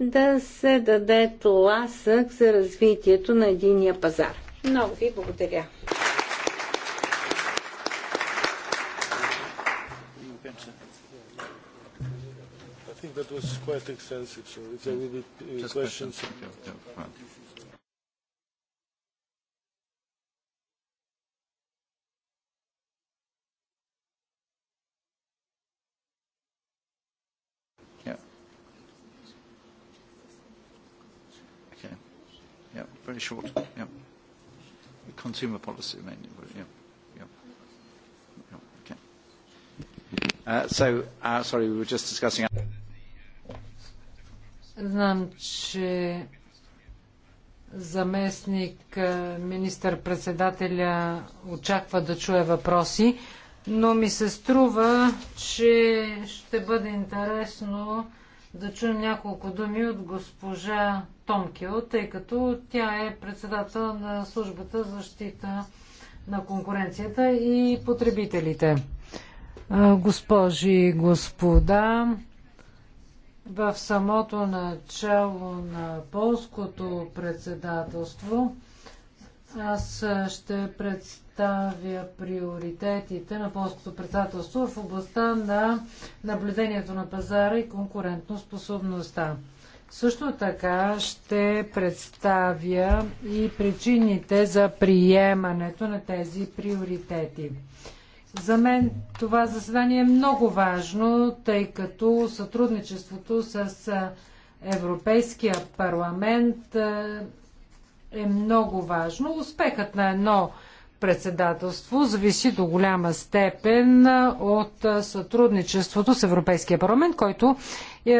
да се даде тласък за развитието на единия пазар. Много ви благодаря. I think that was quite extensive, so if there will be questions. yeah, very short. Yeah. Consumer policy mainly. Yeah. Yeah. yeah. Okay. Uh, so, uh, sorry, we were just discussing. Знам, че заместник министър-председателя очаква да чуе въпроси, но ми се струва, че ще бъде интересно да чуем няколко думи от госпожа Томкил, тъй като тя е председател на службата за защита на конкуренцията и потребителите. Госпожи и господа, в самото начало на полското председателство аз ще представя представя приоритетите на полското председателство в областта на наблюдението на пазара и способността. Също така ще представя и причините за приемането на тези приоритети. За мен това заседание е много важно, тъй като сътрудничеството с Европейския парламент е много важно. Успехът на едно председателство зависи до голяма степен от сътрудничеството с Европейския парламент, който е,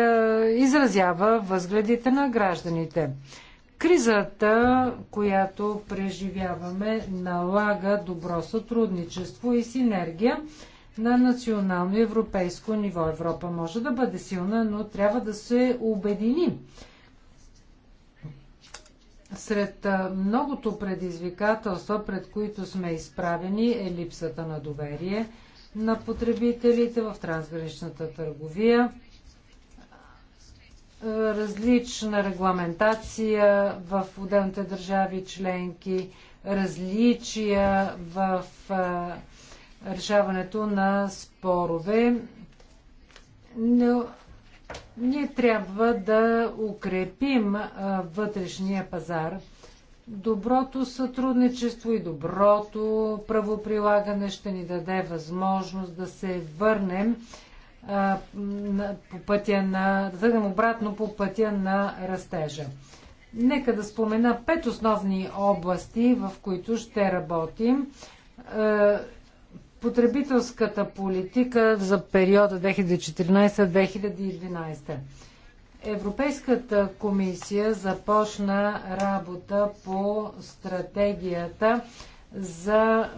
изразява възгледите на гражданите. Кризата, която преживяваме, налага добро сътрудничество и синергия на национално и европейско ниво. Европа може да бъде силна, но трябва да се обедини сред многото предизвикателства, пред които сме изправени, е липсата на доверие на потребителите в трансграничната търговия, различна регламентация в отделните държави членки, различия в решаването на спорове, ние трябва да укрепим вътрешния пазар. Доброто сътрудничество и доброто правоприлагане ще ни даде възможност да се върнем по пътя на, да върнем обратно по пътя на растежа. Нека да спомена пет основни области, в които ще работим потребителската политика за периода 2014 2012 Европейската комисия започна работа по стратегията за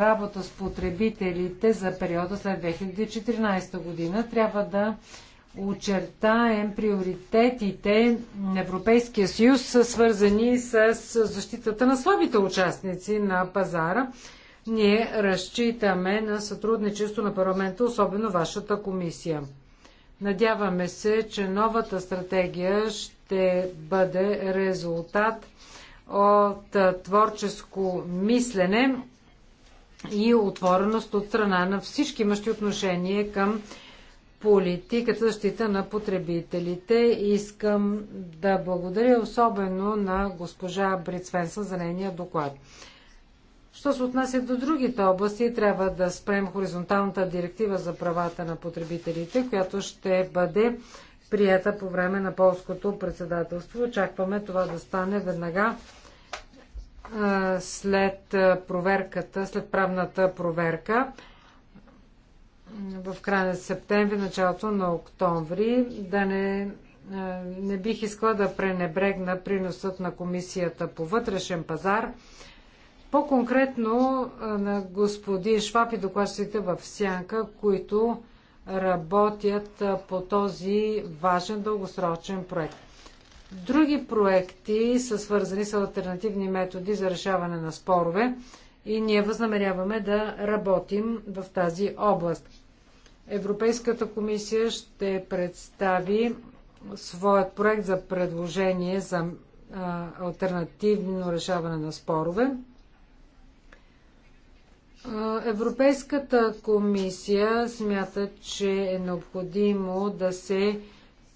работа с потребителите за периода след 2014 година. Трябва да очертаем приоритетите на Европейския съюз, свързани с защитата на слабите участници на пазара ние разчитаме на сътрудничество на парламента, особено вашата комисия. Надяваме се, че новата стратегия ще бъде резултат от творческо мислене и отвореност от страна на всички имащи отношение към политиката защита на потребителите. Искам да благодаря особено на госпожа Брицвенса за нейния доклад. Що се отнася до другите области, трябва да спрем хоризонталната директива за правата на потребителите, която ще бъде прията по време на полското председателство. Очакваме това да стане веднага след проверката, след правната проверка в края на септември, началото на октомври. Да не, не бих искала да пренебрегна приносът на Комисията по вътрешен пазар по-конкретно на господин Шваб и докладчиците в Сянка, които работят по този важен дългосрочен проект. Други проекти са свързани с альтернативни методи за решаване на спорове и ние възнамеряваме да работим в тази област. Европейската комисия ще представи своят проект за предложение за альтернативно решаване на спорове Европейската комисия смята, че е необходимо да се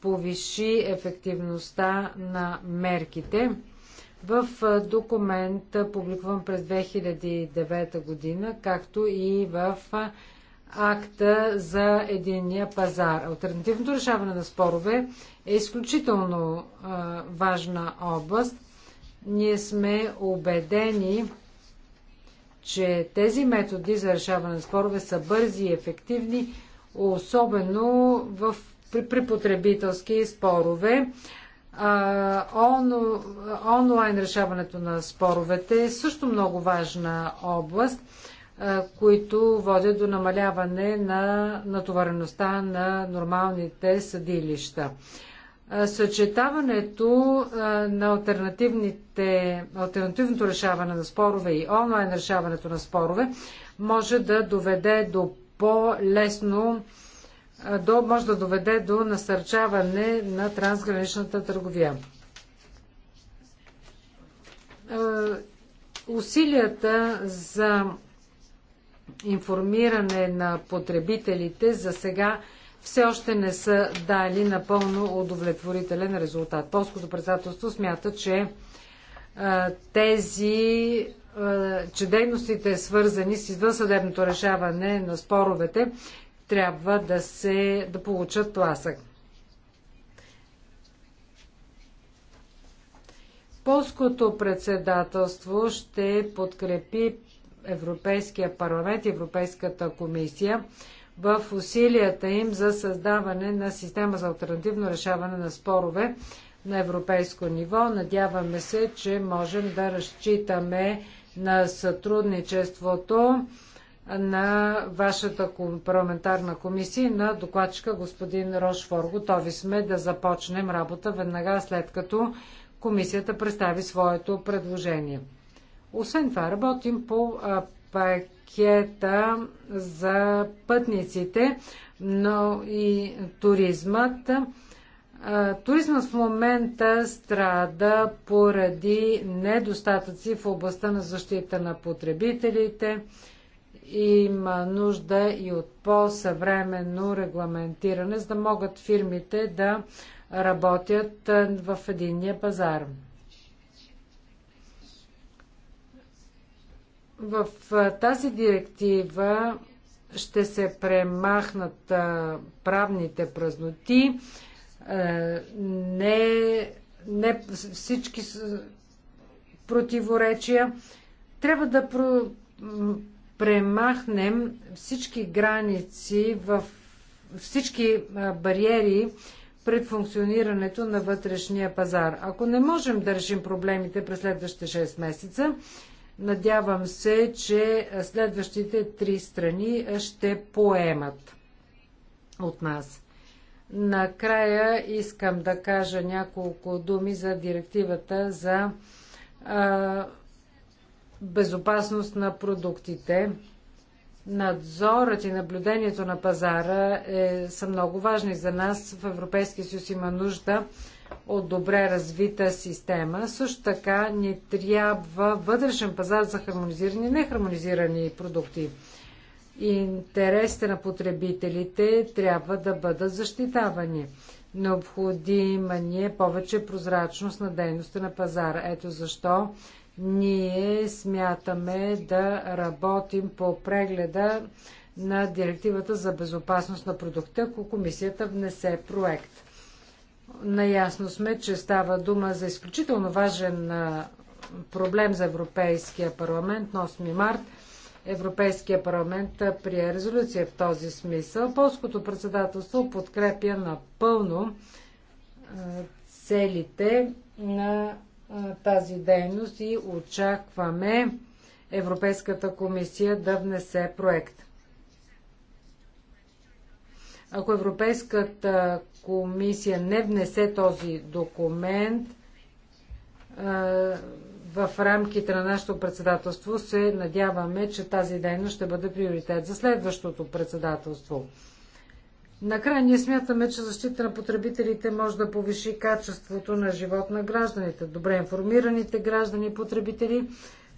повиши ефективността на мерките. В документ, публикуван през 2009 година, както и в акта за единния пазар. Альтернативното решаване на спорове е изключително важна област. Ние сме убедени, че тези методи за решаване на спорове са бързи и ефективни, особено в, при, при потребителски спорове. А, он, онлайн решаването на споровете е също много важна област, а, които водят до намаляване на натовареността на нормалните съдилища. Съчетаването на альтернативните, альтернативното решаване на спорове и онлайн решаването на спорове може да доведе до по-лесно до, може да доведе до насърчаване на трансграничната търговия. Усилията за информиране на потребителите за сега все още не са дали напълно удовлетворителен резултат. Полското председателство смята, че тези че дейностите, свързани с извънсъдебното решаване на споровете, трябва да, се, да получат тласък. Полското председателство ще подкрепи Европейския парламент и Европейската комисия в усилията им за създаване на система за альтернативно решаване на спорове на европейско ниво. Надяваме се, че можем да разчитаме на сътрудничеството на вашата парламентарна комисия на докладчика господин Рошфор. Готови сме да започнем работа веднага след като комисията представи своето предложение. Освен това, работим по пакета за пътниците, но и туризмът. Туризмът в момента страда поради недостатъци в областта на защита на потребителите. Има нужда и от по-съвременно регламентиране, за да могат фирмите да работят в единния пазар. В тази директива ще се премахнат правните празноти, е, не, не всички противоречия. Трябва да про, премахнем всички граници, в, всички бариери пред функционирането на вътрешния пазар. Ако не можем да решим проблемите през следващите 6 месеца, Надявам се, че следващите три страни ще поемат от нас. Накрая искам да кажа няколко думи за директивата за а, безопасност на продуктите. Надзорът и наблюдението на пазара е, са много важни за нас. В Европейския съюз има нужда от добре развита система. Също така ни трябва вътрешен пазар за хармонизирани и нехармонизирани продукти. Интересите на потребителите трябва да бъдат защитавани. Необходима ни е повече прозрачност на дейността на пазара. Ето защо ние смятаме да работим по прегледа на директивата за безопасност на продукта, ако комисията внесе проект. Наясно сме, че става дума за изключително важен проблем за Европейския парламент. На 8 март Европейския парламент прие резолюция в този смисъл. Полското председателство подкрепя напълно целите на тази дейност и очакваме Европейската комисия да внесе проект. Ако Европейската комисия не внесе този документ в рамките на нашето председателство, се надяваме, че тази дейност ще бъде приоритет за следващото председателство. Накрая ние смятаме, че защита на потребителите може да повиши качеството на живот на гражданите. Добре информираните граждани и потребители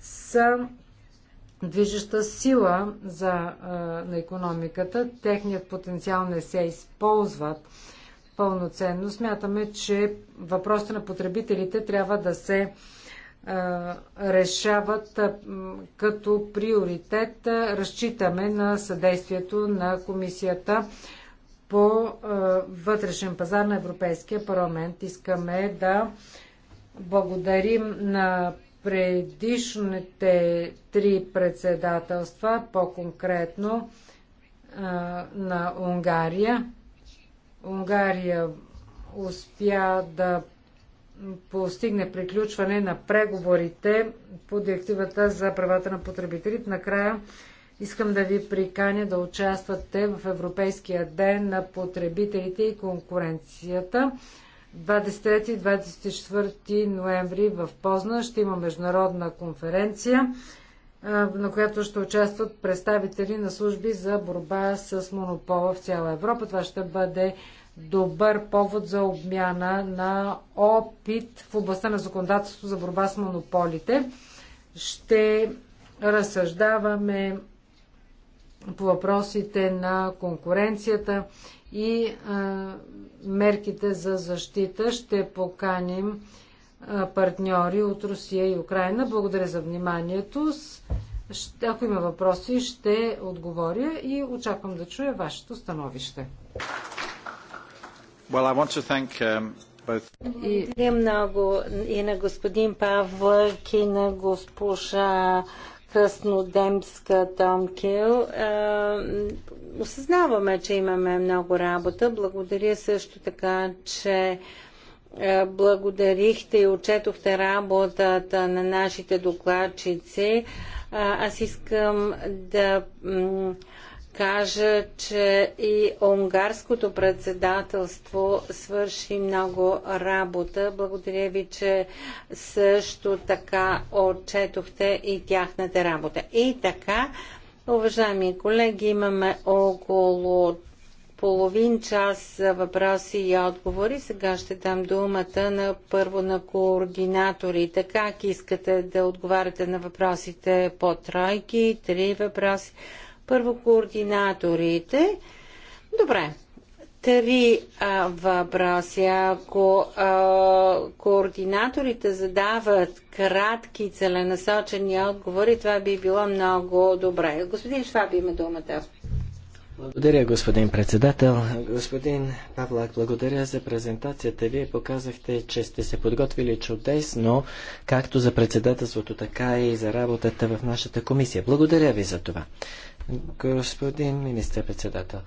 са движеща сила за, на економиката. Техният потенциал не се използват пълноценно. Смятаме, че въпросите на потребителите трябва да се решават като приоритет. Разчитаме на съдействието на комисията по вътрешен пазар на Европейския парламент. Искаме да благодарим на предишните три председателства, по-конкретно на Унгария. Унгария успя да постигне приключване на преговорите по директивата за правата на потребителите. Накрая искам да ви приканя да участвате в Европейския ден на потребителите и конкуренцията. 23-24 ноември в Позна ще има международна конференция на която ще участват представители на служби за борба с монопола в цяла Европа. Това ще бъде добър повод за обмяна на опит в областта на законодателство за борба с монополите. Ще разсъждаваме по въпросите на конкуренцията и а, мерките за защита. Ще поканим партньори от Русия и Украина. Благодаря за вниманието. Ако има въпроси, ще отговоря и очаквам да чуя вашето становище. Well, I want to thank, um, both... Благодаря много и на господин Павлък, и на госпожа Краснодемска Томкил. Е, осъзнаваме, че имаме много работа. Благодаря също така, че е, благодарихте и отчетохте работата на нашите докладчици. Е, аз искам да кажа, че и унгарското председателство свърши много работа. Благодаря ви, че също така отчетохте и тяхната работа. И така, уважаеми колеги, имаме около половин час за въпроси и отговори. Сега ще дам думата на първо на координаторите. Как искате да отговаряте на въпросите по тройки, три въпроси? Първо координаторите. Добре. Три а, въпроси. Ако а, координаторите задават кратки, целенасочени отговори, това би било много добре. Господин Шваб има думата. Благодаря, господин председател. Господин Павлак, благодаря за презентацията. Вие показахте, че сте се подготвили чудесно, както за председателството, така и за работата в нашата комисия. Благодаря ви за това. Господин министър-председател,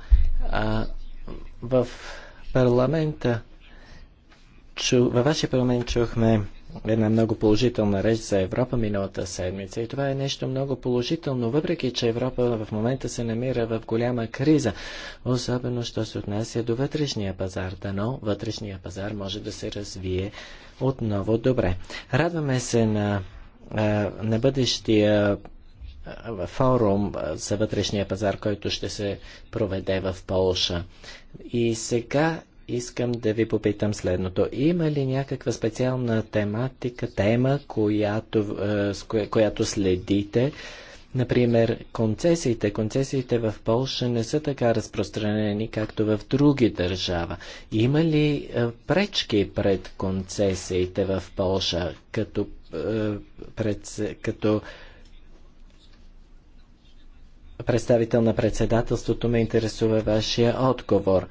в парламента, чу, във вашия парламент чухме една много положителна реч за Европа миналата седмица и това е нещо много положително, въпреки че Европа в момента се намира в голяма криза, особено що се отнася до вътрешния пазар. Дано вътрешния пазар може да се развие отново добре. Радваме се на, на бъдещия форум за вътрешния пазар, който ще се проведе в Полша. И сега искам да ви попитам следното. Има ли някаква специална тематика, тема, която, е, която следите? Например, концесиите. Концесиите в Польша не са така разпространени, както в други държава. Има ли е, пречки пред концесиите в Польша, като, е, пред, като представител на председателството ме интересува вашия отговор.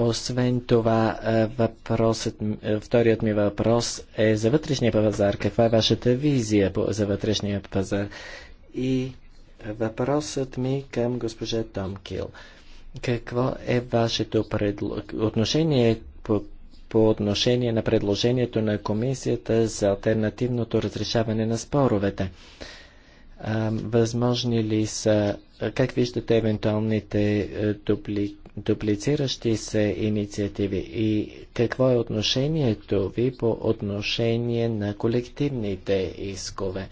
Освен това, въпросът, вторият ми въпрос е за вътрешния пазар. Каква е вашата визия за вътрешния пазар? И въпросът ми към госпожа Томкил. Какво е вашето предло... отношение по, по отношение на предложението на комисията за альтернативното разрешаване на споровете? възможни ли са, как виждате евентуалните дупли, дуплициращи се инициативи и какво е отношението ви по отношение на колективните искове?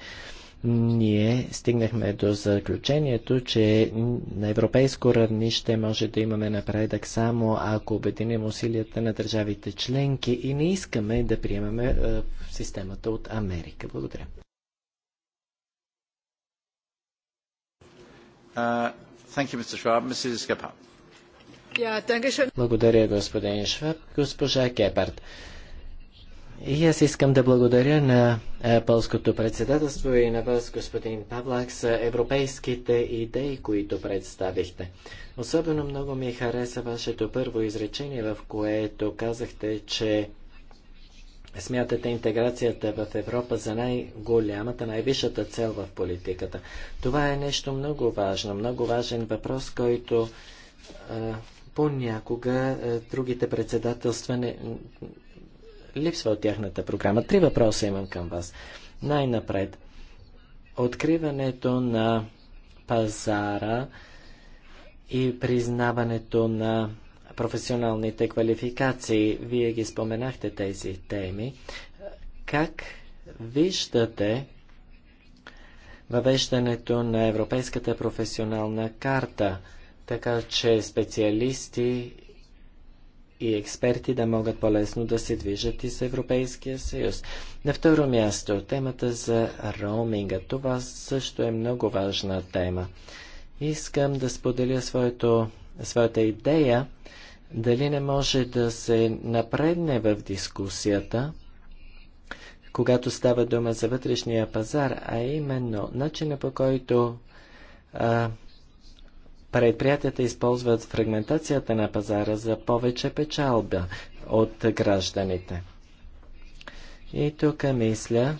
Ние стигнахме до заключението, че на европейско равнище може да имаме напредък само ако обединим усилията на държавите членки и не искаме да приемаме е, системата от Америка. Благодаря. Uh, thank you, Mr. Schwab. Mrs. Gephardt благодаря, господин Шваб. Госпожа Кепард. И аз искам да благодаря на Полското председателство и на вас, господин Павлак, за европейските идеи, които представихте. Особено много ми хареса вашето първо изречение, в което казахте, че смятате интеграцията в Европа за най-голямата, най-висшата цел в политиката. Това е нещо много важно, много важен въпрос, който понякога е, другите председателства не, липсва от тяхната програма. Три въпроса имам към вас. Най-напред, откриването на пазара и признаването на професионалните квалификации. Вие ги споменахте тези теми. Как виждате въвеждането на Европейската професионална карта – така че специалисти и експерти да могат по-лесно да се движат из Европейския съюз. На второ място, темата за роуминга. Това също е много важна тема. Искам да споделя своето, своята идея, дали не може да се напредне в дискусията, когато става дума за вътрешния пазар, а именно начина по който а, Предприятията използват фрагментацията на пазара за повече печалба от гражданите. И тук мисля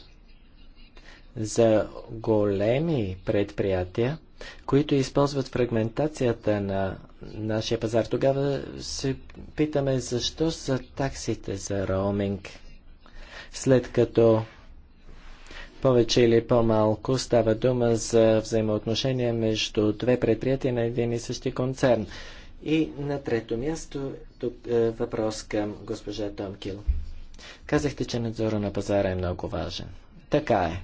за големи предприятия, които използват фрагментацията на нашия пазар. Тогава се питаме защо са таксите за роуминг, след като повече или по-малко става дума за взаимоотношения между две предприятия на един и същи концерн. И на трето място тук, е, въпрос към госпожа Томкил. Казахте, че надзора на пазара е много важен. Така е.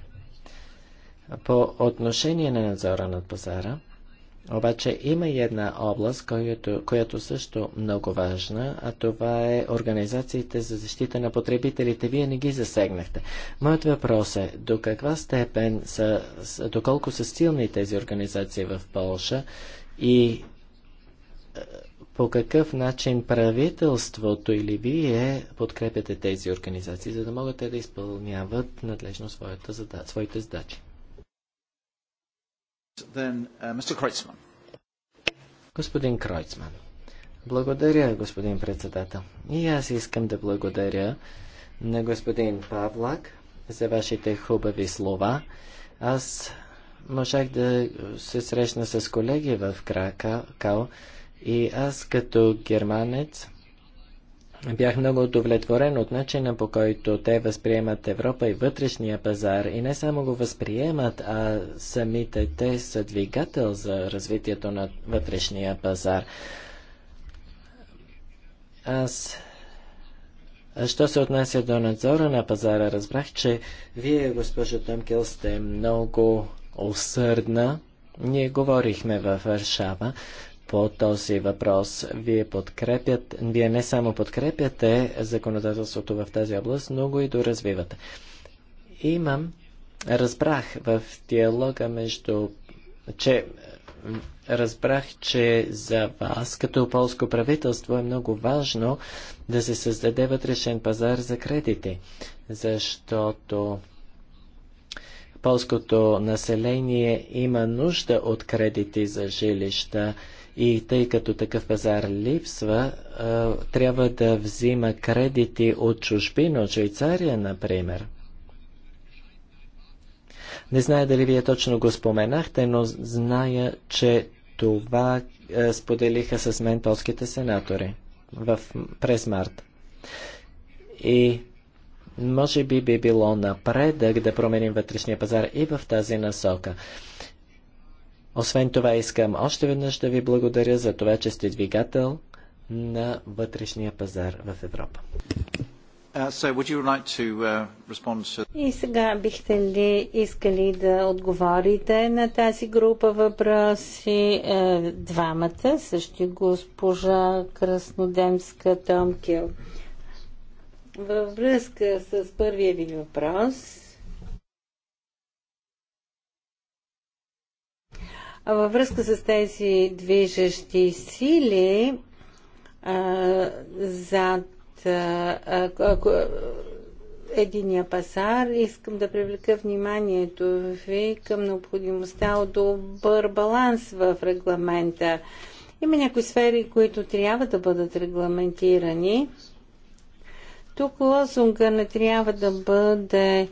По отношение на надзора над пазара, обаче има и една област, която, която също много важна, а това е организациите за защита на потребителите. Вие не ги засегнахте. Моят въпрос е, до каква степен са, доколко са силни тези организации в Полша и е, по какъв начин правителството или вие подкрепяте тези организации, за да могат те да изпълняват надлежно своята, своите задачи? Then, uh, господин Кройцман. Благодаря, господин председател. И аз искам да благодаря на господин Павлак за вашите хубави слова. Аз можах да се срещна с колеги в Кракао и аз като германец Бях много удовлетворен от начина по който те възприемат Европа и вътрешния пазар. И не само го възприемат, а самите те са двигател за развитието на вътрешния пазар. Аз Що се отнася до надзора на пазара, разбрах, че вие, госпожо Тъмкел, сте много усърдна. Ние говорихме във Варшава по този въпрос. Вие подкрепят, вие не само подкрепяте законодателството в тази област, но го и доразвивате. Имам, разбрах в диалога между, че разбрах, че за вас, като полско правителство, е много важно да се създаде вътрешен пазар за кредити, защото полското население има нужда от кредити за жилища и тъй като такъв пазар липсва, трябва да взима кредити от чужбина, от Швейцария, например. Не зная дали вие точно го споменахте, но зная, че това споделиха с мен полските сенатори в, през март. И може би би било напредък да променим вътрешния пазар и в тази насока. Освен това искам още веднъж да ви благодаря за това, че сте двигател на вътрешния пазар в Европа. Uh, uh, И сега бихте ли искали да отговорите на тази група въпроси? Е, двамата, също госпожа Краснодемска Томкил. Във връзка с първия ви въпрос, Във връзка с тези движещи сили, зад единия пазар, искам да привлека вниманието ви към необходимостта от добър баланс в регламента. Има някои сфери, които трябва да бъдат регламентирани. Тук лозунга не трябва да бъде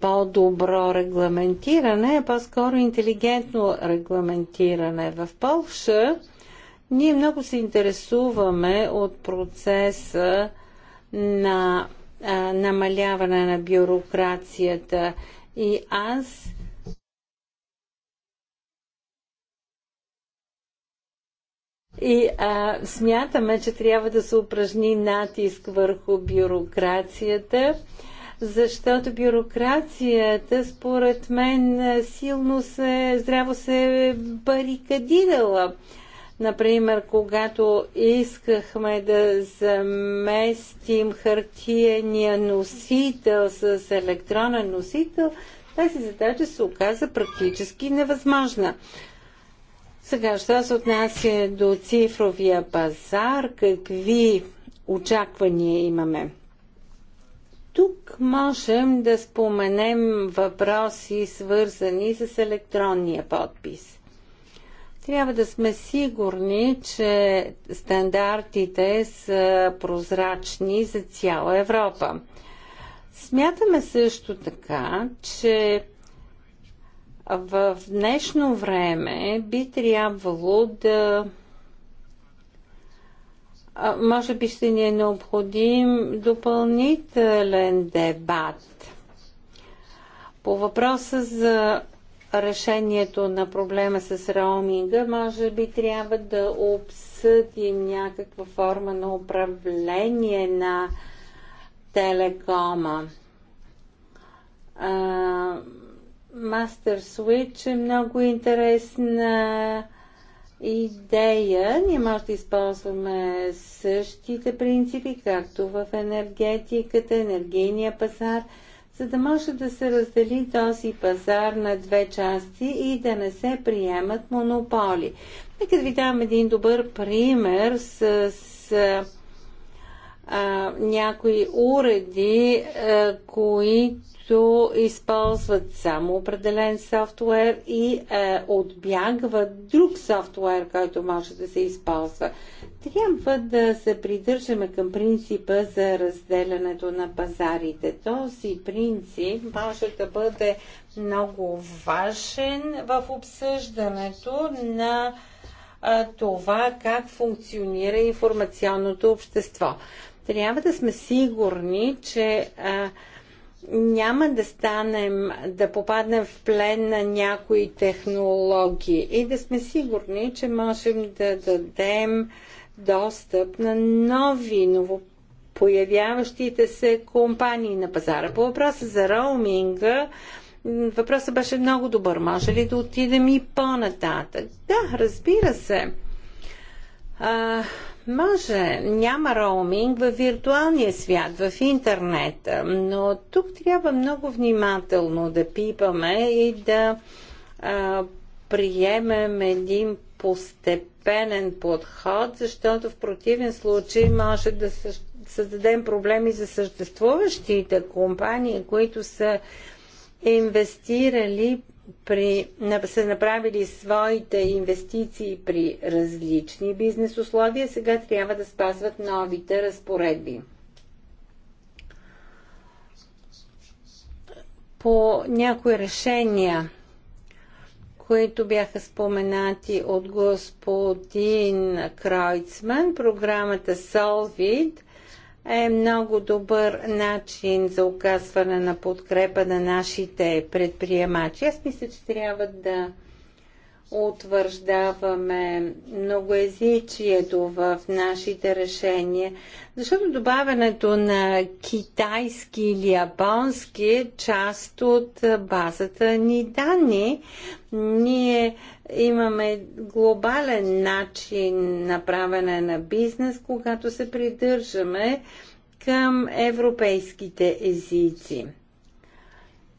по-добро регламентиране, а по-скоро интелигентно регламентиране. В Полша ние много се интересуваме от процеса на а, намаляване на бюрокрацията и аз И а, смятаме, че трябва да се упражни натиск върху бюрокрацията. А, защото бюрокрацията, според мен, силно се, здраво се барикадирала. Например, когато искахме да заместим хартияния носител с електронен носител, тази задача се оказа практически невъзможна. Сега, що се отнася до цифровия пазар, какви очаквания имаме? Тук можем да споменем въпроси, свързани с електронния подпис. Трябва да сме сигурни, че стандартите са прозрачни за цяла Европа. Смятаме също така, че в днешно време би трябвало да може би ще ни е необходим допълнителен дебат по въпроса за решението на проблема с роуминга, може би трябва да обсъдим някаква форма на управление на телекома. Мастер Switch е много интересна идея. Ние може да използваме същите принципи, както в енергетиката, енергийния пазар, за да може да се раздели този пазар на две части и да не се приемат монополи. Нека да ви дам един добър пример с, с а, някои уреди, а, които които използват само определен софтуер и е, отбягват друг софтуер, който може да се използва. Трябва да се придържаме към принципа за разделянето на пазарите. Този принцип може да бъде много важен в обсъждането на а, е, това как функционира информационното общество. Трябва да сме сигурни, че а, е, няма да станем, да попаднем в плен на някои технологии и да сме сигурни, че можем да дадем достъп на нови, новопоявяващите се компании на пазара. По въпроса за роуминга, въпросът беше много добър. Може ли да отидем и по-нататък? Да, разбира се. А, може, няма роуминг в виртуалния свят, в интернет, но тук трябва много внимателно да пипаме и да а, приемем един постепенен подход, защото в противен случай може да създадем проблеми за съществуващите компании, които са инвестирали при, са направили своите инвестиции при различни бизнес условия, сега трябва да спазват новите разпоредби. По някои решения, които бяха споменати от господин Кройцман, програмата Solvit – е много добър начин за оказване на подкрепа на нашите предприемачи. Аз мисля, че трябва да утвърждаваме многоязичието в нашите решения, защото добавянето на китайски или японски е част от базата ни данни. Ние имаме глобален начин на правене на бизнес, когато се придържаме към европейските езици.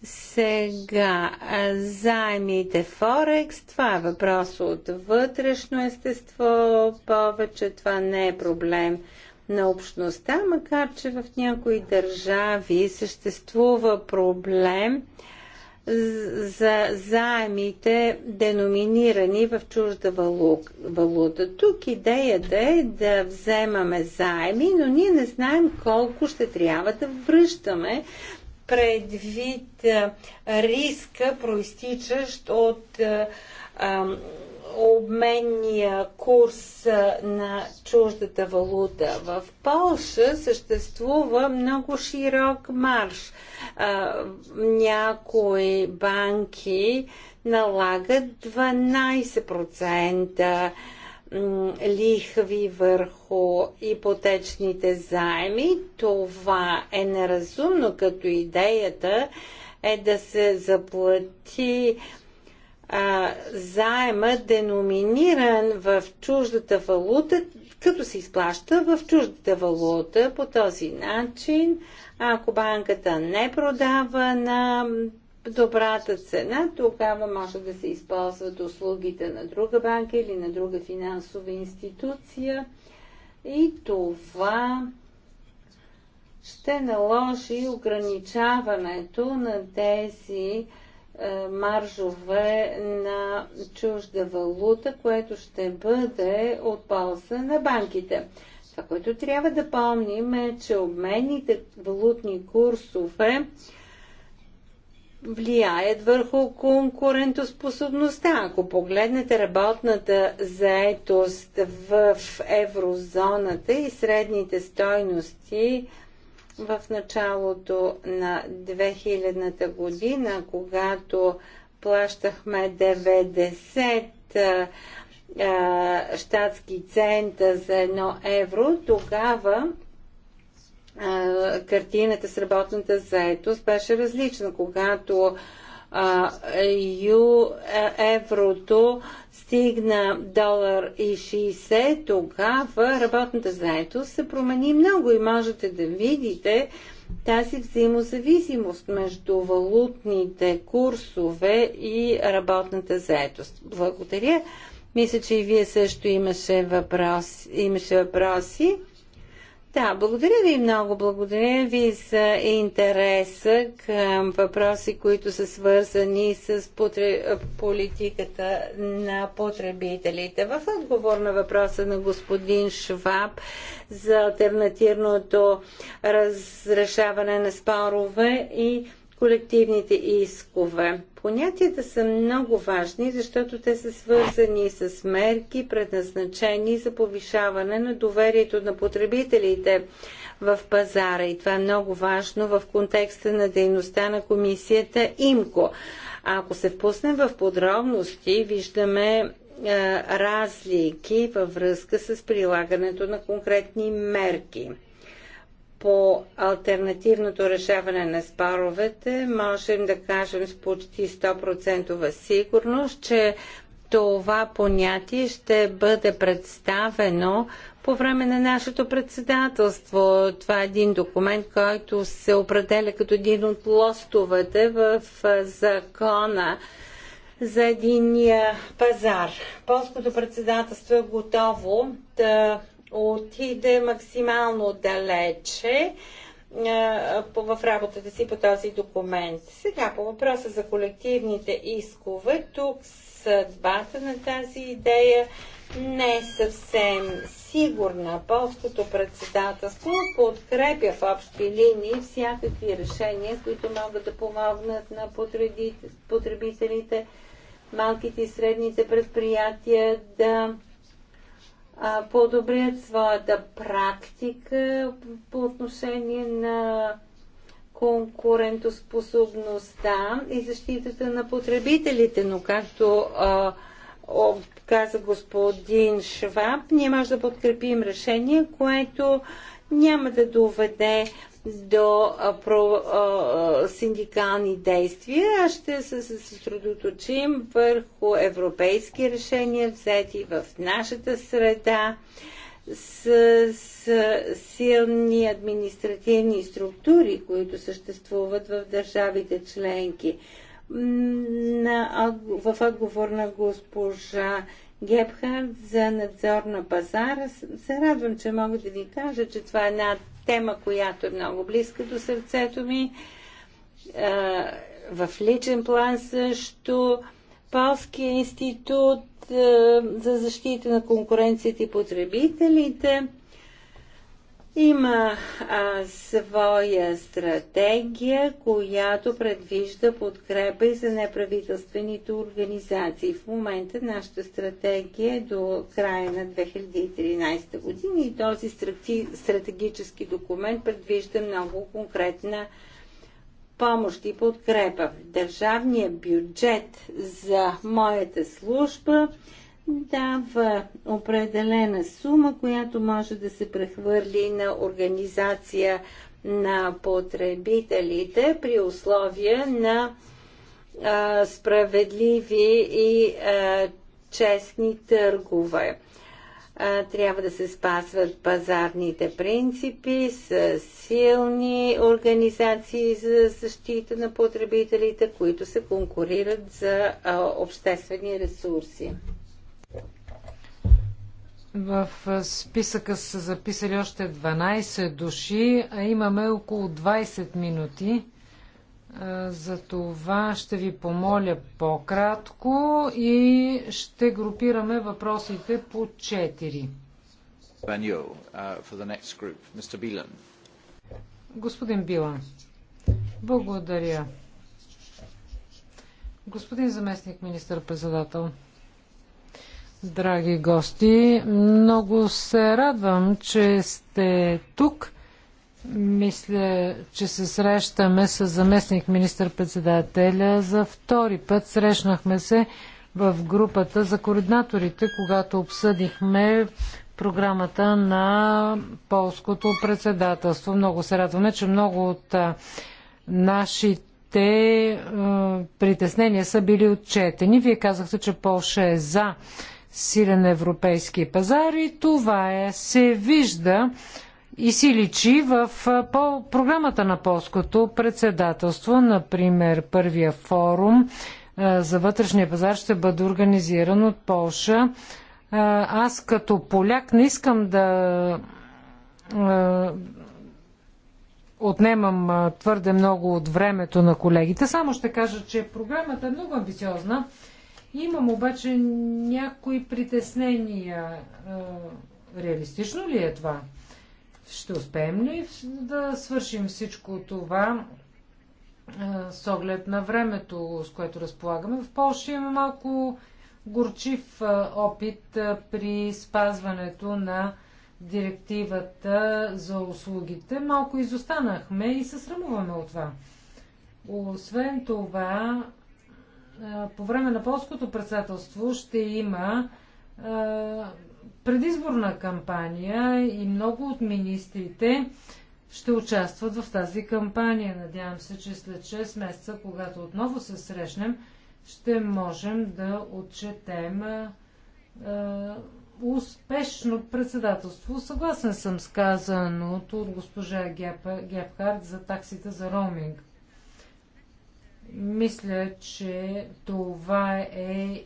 Сега, заемите Форекс, това е въпрос от вътрешно естество, повече това не е проблем на общността, макар че в някои държави съществува проблем за заемите, деноминирани в чужда валута. Тук идеята е да вземаме заеми, но ние не знаем колко ще трябва да връщаме, предвид риска, проистичащ от обменния курс на чуждата валута. В Полша съществува много широк марш. Някои банки налагат 12% лихви върху ипотечните заеми. Това е неразумно, като идеята е да се заплати а, заема деноминиран в чуждата валута, като се изплаща в чуждата валута. По този начин, ако банката не продава на добрата цена, тогава може да се използват услугите на друга банка или на друга финансова институция. И това ще наложи ограничаването на тези е, маржове на чужда валута, което ще бъде от полза на банките. Това, което трябва да помним е, че обменните валутни курсове влияят върху конкурентоспособността. Ако погледнете работната заетост в еврозоната и средните стойности в началото на 2000-та година, когато плащахме 90 щатски цента за едно евро, тогава картината с работната заетост беше различна, когато а, ю, е, еврото стигна долар и 60, тогава работната заетост се промени много и можете да видите тази взаимозависимост между валутните курсове и работната заетост. Благодаря. Мисля, че и вие също имаше, въпрос, имаше въпроси. Да, благодаря ви много. Благодаря ви за интереса към въпроси, които са свързани с потре... политиката на потребителите. В отговор на въпроса на господин Шваб за альтернативното разрешаване на спорове и колективните искове. Понятията са много важни, защото те са свързани с мерки, предназначени за повишаване на доверието на потребителите в пазара. И това е много важно в контекста на дейността на комисията ИМКО. А ако се впуснем в подробности, виждаме е, разлики във връзка с прилагането на конкретни мерки по альтернативното решаване на споровете, можем да кажем с почти 100% сигурност, че това понятие ще бъде представено по време на нашето председателство. Това е един документ, който се определя като един от лостовете в закона за единния пазар. Полското председателство е готово да отиде максимално далече е, в работата си по този документ. Сега по въпроса за колективните искове, тук съдбата на тази идея не е съвсем сигурна. Полското председателство подкрепя в общи линии всякакви решения, които могат да помогнат на потребителите, малките и средните предприятия да подобрят своята практика по отношение на конкурентоспособността и защитата на потребителите, но както а, каза господин Шваб, ние може да подкрепим решение, което няма да доведе до про, синдикални действия, а ще се съсредоточим върху европейски решения, взети в нашата среда с, с силни административни структури, които съществуват в държавите членки. На, в отговор на госпожа Гепхард за надзор на пазара. Се радвам, че мога да ви кажа, че това е една тема, която е много близка до сърцето ми. В личен план също Палския институт за защита на конкуренцията и потребителите има а, своя стратегия, която предвижда подкрепа и за неправителствените организации. В момента нашата стратегия е до края на 2013 година и този стратегически документ предвижда много конкретна помощ и подкрепа. Държавният бюджет за моята служба е дава определена сума, която може да се прехвърли на организация на потребителите при условия на а, справедливи и а, честни търгове. А, трябва да се спазват пазарните принципи с силни организации за защита на потребителите, които се конкурират за а, обществени ресурси. В списъка са записали още 12 души, а имаме около 20 минути. За това ще ви помоля по-кратко и ще групираме въпросите по 4. Uh, Господин Билан, благодаря. Господин заместник министър-председател, Драги гости, много се радвам, че сте тук. Мисля, че се срещаме с заместник министър-председателя за втори път. Срещнахме се в групата за координаторите, когато обсъдихме програмата на полското председателство. Много се радваме, че много от нашите притеснения са били отчетени. Вие казахте, че Полша е за силен европейски пазар и това е, се вижда и си личи в по, програмата на полското председателство. Например, първия форум за вътрешния пазар ще бъде организиран от Полша. аз като поляк не искам да отнемам твърде много от времето на колегите. Само ще кажа, че програмата е много амбициозна. Имам обаче някои притеснения. Реалистично ли е това? Ще успеем ли да свършим всичко това с оглед на времето, с което разполагаме? В Польша имаме малко горчив опит при спазването на директивата за услугите. Малко изостанахме и се срамуваме от това. Освен това, по време на полското председателство ще има предизборна кампания и много от министрите ще участват в тази кампания. Надявам се, че след 6 месеца, когато отново се срещнем, ще можем да отчетем е, успешно председателство. Съгласен съм с казаното от госпожа Гепхард за таксите за роуминг. Мисля, че това е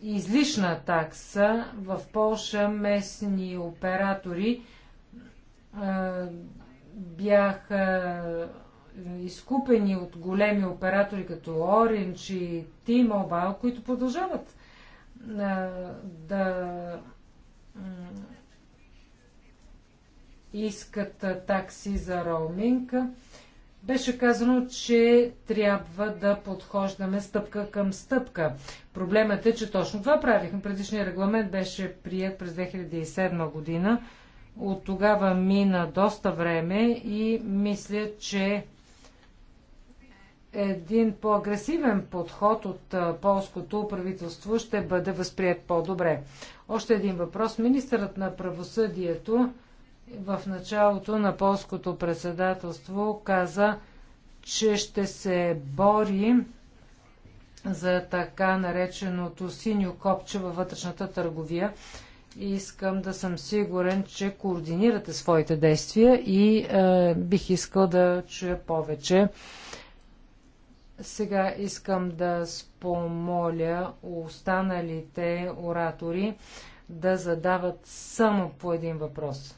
излишна такса. В Польша местни оператори а, бяха изкупени от големи оператори като Orange и T-Mobile, които продължават а, да искат такси за роуминг. Беше казано, че трябва да подхождаме стъпка към стъпка. Проблемът е, че точно това правихме. Предишният регламент беше прият през 2007 година. От тогава мина доста време и мисля, че един по-агресивен подход от полското правителство ще бъде възприят по-добре. Още един въпрос. Министърът на правосъдието в началото на полското председателство каза, че ще се бори за така нареченото синьо копче във вътрешната търговия. И искам да съм сигурен, че координирате своите действия и е, бих искал да чуя повече. Сега искам да спомоля останалите оратори да задават само по един въпрос.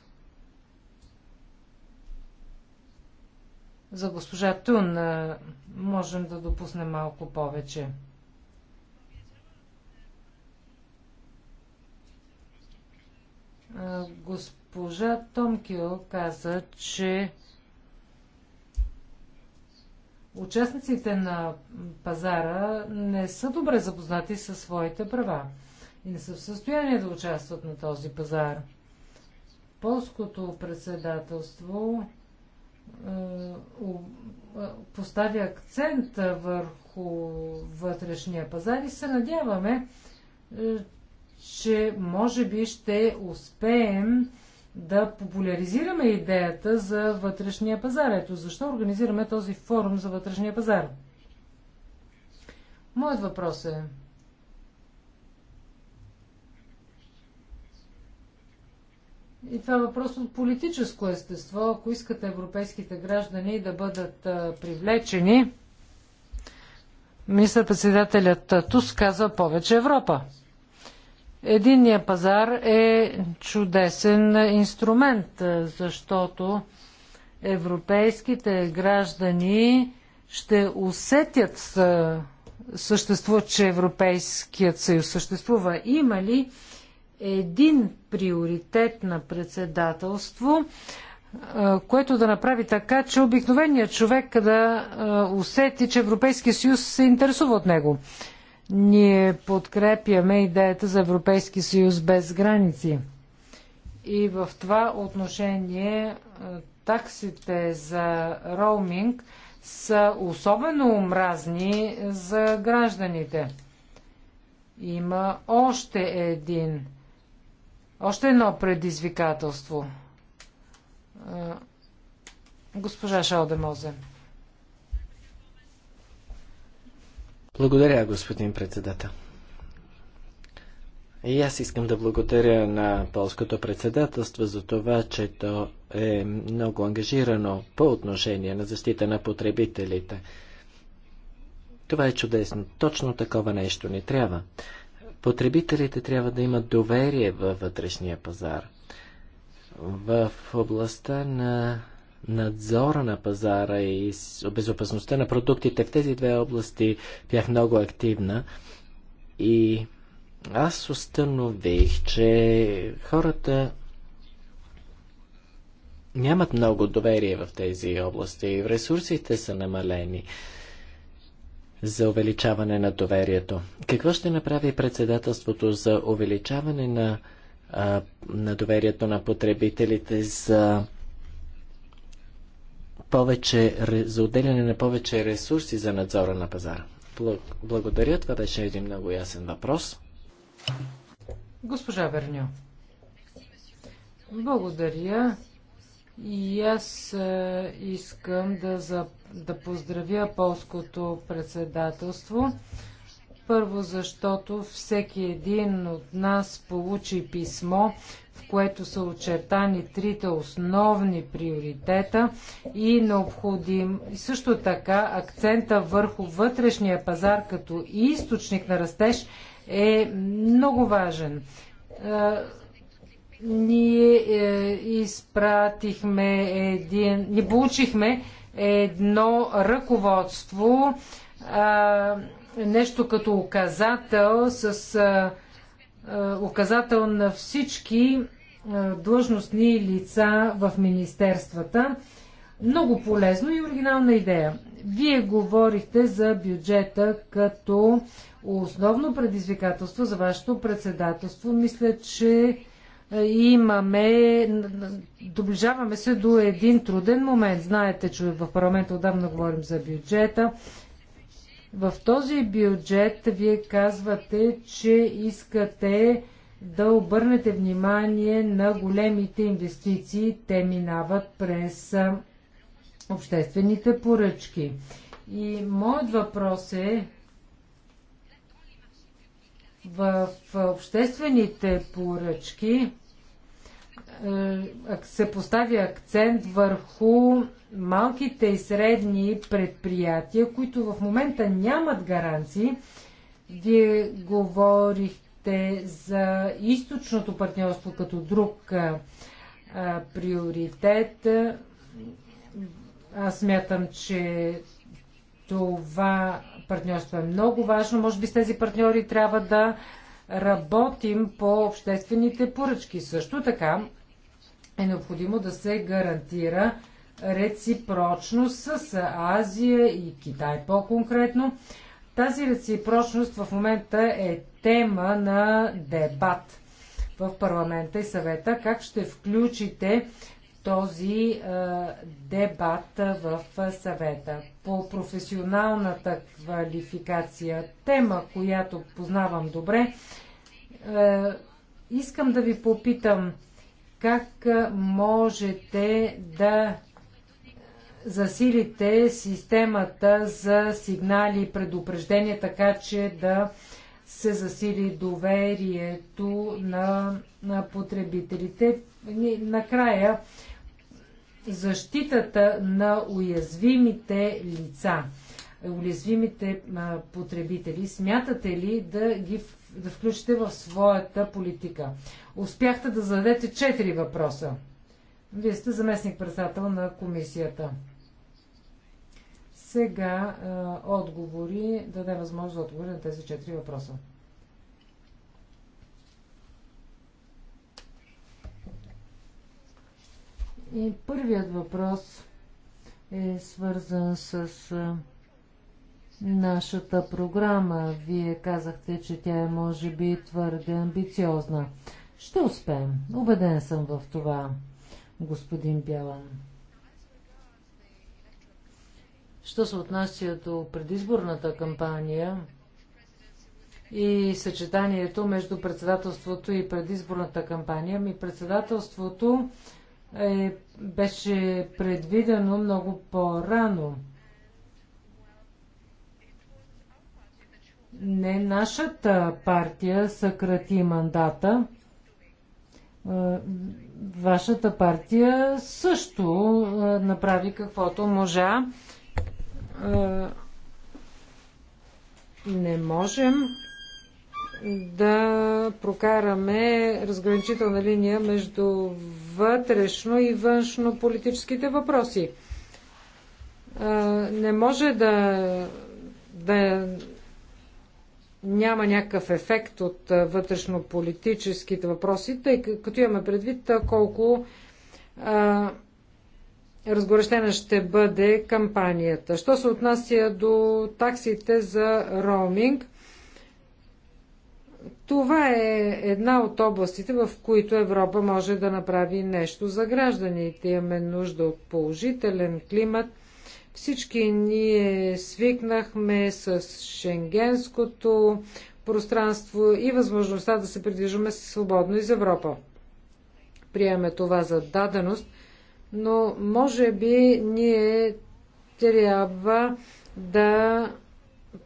За госпожа Тун можем да допуснем малко повече. Госпожа Томкио каза, че участниците на пазара не са добре запознати със своите права и не са в състояние да участват на този пазар. Полското председателство поставя акцент върху вътрешния пазар и се надяваме, е, че може би ще успеем да популяризираме идеята за вътрешния пазар. Ето защо организираме този форум за вътрешния пазар. Моят въпрос е, И това е въпрос от политическо естество. Ако искате европейските граждани да бъдат привлечени, министър-председателят Тус казва повече Европа. Единният пазар е чудесен инструмент, защото европейските граждани ще усетят съществува, че Европейският съюз съществува. Има ли един приоритет на председателство, което да направи така, че обикновеният човек да усети, че Европейския съюз се интересува от него. Ние подкрепяме идеята за Европейски съюз без граници. И в това отношение таксите за роуминг са особено омразни за гражданите. Има още един още едно предизвикателство. Госпожа Шалдемозе. Благодаря, господин председател. И аз искам да благодаря на полското председателство за това, че то е много ангажирано по отношение на защита на потребителите. Това е чудесно. Точно такова нещо ни трябва. Потребителите трябва да имат доверие във вътрешния пазар. В областта на надзора на пазара и безопасността на продуктите в тези две области бях много активна и аз установих, че хората нямат много доверие в тези области. Ресурсите са намалени за увеличаване на доверието. Какво ще направи председателството за увеличаване на, а, на доверието на потребителите за повече, за отделяне на повече ресурси за надзора на пазара? Благодаря. Това беше един много ясен въпрос. Госпожа Верньо. Благодаря. И аз искам да започна да поздравя полското председателство. Първо, защото всеки един от нас получи писмо, в което са очертани трите основни приоритета и необходим и също така акцента върху вътрешния пазар като източник на растеж е много важен. Е, ние е, изпратихме един, ни получихме едно ръководство, нещо като указател с указател на всички длъжностни лица в министерствата. Много полезно и оригинална идея. Вие говорихте за бюджета като основно предизвикателство за вашето председателство. Мисля, че имаме, доближаваме се до един труден момент. Знаете, че в парламента отдавна говорим за бюджета. В този бюджет вие казвате, че искате да обърнете внимание на големите инвестиции. Те минават през обществените поръчки. И моят въпрос е, в обществените поръчки е, се поставя акцент върху малките и средни предприятия, които в момента нямат гаранции. Вие говорихте за източното партньорство като друг а, е, е, приоритет. Аз смятам, че това партньорство е много важно. Може би с тези партньори трябва да работим по обществените поръчки. Също така е необходимо да се гарантира реципрочност с Азия и Китай по-конкретно. Тази реципрочност в момента е тема на дебат в парламента и съвета. Как ще включите този дебат в съвета. По професионалната квалификация, тема, която познавам добре, искам да ви попитам как можете да засилите системата за сигнали и предупреждения, така че да се засили доверието на, на потребителите. Накрая защитата на уязвимите лица, уязвимите потребители. Смятате ли да ги да включите в своята политика? Успяхте да зададете четири въпроса. Вие сте заместник-председател на комисията. Сега отговори отговори, даде възможност за отговори на тези четири въпроса. И първият въпрос е свързан с нашата програма. Вие казахте, че тя е може би твърде амбициозна. Ще успеем. Убеден съм в това, господин Бялан. Що се отнася до предизборната кампания и съчетанието между председателството и предизборната кампания, ми председателството е, беше предвидено много по-рано. Не нашата партия съкрати мандата. Е, вашата партия също е, направи каквото можа. Е, не можем да прокараме разграничителна линия между вътрешно и външно политическите въпроси. Не може да, да няма някакъв ефект от вътрешно-политическите въпроси, тъй като имаме предвид колко а, разгорещена ще бъде кампанията. Що се отнася до таксите за роуминг – това е една от областите, в които Европа може да направи нещо за гражданите. Имаме нужда от положителен климат. Всички ние свикнахме с шенгенското пространство и възможността да се придвижваме свободно из Европа. Приеме това за даденост, но може би ние трябва да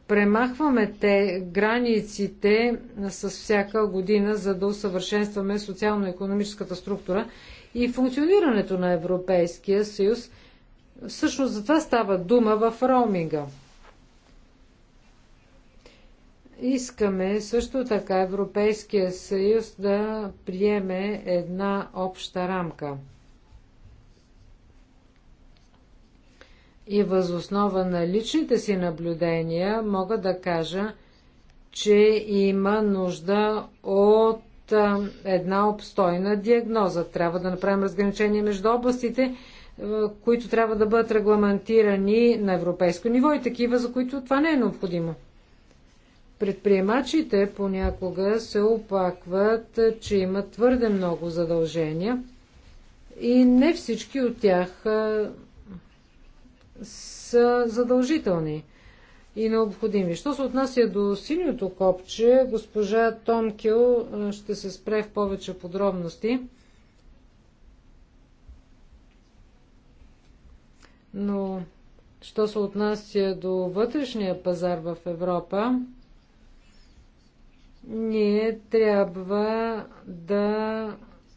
премахваме те границите с всяка година, за да усъвършенстваме социално-економическата структура и функционирането на Европейския съюз. Всъщност за това става дума в роуминга. Искаме също така Европейския съюз да приеме една обща рамка – и възоснова на личните си наблюдения мога да кажа, че има нужда от една обстойна диагноза. Трябва да направим разграничение между областите, които трябва да бъдат регламентирани на европейско ниво и такива, за които това не е необходимо. Предприемачите понякога се оплакват, че имат твърде много задължения и не всички от тях са задължителни и необходими. Що се отнася до синьото копче, госпожа Томкил ще се спре в повече подробности. Но, що се отнася до вътрешния пазар в Европа, ние трябва да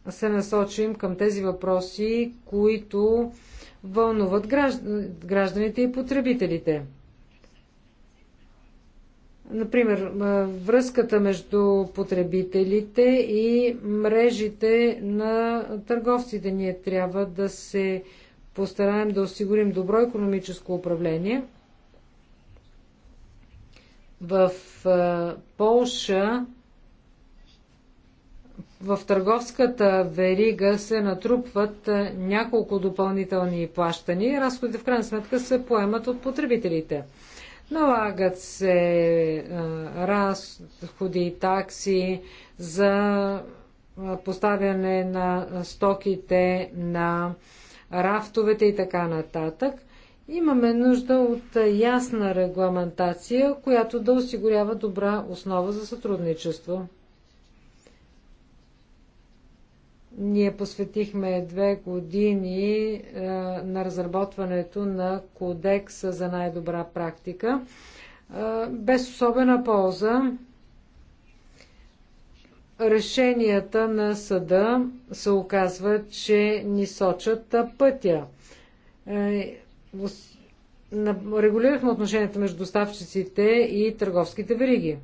се насочим към тези въпроси, които вълнуват гражданите и потребителите. Например, връзката между потребителите и мрежите на търговците. Ние трябва да се постараем да осигурим добро економическо управление. В Полша в търговската верига се натрупват е, няколко допълнителни плащани, разходите в крайна сметка се поемат от потребителите. Налагат се е, разходи и такси за е, поставяне на стоките на рафтовете и така нататък. Имаме нужда от ясна регламентация, която да осигурява добра основа за сътрудничество. Ние посветихме две години е, на разработването на кодекса за най-добра практика. Е, без особена полза решенията на съда се оказва, че ни сочат пътя. Е, регулирахме отношенията между доставчиците и търговските вериги.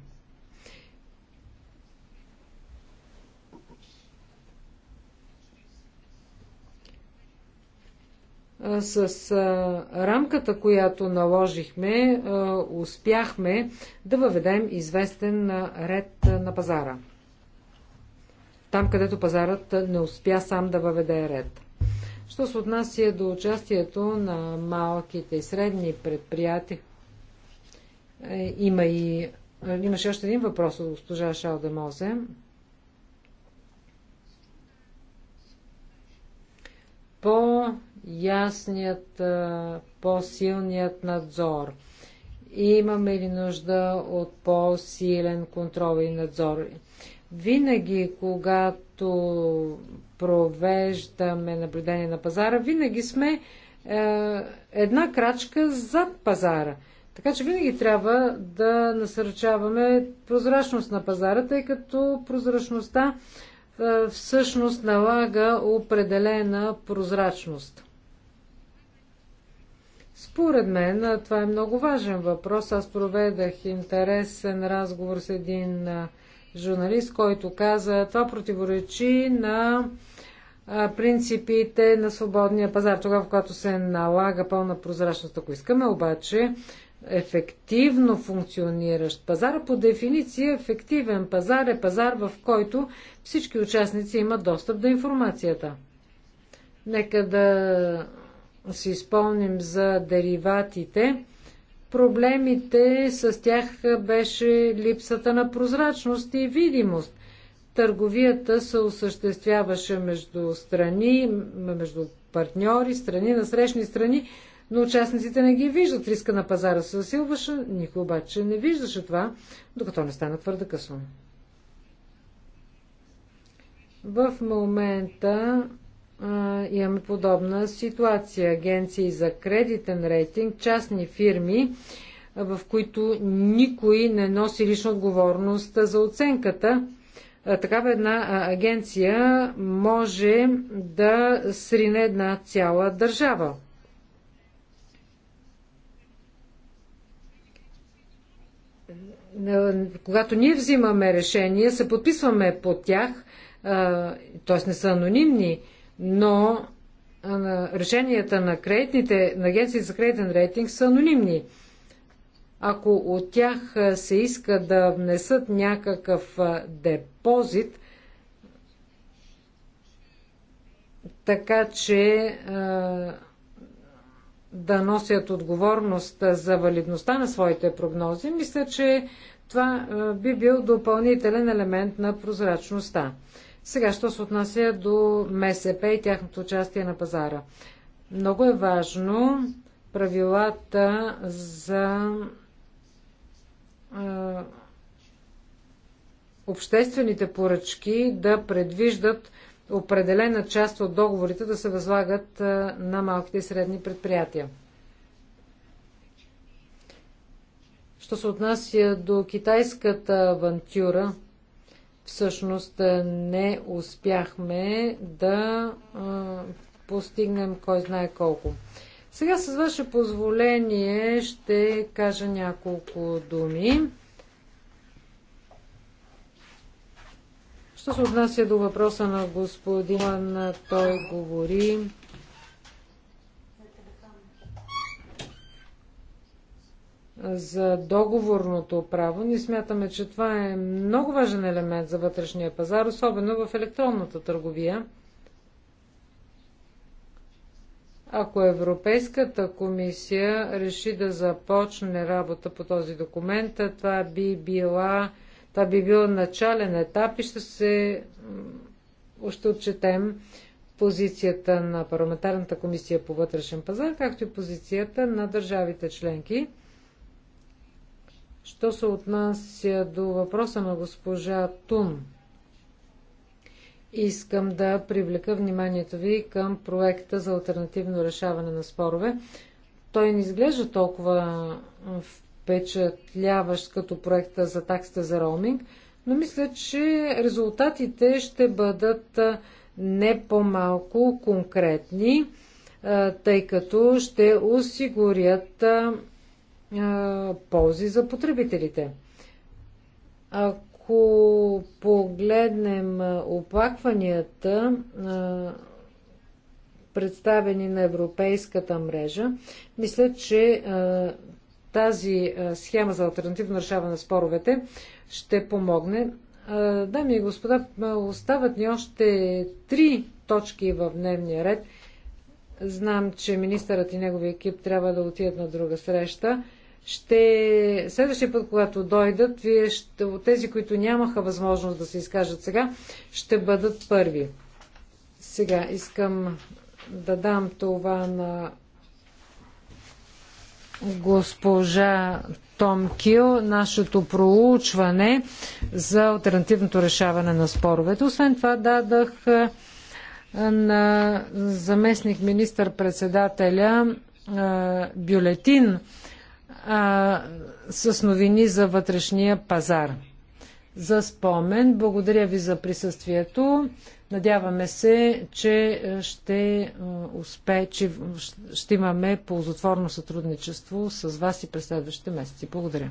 с а, рамката, която наложихме, а, успяхме да въведем известен а, ред а, на пазара. Там, където пазарът не успя сам да въведе ред. Що се отнася до участието на малките и средни предприятия, е, има и, е, имаше още един въпрос от госпожа Шалдемозе. По ясният, по-силният надзор? Имаме ли нужда от по-силен контрол и надзор? Винаги, когато провеждаме наблюдение на пазара, винаги сме е, една крачка зад пазара. Така че винаги трябва да насърчаваме прозрачност на пазара, тъй като прозрачността е, всъщност налага определена прозрачност. Според мен това е много важен въпрос. Аз проведах интересен разговор с един журналист, който каза, това противоречи на принципите на свободния пазар, тогава, когато се налага пълна прозрачност. Ако искаме обаче ефективно функциониращ пазар, по дефиниция ефективен пазар е пазар, в който всички участници имат достъп до информацията. Нека да си спомним за дериватите, проблемите с тях беше липсата на прозрачност и видимост. Търговията се осъществяваше между страни, между партньори, страни, насрещни страни, но участниците не ги виждат. Риска на пазара се засилваше, никой обаче не виждаше това, докато не стана твърде късно. В момента имаме подобна ситуация. Агенции за кредитен рейтинг, частни фирми, в които никой не носи лична отговорност за оценката. Такава една агенция може да срине една цяла държава. Когато ние взимаме решение, се подписваме под тях, т.е. не са анонимни но решенията на, кредитните, на агенции за кредитен рейтинг са анонимни. Ако от тях се иска да внесат някакъв депозит, така че да носят отговорност за валидността на своите прогнози, мисля, че това би бил допълнителен елемент на прозрачността. Сега, що се отнася до МСП и тяхното участие на пазара. Много е важно правилата за обществените поръчки да предвиждат определена част от договорите да се възлагат на малките и средни предприятия. Що се отнася до китайската авантюра, всъщност не успяхме да а, постигнем кой знае колко. Сега с ваше позволение ще кажа няколко думи. Що се отнася до въпроса на господина, той говори за договорното право, ние смятаме, че това е много важен елемент за вътрешния пазар, особено в електронната търговия. Ако Европейската комисия реши да започне работа по този документ, това би, била, това би бил начален етап и ще се още отчетем позицията на парламентарната комисия по вътрешен пазар, както и позицията на държавите членки. Що се отнася до въпроса на госпожа Тун, искам да привлека вниманието ви към проекта за альтернативно решаване на спорове. Той не изглежда толкова впечатляващ като проекта за таксата за роуминг, но мисля, че резултатите ще бъдат не по-малко конкретни, тъй като ще осигурят ползи за потребителите. Ако погледнем оплакванията, представени на Европейската мрежа, мисля, че тази схема за альтернативно решаване на споровете ще помогне. Дами и господа, остават ни още три точки в дневния ред. Знам, че министърът и негови екип трябва да отидат на друга среща ще, следващия път, когато дойдат, вие ще, тези, които нямаха възможност да се изкажат сега, ще бъдат първи. Сега искам да дам това на госпожа Том Кил, нашето проучване за альтернативното решаване на споровете. Освен това дадах е, на заместник министър-председателя е, бюлетин а, с новини за вътрешния пазар. За спомен, благодаря ви за присъствието. Надяваме се, че ще успе, че ще имаме ползотворно сътрудничество с вас и през следващите месеци. Благодаря.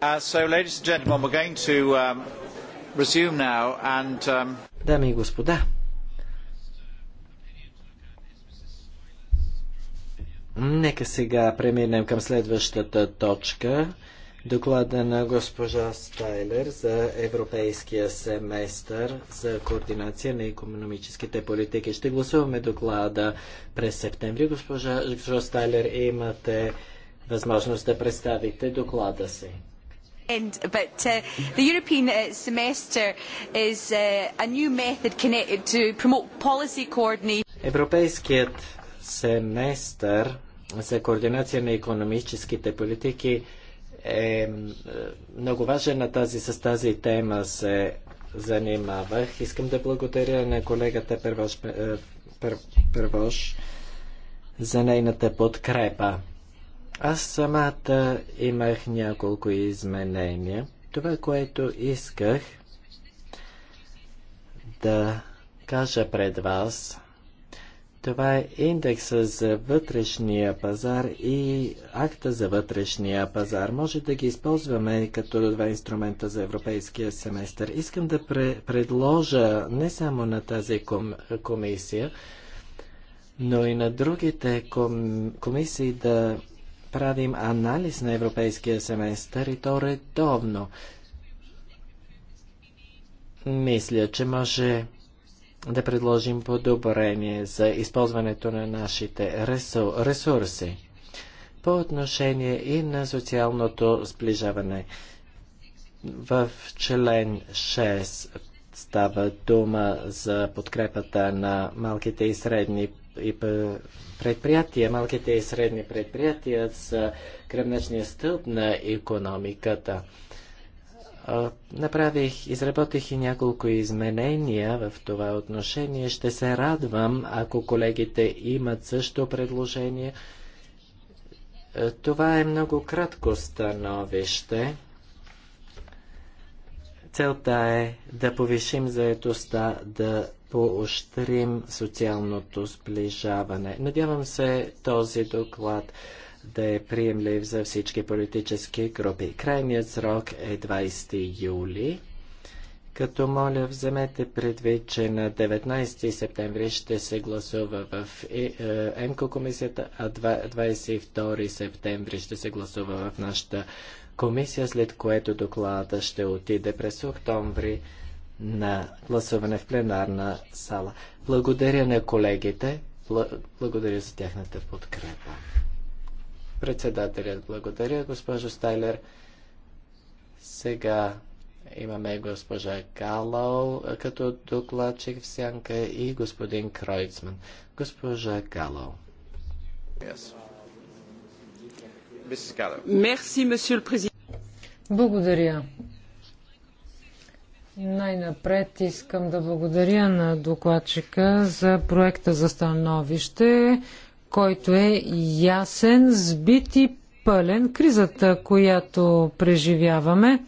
Uh, um, um, Дами и господа, нека сега преминем към следващата точка. Доклада на госпожа Стайлер за Европейския семестър за координация на економическите политики. Ще гласуваме доклада през септември. Госпожа, Стайлер, имате възможност да представите доклада си end, but uh, the European uh, semester is uh, a new method connected to promote policy coordination. Европейският семестър за координация на економическите политики е, е много важен на тази, с тази тема се занимавах. Искам да благодаря на колегата Первош, е, Пър, Първош за нейната подкрепа. Аз самата имах няколко изменения. Това, което исках да кажа пред вас, това е индекса за вътрешния пазар и акта за вътрешния пазар. Може да ги използваме като два инструмента за европейския семестър. Искам да пре- предложа не само на тази ком- комисия, но и на другите ком- комисии да правим анализ на европейския семестър и то редовно. Мисля, че може да предложим подобрение за използването на нашите ресурси по отношение и на социалното сближаване. В член 6 става дума за подкрепата на малките и средни и предприятия, малките и средни предприятия са кръвначния стълб на економиката. Направих, изработих и няколко изменения в това отношение. Ще се радвам, ако колегите имат също предложение. Е, това е много кратко становище. Целта е да повишим заедостта, да поощрим социалното сближаване. Надявам се този доклад да е приемлив за всички политически групи. Крайният срок е 20 юли. Като моля, вземете предвид, че на 19 септември ще се гласува в е, е, МКО комисията, а 22 септември ще се гласува в нашата комисия, след което доклада ще отиде през октомври на гласуване в пленарна сала. Благодаря на колегите, благодаря за тяхната подкрепа. Председателят благодаря, госпожо Стайлер. Сега имаме госпожа Галау като докладчик в сянка и господин Кройцман. Госпожа Галау. Yes. Благодаря. Най-напред искам да благодаря на докладчика за проекта за становище, който е ясен, сбит и пълен. Кризата, която преживяваме,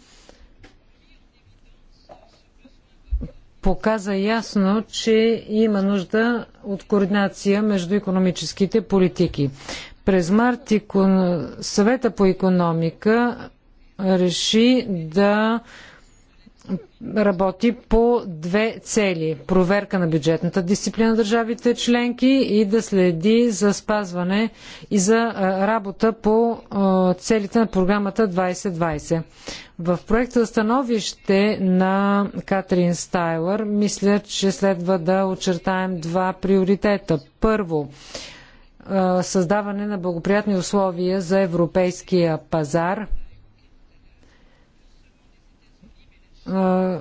показа ясно, че има нужда от координация между економическите политики. През март икон... съвета по економика реши да работи по две цели. Проверка на бюджетната дисциплина на държавите членки и да следи за спазване и за работа по целите на програмата 2020. В проекта становище на Катрин Стайлър мисля, че следва да очертаем два приоритета. Първо, е, създаване на благоприятни условия за европейския пазар, е,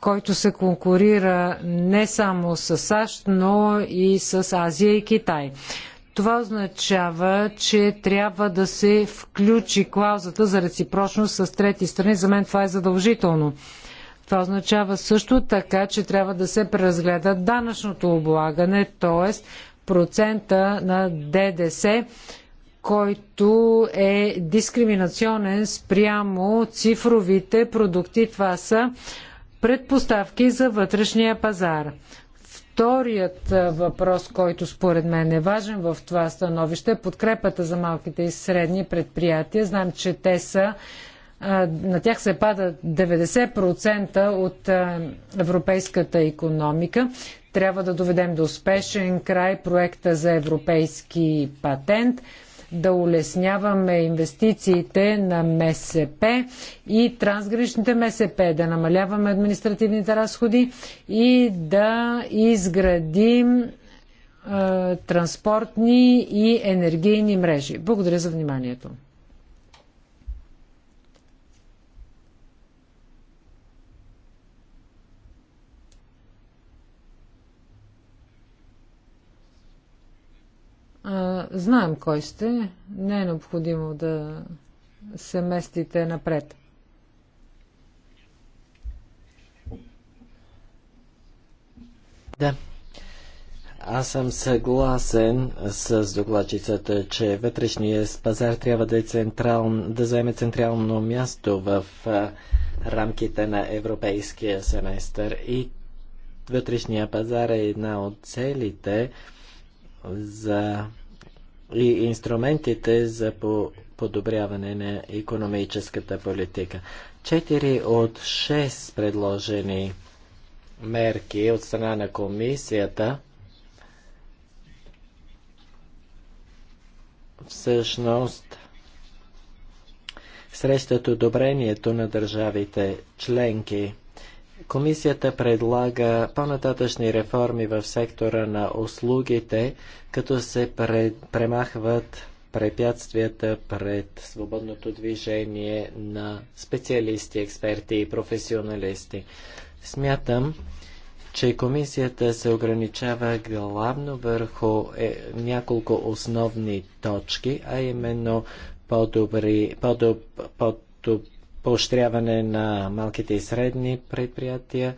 който се конкурира не само с САЩ, но и с Азия и Китай. Това означава, че трябва да се включи клаузата за реципрочност с трети страни. За мен това е задължително. Това означава също така, че трябва да се преразгледа данъчното облагане, т.е процента на ДДС, който е дискриминационен спрямо цифровите продукти. Това са предпоставки за вътрешния пазар. Вторият въпрос, който според мен е важен в това становище, е подкрепата за малките и средни предприятия. Знам, че те са на тях се падат 90% от европейската економика. Трябва да доведем до успешен край проекта за европейски патент, да улесняваме инвестициите на МСП и трансграничните МСП, да намаляваме административните разходи и да изградим е, транспортни и енергийни мрежи. Благодаря за вниманието. знаем кой сте. Не е необходимо да се местите напред. Да. Аз съм съгласен с докладчицата, че вътрешния пазар трябва да, е централ, да заеме централно място в а, рамките на европейския семестър и вътрешния пазар е една от целите за и инструментите за подобряване на економическата политика. Четири от шест предложени мерки от страна на комисията всъщност срещат одобрението на държавите членки. Комисията предлага по-нататъчни реформи в сектора на услугите, като се премахват препятствията пред свободното движение на специалисти, експерти и професионалисти. Смятам, че комисията се ограничава главно върху е, няколко основни точки, а именно по-добри, по-доб, по-доб, поощряване на малките и средни предприятия,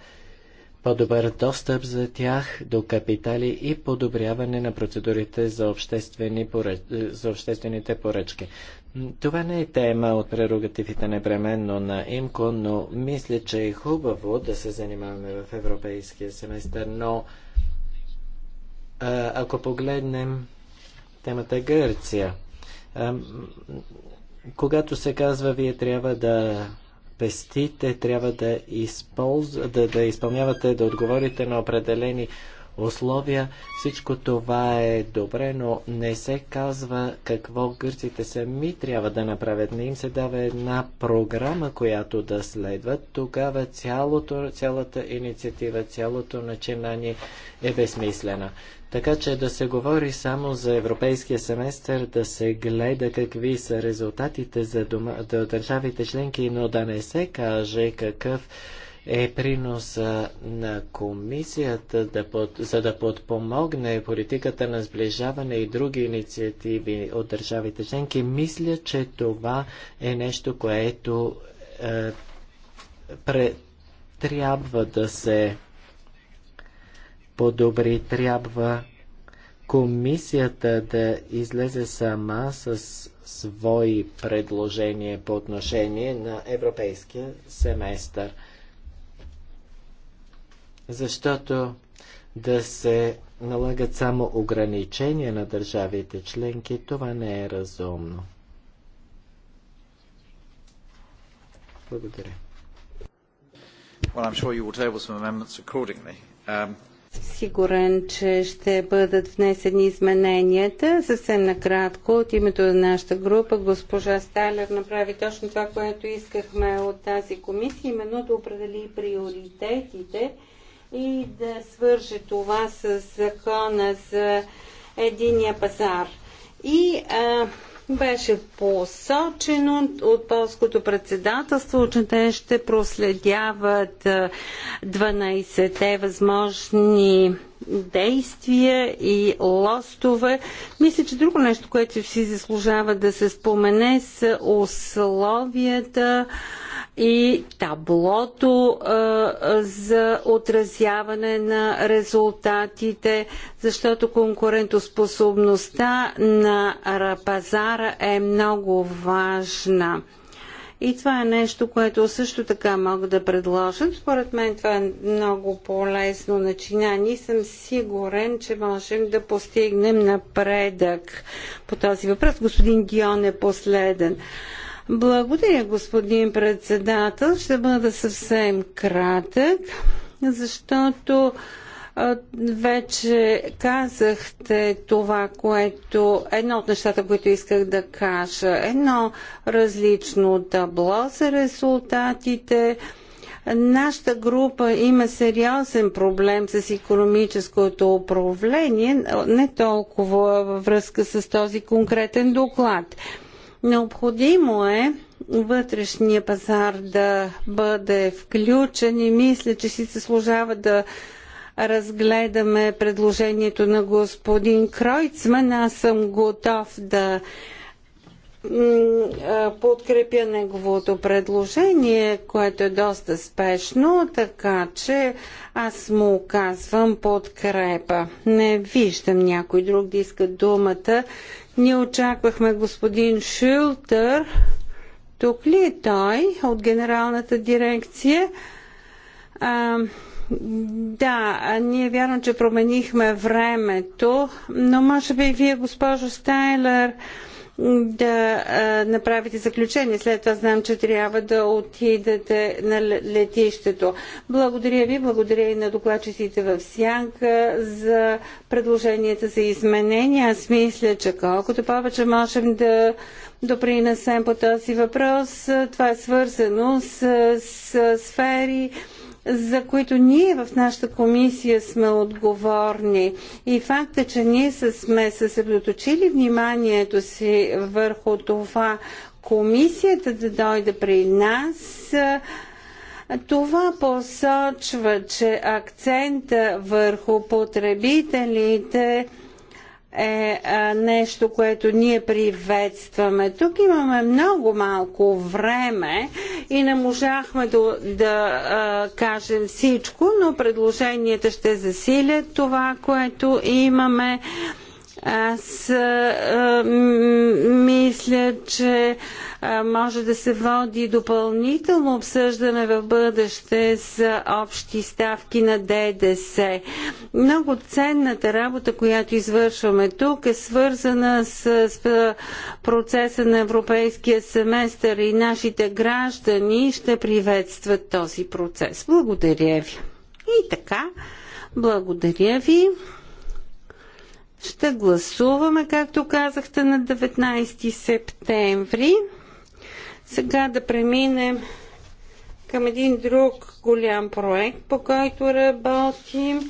по-добър достъп за тях до капитали и подобряване на процедурите за, обществени поръч... за обществените поръчки. Това не е тема от прерогативите непременно на ИМКО, но мисля, че е хубаво да се занимаваме в европейския семестър, но ако погледнем темата Гърция, когато се казва, вие трябва да пестите, трябва да, използ... да, да изпълнявате, да отговорите на определени условия. Всичко това е добре, но не се казва какво гърците сами трябва да направят. Не им се дава една програма, която да следват. Тогава цялото, цялата инициатива, цялото начинание е безсмислена. Така че да се говори само за европейския семестър, да се гледа какви са резултатите за дома, да държавите членки, но да не се каже какъв е приноса на комисията да под, за да подпомогне политиката на сближаване и други инициативи от държавите членки. Мисля, че това е нещо, което е, пре, трябва да се подобри. Трябва комисията да излезе сама с свои предложения по отношение на европейския семестър. Защото да се налагат само ограничения на държавите членки, това не е разумно. Благодаря. Well, I'm sure you will table some amendments accordingly. Um, Сигурен, че ще бъдат внесени измененията. Съвсем накратко, от името на нашата група, госпожа Стайлер направи точно това, което искахме от тази комисия, именно да определи приоритетите и да свърже това с закона за единия пазар. И а, беше посочено от полското председателство, че те ще проследяват 12-те възможни действия и лостове. Мисля, че друго нещо, което си заслужава да се спомене, са условията, и таблото а, за отразяване на резултатите, защото конкурентоспособността на пазара е много важна. И това е нещо, което също така мога да предложа. Според мен това е много по-лесно начинание и съм сигурен, че можем да постигнем напредък по този въпрос. Господин Дион е последен. Благодаря, господин председател. Ще бъда съвсем кратък, защото вече казахте това, което едно от нещата, които исках да кажа. Едно различно табло за резултатите. Нашата група има сериозен проблем с економическото управление, не толкова във връзка с този конкретен доклад. Необходимо е вътрешния пазар да бъде включен и мисля, че си заслужава да разгледаме предложението на господин Кройцман. Аз съм готов да подкрепя неговото предложение, което е доста спешно, така че аз му казвам подкрепа. Не виждам някой друг да иска думата. Ние очаквахме господин Шилтер. Тук ли е той от генералната дирекция? А, да, ние вярвам, че променихме времето, но може би вие, госпожо Стайлер, а, да а, направите заключение. След това знам, че трябва да отидете на летището. Благодаря ви, благодаря и на докладчиците в Сянка за предложенията за изменения. Аз мисля, че колкото повече можем да допринесем по този въпрос, това е свързано с, с сфери, за които ние в нашата комисия сме отговорни. И факта, че ние сме съсредоточили вниманието си върху това комисията да дойде при нас, това посочва, че акцента върху потребителите е нещо, което ние приветстваме. Тук имаме много малко време и не можахме да, да а, кажем всичко, но предложенията ще засилят това, което имаме. Аз а, мисля, че а, може да се води допълнително обсъждане в бъдеще за общи ставки на ДДС. Много ценната работа, която извършваме тук е свързана с, с процеса на европейския семестър и нашите граждани ще приветстват този процес. Благодаря ви. И така, благодаря ви. Ще гласуваме, както казахте, на 19 септември. Сега да преминем към един друг голям проект, по който работим,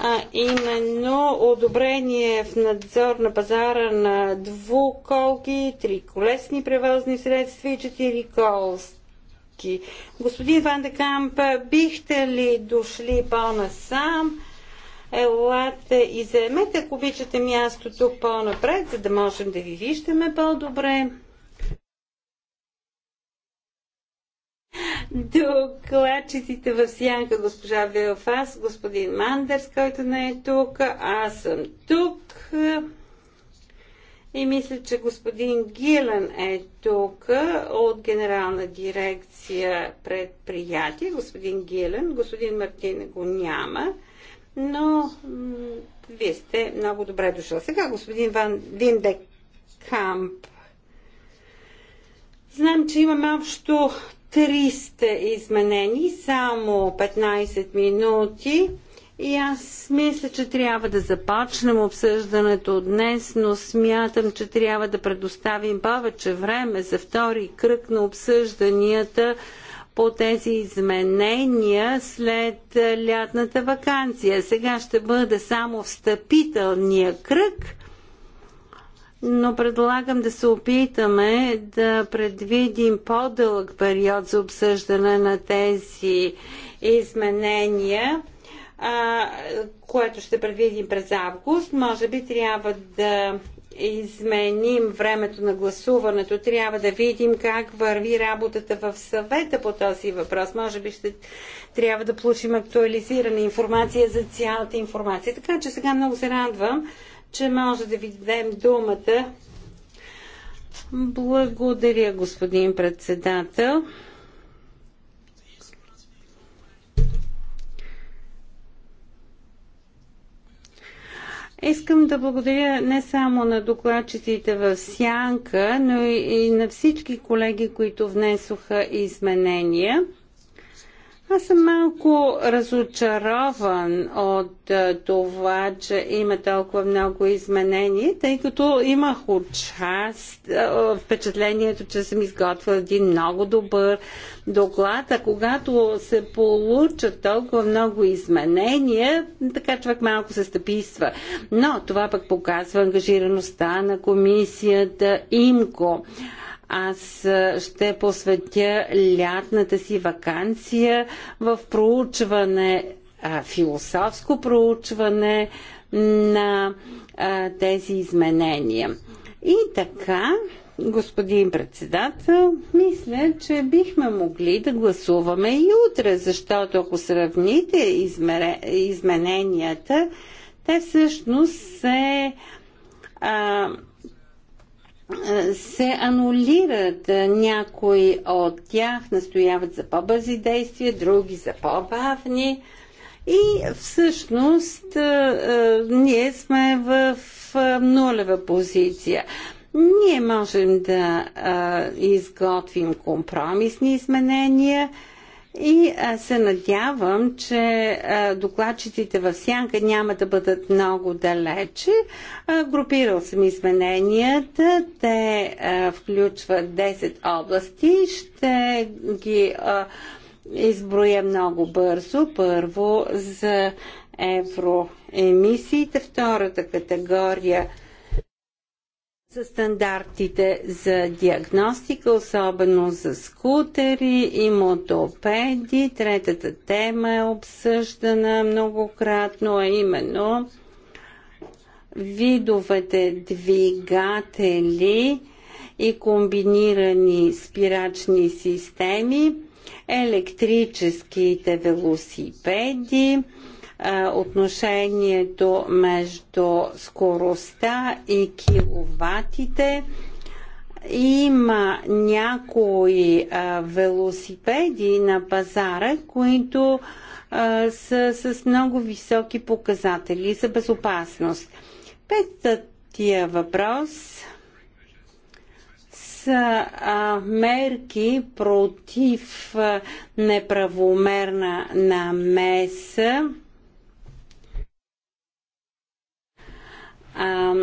а именно одобрение в надзор на пазара на двуколки, триколесни превозни средства и четириколки. Господин Ван Декамп, бихте ли дошли по-насам? Елате и заемете, ако обичате мястото по-напред, за да можем да ви виждаме по-добре. Докладчиците в сянка госпожа Велфас, господин Мандерс, който не е тук, аз съм тук. И мисля, че господин Гилен е тук от Генерална дирекция предприятие. Господин Гилен, господин Мартин го няма но вие сте много добре дошъл. Сега господин Ван Винде Камп. Знам, че имаме общо 300 изменени, само 15 минути. И аз мисля, че трябва да започнем обсъждането днес, но смятам, че трябва да предоставим повече време за втори кръг на обсъжданията по тези изменения след е, лятната вакансия. Сега ще бъде само встъпителния кръг, но предлагам да се опитаме да предвидим по-дълъг период за обсъждане на тези изменения което ще предвидим през август. Може би трябва да изменим времето на гласуването. Трябва да видим как върви работата в съвета по този въпрос. Може би ще трябва да получим актуализирана информация за цялата информация. Така че сега много се радвам, че може да ви дадем думата. Благодаря, господин председател. Искам да благодаря не само на докладчиците в Сянка, но и на всички колеги, които внесоха изменения. Аз съм малко разочарован от е, това, че има толкова много изменения, тъй като имах участ, е, впечатлението, че съм изготвил един много добър доклад, а когато се получат толкова много изменения, така човек малко се стъписва. Но това пък показва ангажираността на комисията ИМКО. Аз ще посветя лятната си вакансия в проучване, философско проучване на тези изменения. И така, господин председател, мисля, че бихме могли да гласуваме и утре, защото ако сравните измененията, те всъщност се а, се анулират. Някои от тях настояват за по-бързи действия, други за по-бавни. И всъщност ние сме в нулева позиция. Ние можем да изготвим компромисни изменения и а, се надявам, че а, докладчиците в сянка няма да бъдат много далече. А, групирал съм измененията. Те а, включват 10 области. Ще ги а, изброя много бързо. Първо за евроемисиите, втората категория за стандартите за диагностика, особено за скутери и мотопеди. Третата тема е обсъждана многократно, а именно видовете двигатели и комбинирани спирачни системи, електрическите велосипеди, отношението между скоростта и киловатите. Има някои а, велосипеди на пазара, които а, са с много високи показатели за безопасност. Петия въпрос са а, мерки против неправомерна намеса А,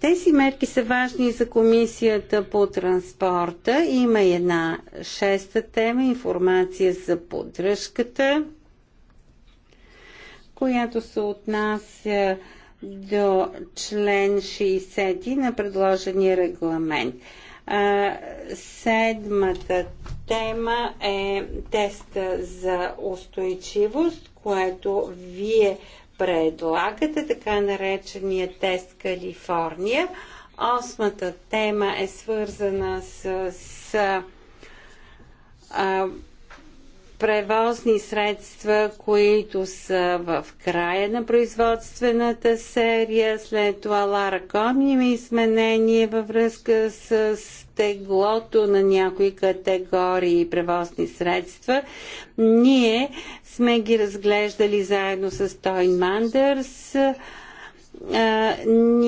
тези мерки са важни за комисията по транспорта. Има една шеста тема информация за поддръжката, която се отнася до член 60 на предложения регламент. А, седмата тема е теста за устойчивост, което вие предлагате, така наречения тест Калифорния. Осмата тема е свързана с, с а, превозни средства, които са в края на производствената серия. След това Лара изменения изменение във връзка с теглото на някои категории превозни средства. Ние сме ги разглеждали заедно с Тойн Мандърс.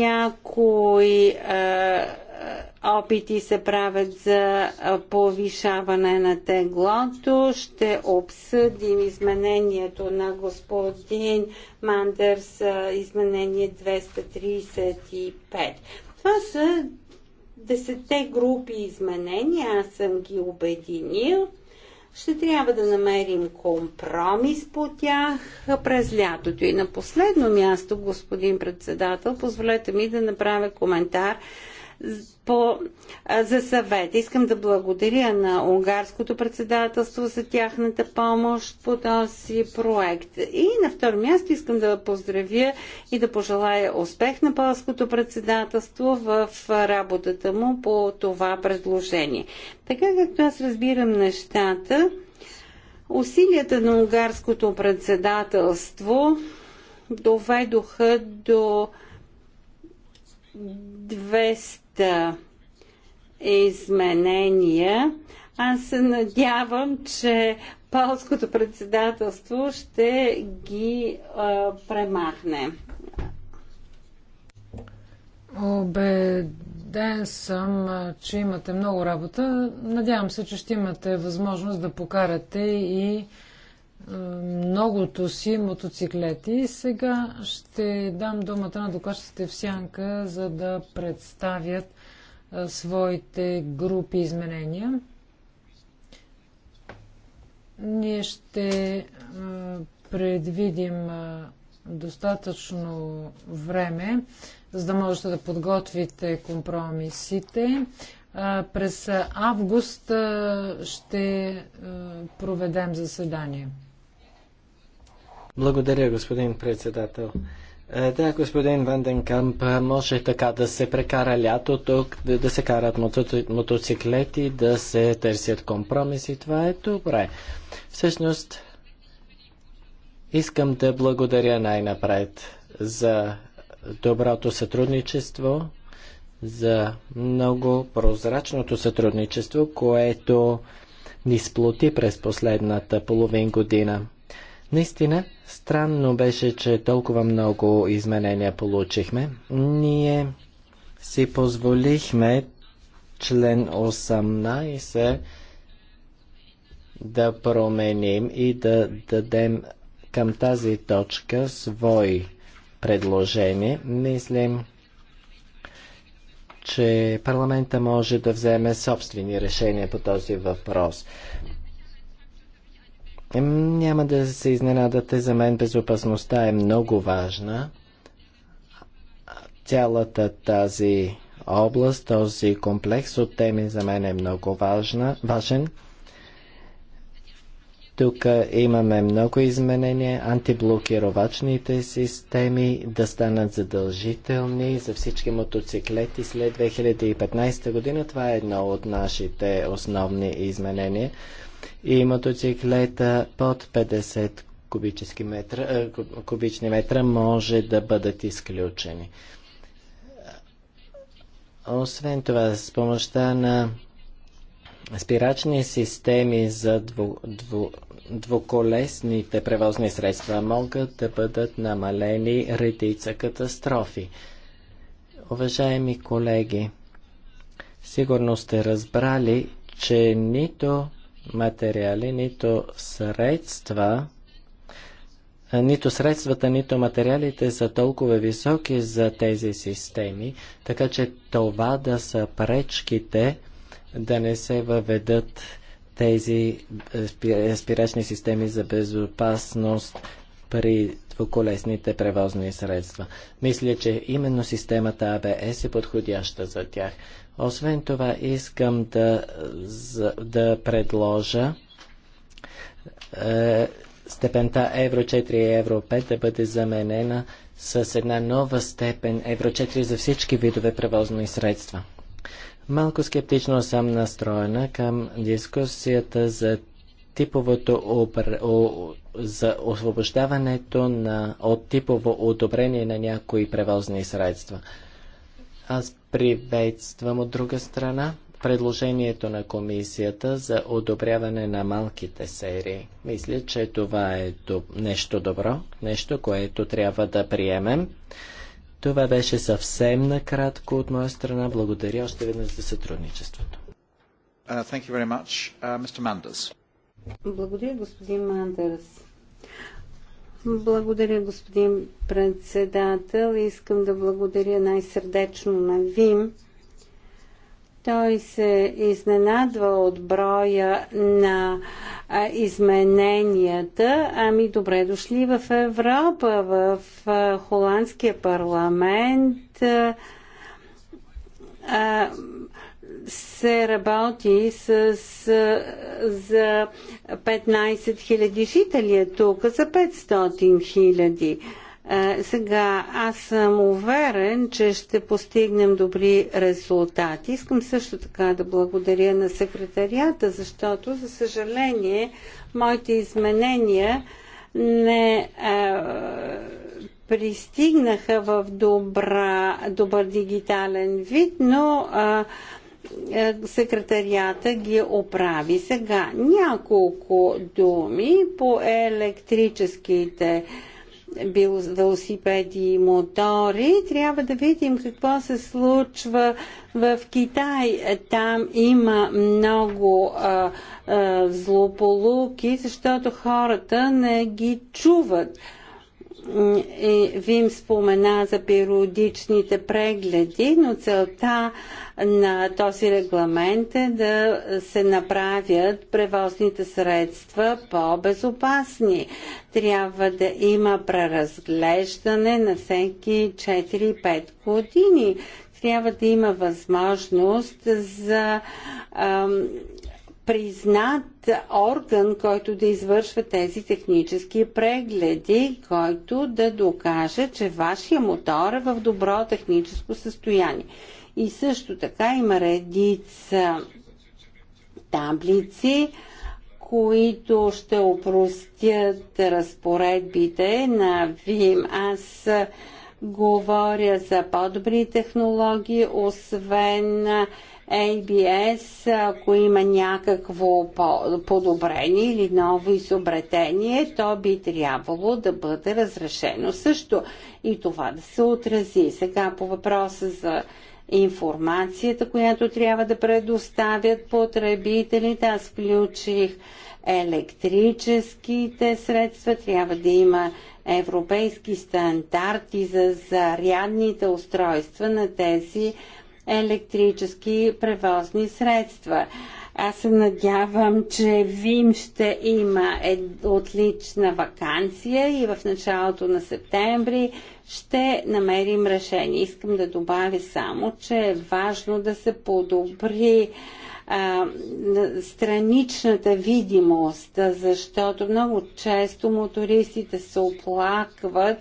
Някои опити се правят за повишаване на теглото. Ще обсъдим изменението на господин Мандърс, изменение 235. Това са десетте групи изменения, аз съм ги обединил ще трябва да намерим компромис по тях през лятото. И на последно място, господин председател, позволете ми да направя коментар по, за съвет. Искам да благодаря на унгарското председателство за тяхната помощ по този проект. И на второ място искам да поздравя и да пожелая успех на полското председателство в работата му по това предложение. Така както аз разбирам нещата, усилията на унгарското председателство доведоха до 200 е изменения. Аз се надявам, че полското председателство ще ги а, премахне. Обеден съм, че имате много работа. Надявам се, че ще имате възможност да покарате и многото си мотоциклети. Сега ще дам думата на докладчиците в сянка, за да представят своите групи изменения. Ние ще предвидим достатъчно време, за да можете да подготвите компромисите. През август ще проведем заседание. Благодаря, господин председател. Е, да, господин Ванденкамп, може така да се прекара лято тук, да, да се карат мотоциклети, да се търсят компромиси. Това е добре. Всъщност, искам да благодаря най-напред за доброто сътрудничество, за много прозрачното сътрудничество, което ни сплоти през последната половин година. Наистина, странно беше, че толкова много изменения получихме. Ние си позволихме член 18 да променим и да дадем към тази точка свои предложения. Мислим, че парламента може да вземе собствени решения по този въпрос. Няма да се изненадате, за мен безопасността е много важна. Цялата тази област, този комплекс от теми за мен е много важна, важен. Тук имаме много изменения. Антиблокировачните системи да станат задължителни за всички мотоциклети след 2015 година. Това е едно от нашите основни изменения и мотоциклета под 50 кубически метра, е, кубични метра може да бъдат изключени. Освен това, с помощта на спирачни системи за дву, дву, двуколесните превозни средства могат да бъдат намалени редица катастрофи. Уважаеми колеги, сигурно сте разбрали, че нито материали, нито средства, нито средствата, нито материалите са толкова високи за тези системи, така че това да са пречките да не се въведат тези е, е, спирачни системи за безопасност при двуколесните превозни средства. Мисля, че именно системата АБС е подходяща за тях. Освен това, искам да, да предложа е, степента Евро 4 и Евро 5 да бъде заменена с една нова степен Евро 4 за всички видове превозни средства. Малко скептично съм настроена към дискусията за типовото обр... о... за освобождаването на... от типово одобрение на някои превозни средства – аз приветствам от друга страна предложението на комисията за одобряване на малките серии. Мисля, че това е нещо добро, нещо, което трябва да приемем. Това беше съвсем накратко от моя страна. Благодаря още веднъж за сътрудничеството. Uh, uh, Благодаря, господин Мандърс. Благодаря, господин председател. Искам да благодаря най-сърдечно на Вим. Той се изненадва от броя на а, измененията. Ами добре дошли в Европа, в а, Холандския парламент. А, се работи с, с, за 15 000 жители, тук за 500 000. Е, сега аз съм уверен, че ще постигнем добри резултати. Искам също така да благодаря на секретарията, защото, за съжаление, моите изменения не а, е, пристигнаха в добра, добър дигитален вид, но а, е, е, секретарията ги оправи. Сега няколко думи по електрическите велосипеди и мотори. Трябва да видим какво се случва в Китай. Там има много а, а, злополуки, защото хората не ги чуват. Е, ви им спомена за периодичните прегледи, но целта на този регламент е да се направят превозните средства по-безопасни. Трябва да има преразглеждане на всеки 4-5 години. Трябва да има възможност за ам, признат орган, който да извършва тези технически прегледи, който да докаже, че вашия мотор е в добро техническо състояние. И също така има редица таблици, които ще опростят разпоредбите на ВИМ. Аз говоря за по-добри технологии, освен ABS, ако има някакво подобрение или ново изобретение, то би трябвало да бъде разрешено също и това да се отрази. Сега по въпроса за информацията, която трябва да предоставят потребителите, аз включих електрическите средства, трябва да има европейски стандарти за зарядните устройства на тези електрически превозни средства. Аз се надявам, че Вим ще има отлична вакансия и в началото на септември ще намерим решение. Искам да добавя само, че е важно да се подобри а, страничната видимост, защото много често мотористите се оплакват,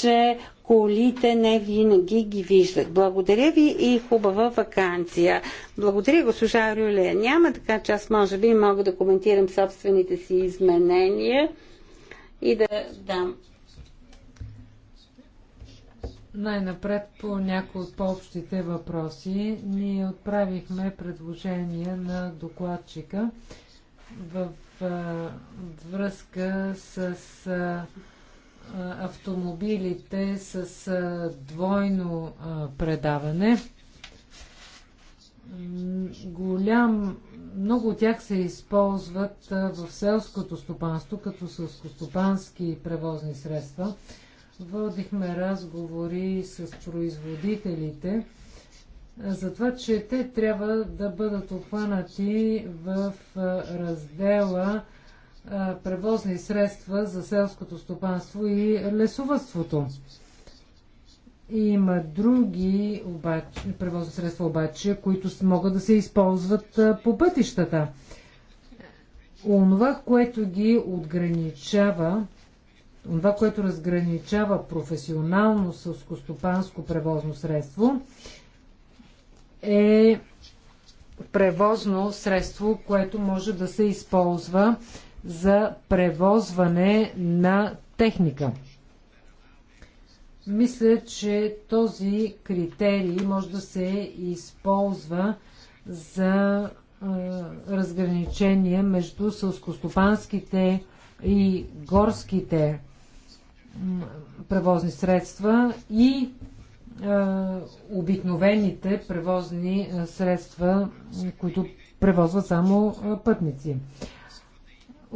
че колите не винаги ги виждат. Благодаря ви и хубава вакансия. Благодаря, госпожа Рюле. Няма така, че аз може би мога да коментирам собствените си изменения и да дам. Най-напред по някои от по-общите въпроси ние отправихме предложение на докладчика в връзка с автомобилите с двойно предаване. Голям, много от тях се използват в селското стопанство като селскостопански превозни средства. Водихме разговори с производителите за това, че те трябва да бъдат обхванати в раздела е, превозни средства за селското стопанство и лесовътството. Има други обаче, превозни средства обаче, които могат да се използват е, по пътищата. Онова, което ги отграничава, онова, което разграничава професионално сълскостопанско превозно средство, е превозно средство, което може да се използва за превозване на техника. Мисля, че този критерий може да се използва за разграничение между сълскостопанските и горските превозни средства и е, обикновените превозни средства, които превозват само пътници.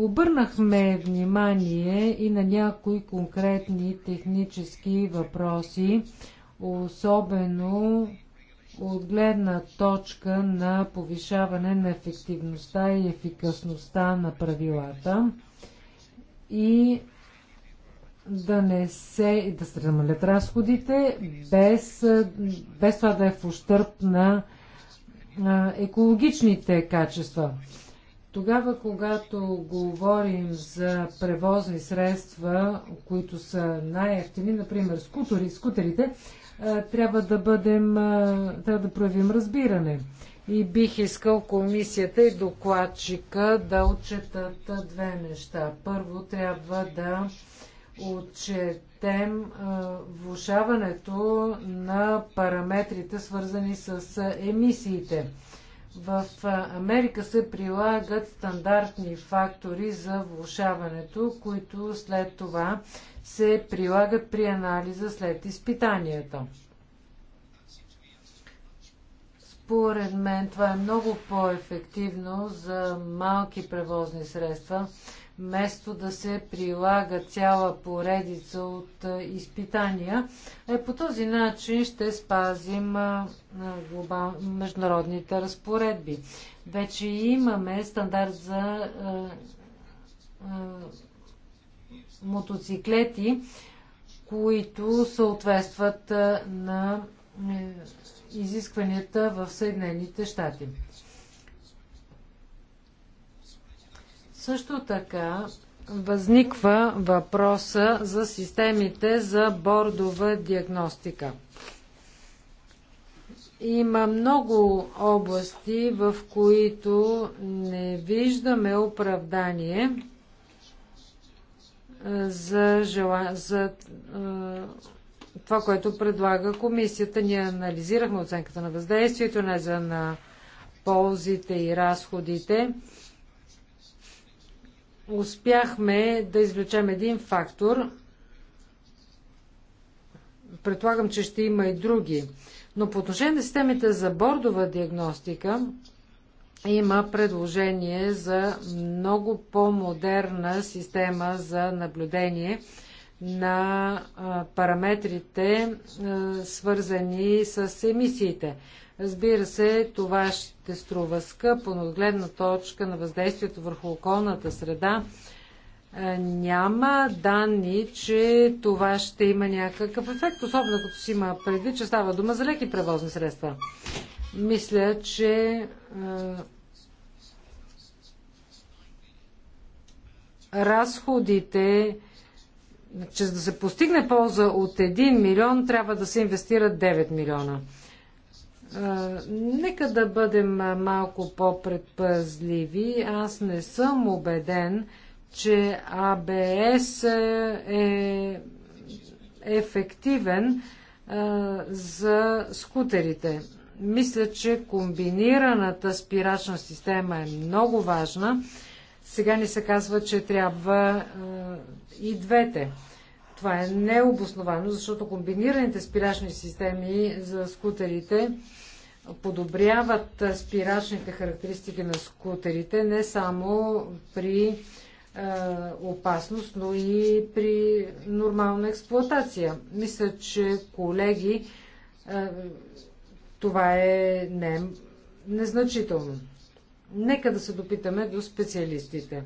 Обърнахме внимание и на някои конкретни технически въпроси, особено от гледна точка на повишаване на ефективността и ефикасността на правилата и да не се, да се намалят разходите, без, без това да е в ущърп на екологичните качества. Тогава, когато говорим за превозни средства, които са най-ефтини, например скутери, скутерите, трябва да бъдем, трябва да проявим разбиране. И бих искал комисията и докладчика да отчетат две неща. Първо трябва да отчетем влушаването на параметрите, свързани с емисиите в Америка се прилагат стандартни фактори за влушаването, които след това се прилагат при анализа след изпитанията. Според мен това е много по-ефективно за малки превозни средства, вместо да се прилага цяла поредица от изпитания. Е, по този начин ще спазим глобал... международните разпоредби. Вече имаме стандарт за мотоциклети, които съответстват на е, изискванията в Съединените щати. Също така възниква въпроса за системите за бордова диагностика. Има много области, в които не виждаме оправдание е, за, жела... за е, това, което предлага комисията. Ние анализирахме оценката на въздействието, не за на ползите и разходите успяхме да извлечем един фактор. Предполагам, че ще има и други. Но по отношение на системите за бордова диагностика има предложение за много по-модерна система за наблюдение на параметрите, свързани с емисиите. Разбира се, това ще струва скъпо, но от гледна точка на въздействието върху околната среда е, няма данни, че това ще има някакъв ефект, особено като си има предвид, че става дума за леки превозни средства. Мисля, че е, разходите, че за да се постигне полза от 1 милион, трябва да се инвестират 9 милиона нека да бъдем малко по-предпазливи. Аз не съм убеден, че АБС е ефективен а, за скутерите. Мисля, че комбинираната спирачна система е много важна. Сега ни се казва, че трябва а, и двете. Това е необосновано, защото комбинираните спирачни системи за скутерите подобряват спирачните характеристики на скутерите не само при е, опасност, но и при нормална експлуатация. Мисля, че колеги, е, това е не, незначително. Нека да се допитаме до специалистите.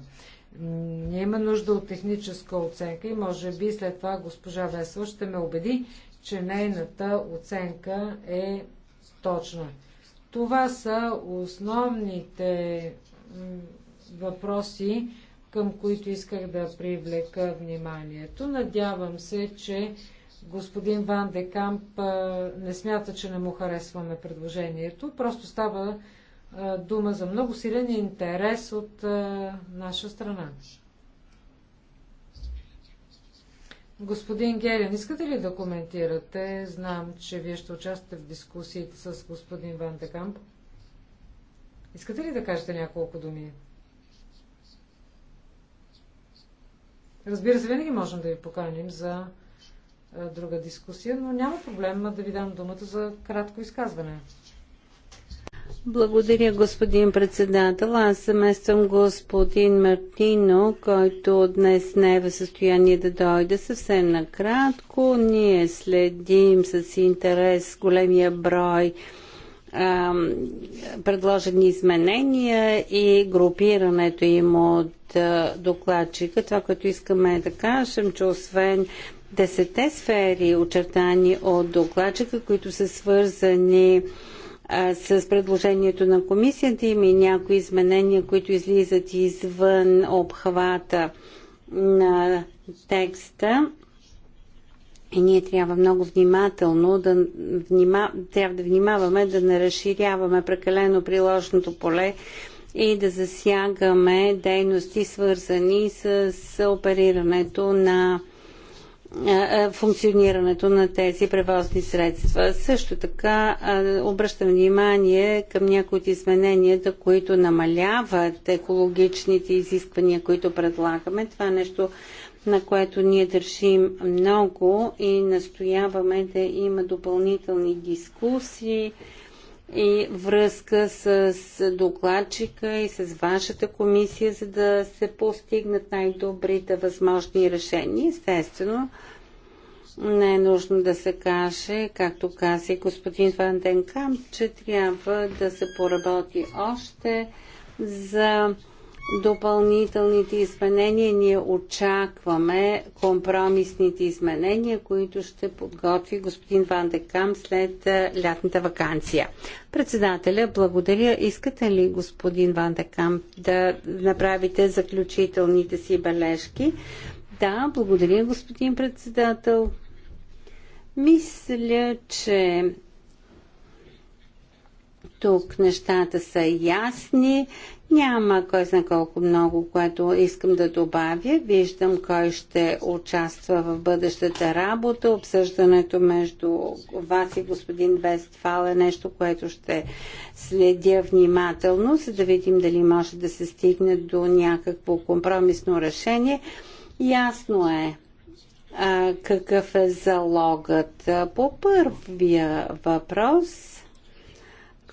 Ние има нужда от техническа оценка и може би след това госпожа Весла ще ме убеди, че нейната оценка е точно. Това са основните въпроси, към които исках да привлека вниманието. Надявам се, че господин Ван де Камп не смята, че не му харесваме предложението. Просто става дума за много силен интерес от наша страна. Господин Герин, искате ли да коментирате? Знам, че вие ще участвате в дискусиите с господин Ван Декамп. Искате ли да кажете няколко думи? Разбира се, винаги можем да ви поканим за друга дискусия, но няма проблем да ви дам думата за кратко изказване. Благодаря, господин председател. Аз съмествам господин Мартино, който днес не е в състояние да дойде съвсем накратко. Ние следим с интерес големия брой а, предложени изменения и групирането им от а, докладчика. Това, което искаме е да кажем, че освен десете сфери, очертани от докладчика, които са свързани а, с предложението на комисията. Има и някои изменения, които излизат извън обхвата на текста. И ние трябва много внимателно да, внима, трябва да внимаваме да не разширяваме прекалено приложното поле и да засягаме дейности, свързани с оперирането на функционирането на тези превозни средства. Също така обръщам внимание към някои от измененията, които намаляват екологичните изисквания, които предлагаме. Това е нещо, на което ние държим много и настояваме да има допълнителни дискусии и връзка с докладчика и с вашата комисия, за да се постигнат най-добрите възможни решения. Естествено, не е нужно да се каже, както каза и господин Ван Денкам, че трябва да се поработи още за допълнителните изменения. Ние очакваме компромисните изменения, които ще подготви господин Ван Декам след лятната вакансия. Председателя, благодаря. Искате ли, господин Ван Декам, да направите заключителните си бележки? Да, благодаря, господин председател. Мисля, че тук нещата са ясни. Няма кой знае колко много, което искам да добавя. Виждам кой ще участва в бъдещата работа. Обсъждането между вас и господин Вестфал е нещо, което ще следя внимателно, за да видим дали може да се стигне до някакво компромисно решение. Ясно е а, какъв е залогът. По първия въпрос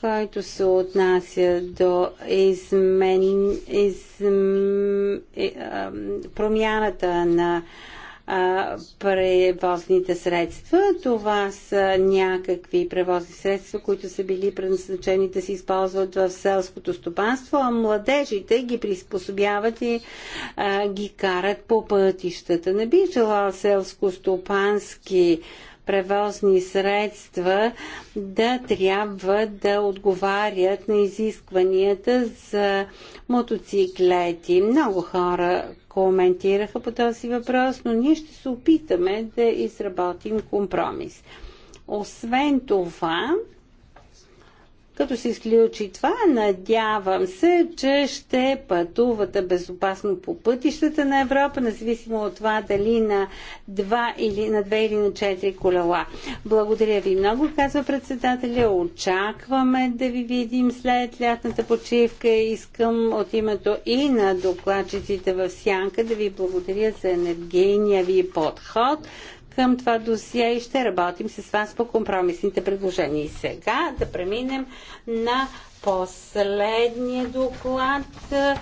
който се отнася до измен, изм, е, промяната на е, превозните средства. Това са някакви превозни средства, които са били предназначени да се използват в селското стопанство, а младежите ги приспособяват и е, ги карат по пътищата. Не би желал селско-стопански превозни средства да трябва да отговарят на изискванията за мотоциклети. Много хора коментираха по този въпрос, но ние ще се опитаме да изработим компромис. Освен това, като се изключи това, надявам се, че ще пътувате безопасно по пътищата на Европа, независимо от това дали на 2 или на 2 или на 4 колела. Благодаря ви много, казва председателя. Очакваме да ви видим след лятната почивка. Искам от името и на докладчиците в Сянка да ви благодаря за енергийния ви подход към това досие и ще работим с вас по компромисните предложения. И сега да преминем на последния доклад а,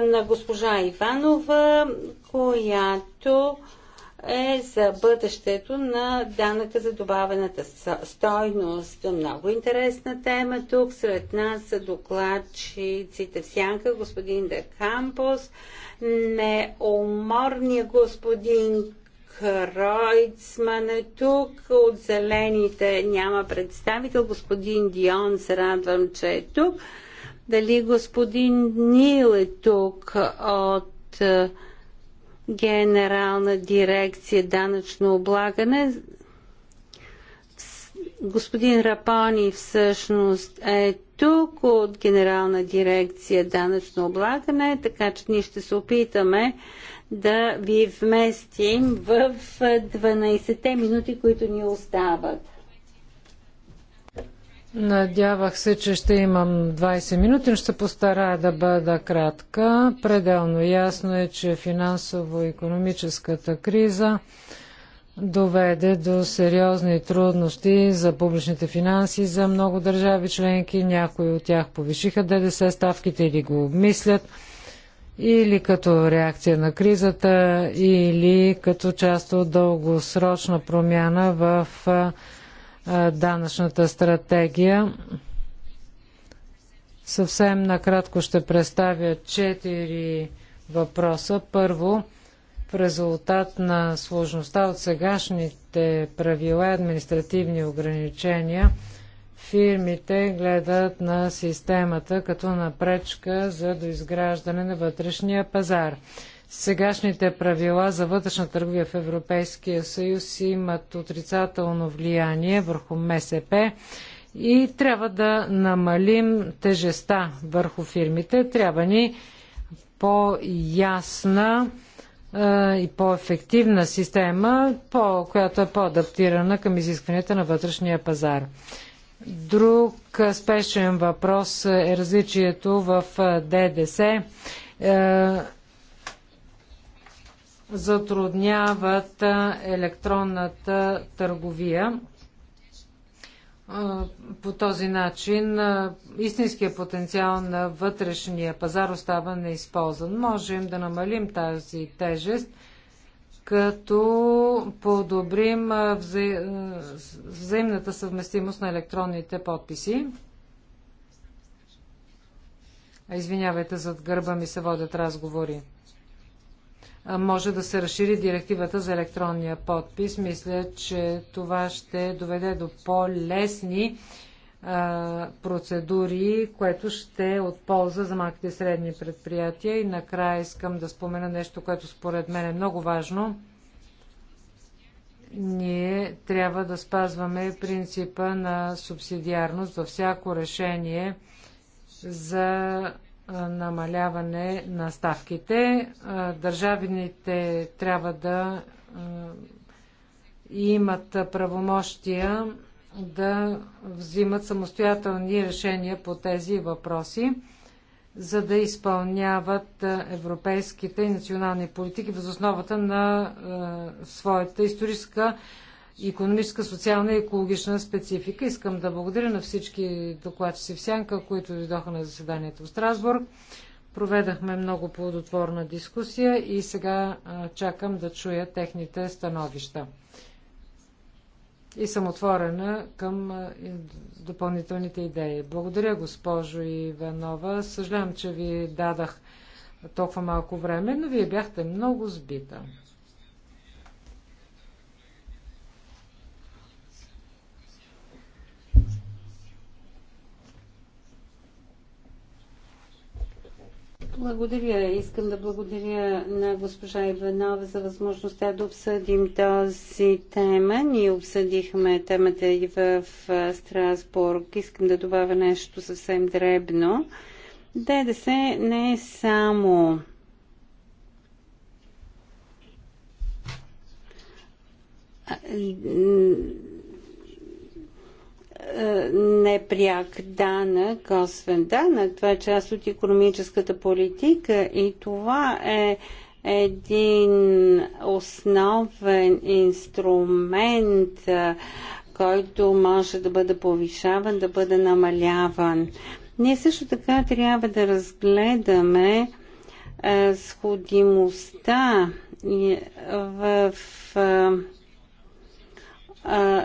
на госпожа Иванова, която е за бъдещето на данъка за добавената стойност. Много интересна тема тук. Сред нас са докладчиците в сянка, господин Де Кампус, неуморният господин Кройцман е тук, от зелените няма представител. Господин Дион се радвам, че е тук. Дали господин Нил е тук от е, Генерална дирекция данъчно облагане? Господин Рапони всъщност е тук от Генерална дирекция данъчно облагане, така че ние ще се опитаме да ви вместим в 12-те минути, които ни остават. Надявах се, че ще имам 20 минути, но ще постарая да бъда кратка. Пределно ясно е, че финансово-економическата криза доведе до сериозни трудности за публичните финанси за много държави членки. Някои от тях повишиха ДДС ставките или го обмислят или като реакция на кризата, или като част от дългосрочна промяна в данъчната стратегия. Съвсем накратко ще представя четири въпроса. Първо, в резултат на сложността от сегашните правила и административни ограничения – Фирмите гледат на системата като напречка за доизграждане на вътрешния пазар. Сегашните правила за вътрешна търговия в Европейския съюз имат отрицателно влияние върху МСП и трябва да намалим тежеста върху фирмите. Трябва ни по-ясна и по-ефективна система, по, която е по-адаптирана към изискванията на вътрешния пазар. Друг спешен въпрос е различието в ДДС. Е, затрудняват електронната търговия. Е, по този начин истинският потенциал на вътрешния пазар остава неизползван. Можем да намалим тази тежест – като подобрим вза... взаимната съвместимост на електронните подписи. Извинявайте, зад гърба ми се водят разговори. Може да се разшири директивата за електронния подпис. Мисля, че това ще доведе до по-лесни процедури, което ще е от полза за малките и средни предприятия. И накрая искам да спомена нещо, което според мен е много важно. Ние трябва да спазваме принципа на субсидиарност във всяко решение за намаляване на ставките. Държавните трябва да имат правомощия да взимат самостоятелни решения по тези въпроси, за да изпълняват европейските и национални политики въз основата на е, своята историческа, економическа, социална и екологична специфика. Искам да благодаря на всички докладчици в Сянка, които дойдоха на заседанието в Страсбург. Проведахме много плодотворна дискусия и сега чакам да чуя техните становища и съм отворена към допълнителните идеи. Благодаря, госпожо Иванова. Съжалявам, че ви дадах толкова малко време, но вие бяхте много сбита. Благодаря. Искам да благодаря на госпожа Иванова за възможността да обсъдим тази тема. Ние обсъдихме темата и в Страсбург. Искам да добавя нещо съвсем дребно. ДДС не е само е, непряк данък, косвен данък. Това е част от економическата политика и това е един основен инструмент, е, който може да бъде повишаван, да бъде намаляван. Ние също така трябва да разгледаме е, сходимостта е, в е, е,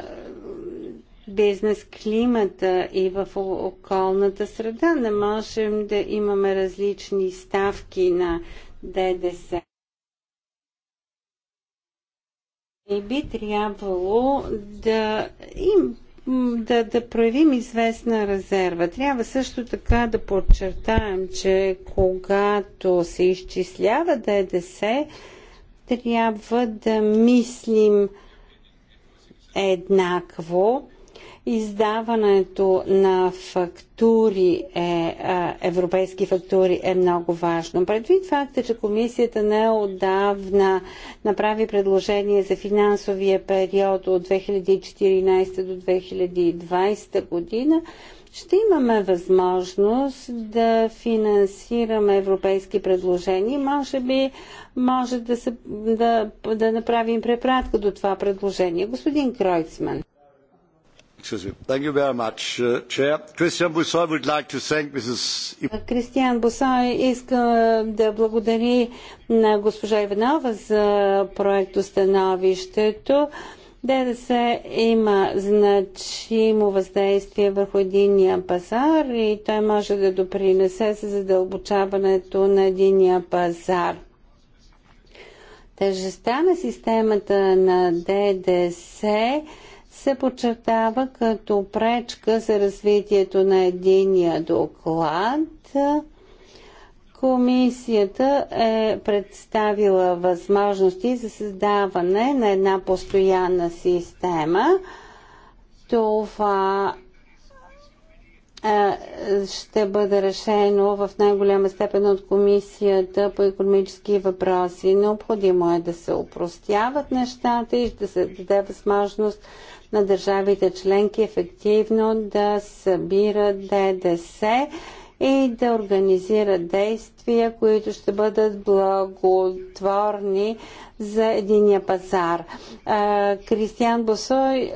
бизнес климата и в околната среда. Не можем да имаме различни ставки на ДДС. И би трябвало да им да, да проявим известна резерва. Трябва също така да подчертаем, че когато се изчислява ДДС, трябва да мислим еднакво Издаването на фактури е, европейски фактури е много важно. Предвид факта, че комисията не отдавна направи предложение за финансовия период от 2014 до 2020 година, ще имаме възможност да финансираме европейски предложения. Може би може да, се, да, да направим препратка до това предложение. Господин Кройцман. Кристиан Босой uh, иска да благодари на госпожа Иванова за проектостановището. ДДС има значимо въздействие върху единия пазар и той може да допринесе за задълбочаването на единия пазар. Тежестта на системата на ДДС е се подчертава като пречка за развитието на единия доклад. Комисията е представила възможности за създаване на една постоянна система. Това е, ще бъде решено в най-голяма степен от Комисията по економически въпроси. Необходимо е да се упростяват нещата и да се даде възможност на държавите членки ефективно да събират ДДС и да организират действия, които ще бъдат благотворни за единия пазар. Кристиан Босой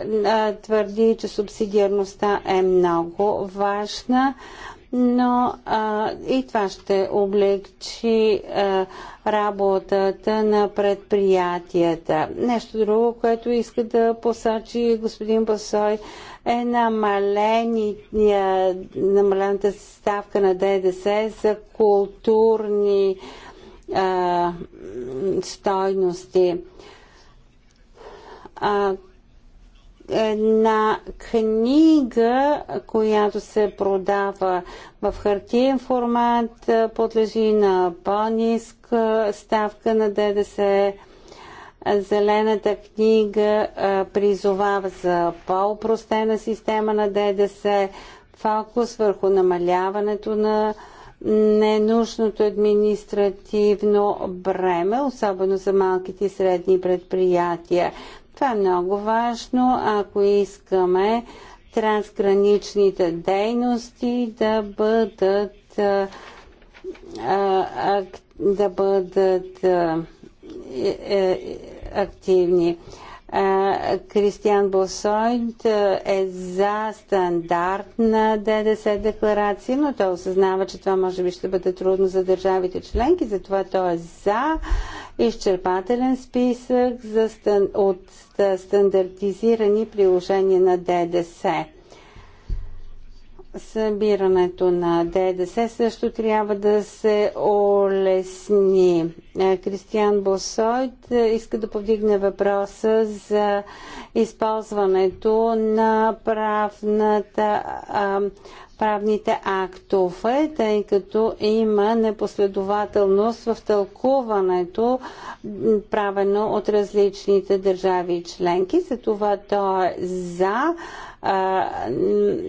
твърди, че субсидиарността е много важна но а, и това ще облегчи а, работата на предприятията. Нещо друго, което иска да посочи господин Басой е намалената ставка на ДДС за културни а, стойности. А, една книга, която се продава в хартиен формат, подлежи на по-ниска ставка на ДДС. Зелената книга призовава за по-упростена система на ДДС, фокус върху намаляването на ненужното административно бреме, особено за малките и средни предприятия. Това е много важно, ако искаме трансграничните дейности да бъдат да бъдат е, е, активни. Кристиан Босойд е за стандарт на ДДС декларация, но той осъзнава, че това може би ще бъде трудно за държавите членки, затова той е за изчерпателен списък за стан... от стандартизирани приложения на ДДС. Събирането на ДДС също трябва да се олесни. Кристиан Босойт иска да повдигне въпроса за използването на правната правните актове, тъй като има непоследователност в тълкуването, правено от различните държави и членки. Затова то е за а,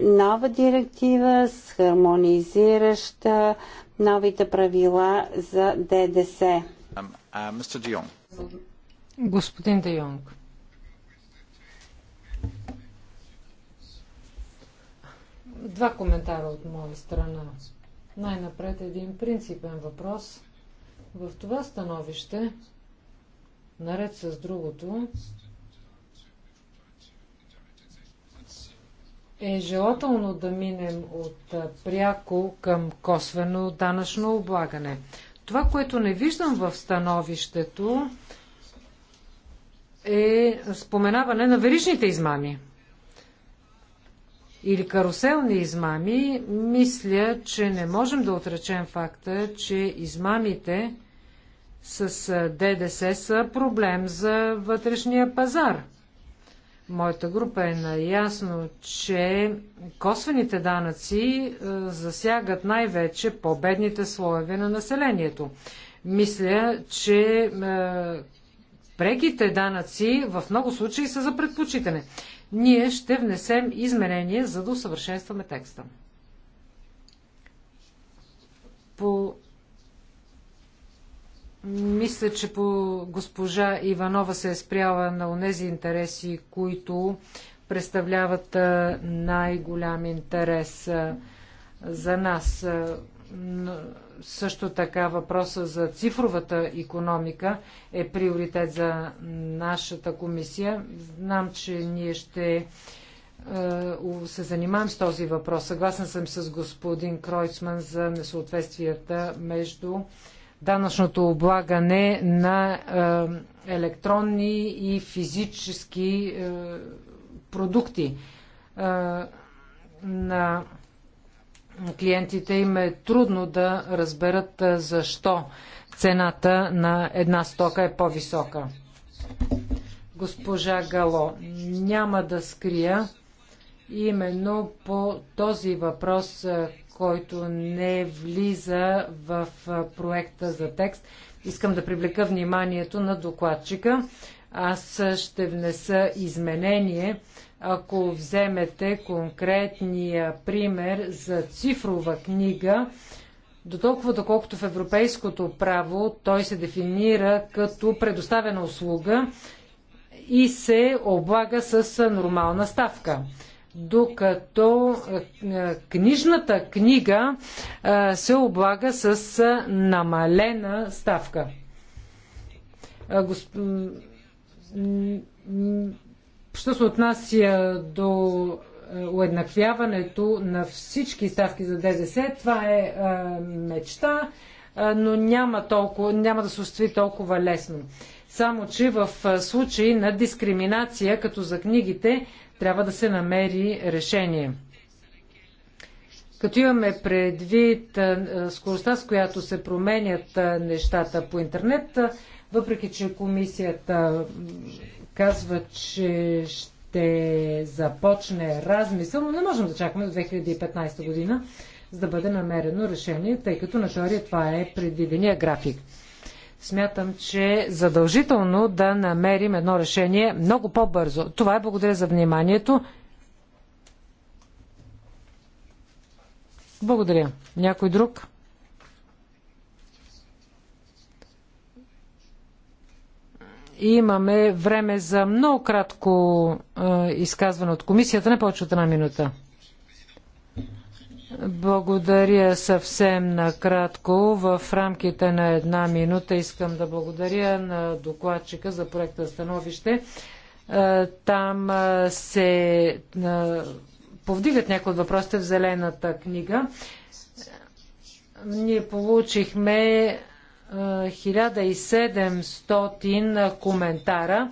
нова директива с хармонизираща новите правила за ДДС. Господин Де Йонг. Два коментара от моя страна. Най-напред един принципен въпрос. В това становище, наред с другото, е желателно да минем от пряко към косвено данъчно облагане. Това, което не виждам в становището, е споменаване на верижните измами или каруселни измами, мисля, че не можем да отречем факта, че измамите с ДДС са проблем за вътрешния пазар. Моята група е наясно, че косвените данъци засягат най-вече победните слоеве на населението. Мисля, че преките данъци в много случаи са за предпочитане ние ще внесем изменения, за да усъвършенстваме текста. По... Мисля, че по госпожа Иванова се е спряла на онези интереси, които представляват най-голям интерес за нас също така въпроса за цифровата економика е приоритет за нашата комисия. Знам, че ние ще е, се занимавам с този въпрос. Съгласен съм с господин Кройцман за несъответствията между данъчното облагане на е, електронни и физически е, продукти на клиентите им е трудно да разберат защо цената на една стока е по-висока. Госпожа Гало, няма да скрия именно по този въпрос, който не влиза в проекта за текст. Искам да привлека вниманието на докладчика. Аз ще внеса изменение, ако вземете конкретния пример за цифрова книга, до толкова доколкото в европейското право той се дефинира като предоставена услуга и се облага с нормална ставка. Докато е, е, книжната книга е, се облага с намалена ставка. Що се отнася до е, уеднаквяването на всички ставки за ДДС, това е, е мечта, е, но няма, толкова, няма да се остави толкова лесно. Само, че в случай на дискриминация, като за книгите, трябва да се намери решение. Като имаме предвид скоростта, с която се променят нещата по интернет, въпреки че комисията казва, че ще започне размисъл, но не можем да чакаме до 2015 година, за да бъде намерено решение, тъй като на теория това е предвидения график. Смятам, че задължително да намерим едно решение много по-бързо. Това е благодаря за вниманието. Благодаря. Някой друг? Имаме време за много кратко изказване от комисията, не повече от една минута. Благодаря съвсем накратко. В рамките на една минута искам да благодаря на докладчика за проекта Становище. Там се повдигат някои от въпросите в Зелената книга. Ние получихме 1700 коментара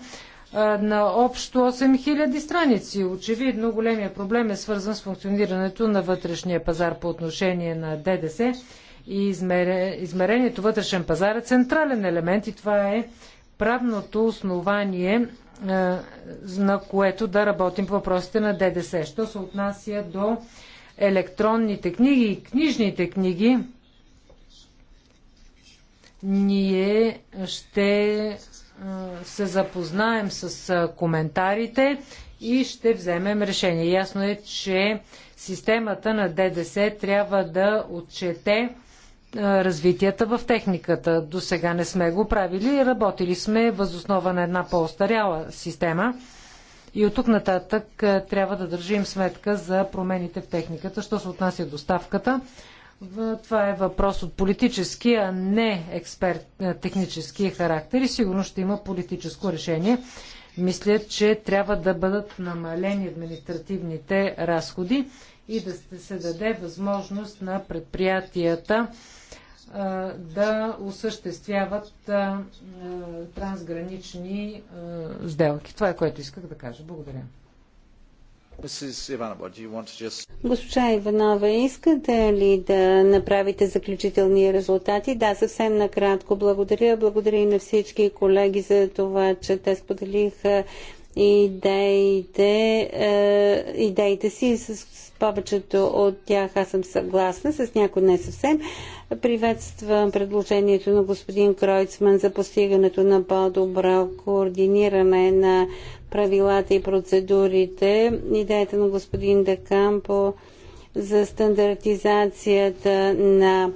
на общо 8000 страници. Очевидно, големия проблем е свързан с функционирането на вътрешния пазар по отношение на ДДС и измерението вътрешен пазар е централен елемент и това е правното основание, на което да работим по въпросите на ДДС. Що се отнася до електронните книги и книжните книги, ние ще се запознаем с коментарите и ще вземем решение. Ясно е, че системата на ДДС трябва да отчете развитията в техниката. До сега не сме го правили. Работили сме възоснова на една по-остаряла система. И от тук нататък трябва да държим сметка за промените в техниката. Що се отнася до ставката, това е въпрос от политически, а не експерт, технически характер и сигурно ще има политическо решение. Мисля, че трябва да бъдат намалени административните разходи и да се даде възможност на предприятията да осъществяват трансгранични сделки. Това е което исках да кажа. Благодаря. Госпожа Иванова, искате ли да направите заключителни резултати? Да, съвсем накратко. Благодаря. Благодаря и на всички колеги за това, че те споделиха идеите, е, идеите си. С, с повечето от тях аз съм съгласна, с някои не съвсем. Приветствам предложението на господин Кройцман за постигането на по-добро координиране на правилата и процедурите. Идеята на господин Декампо за стандартизацията на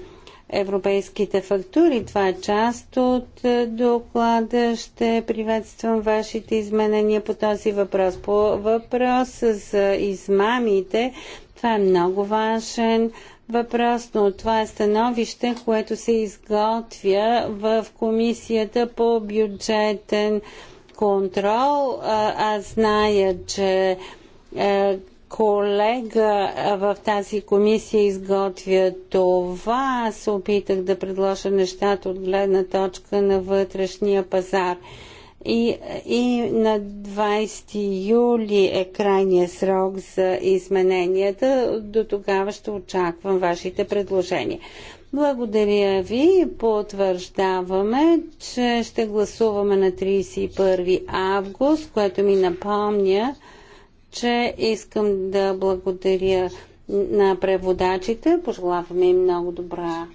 европейските фактури. Това е част от е, доклада. Ще приветствам вашите изменения по този въпрос. По въпрос за измамите, това е много важен въпрос, но това е становище, което се изготвя в комисията по бюджетен контрол. Аз зная, че е, колега в тази комисия изготвя това. Аз се опитах да предложа нещата от гледна точка на вътрешния пазар. И, и на 20 юли е крайния срок за измененията. До тогава ще очаквам вашите предложения. Благодаря ви. Потвърждаваме, че ще гласуваме на 31 август, което ми напомня, че искам да благодаря на преводачите. Пожелаваме им много добра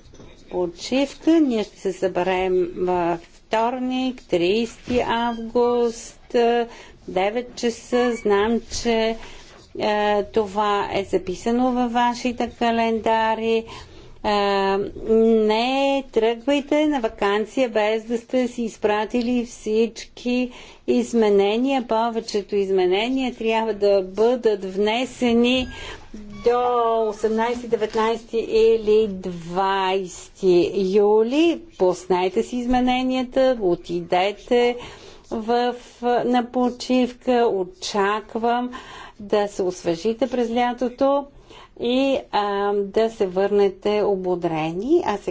почивка. Ние ще се съберем във вторник, 30 август, 9 часа. Знам, че е, това е записано във вашите календари не тръгвайте на вакансия без да сте си изпратили всички изменения. Повечето изменения трябва да бъдат внесени до 18, 19 или 20 юли. Поснайте си измененията, отидете в, на почивка. Очаквам да се освежите през лятото и а, да се върнете ободрени. А сега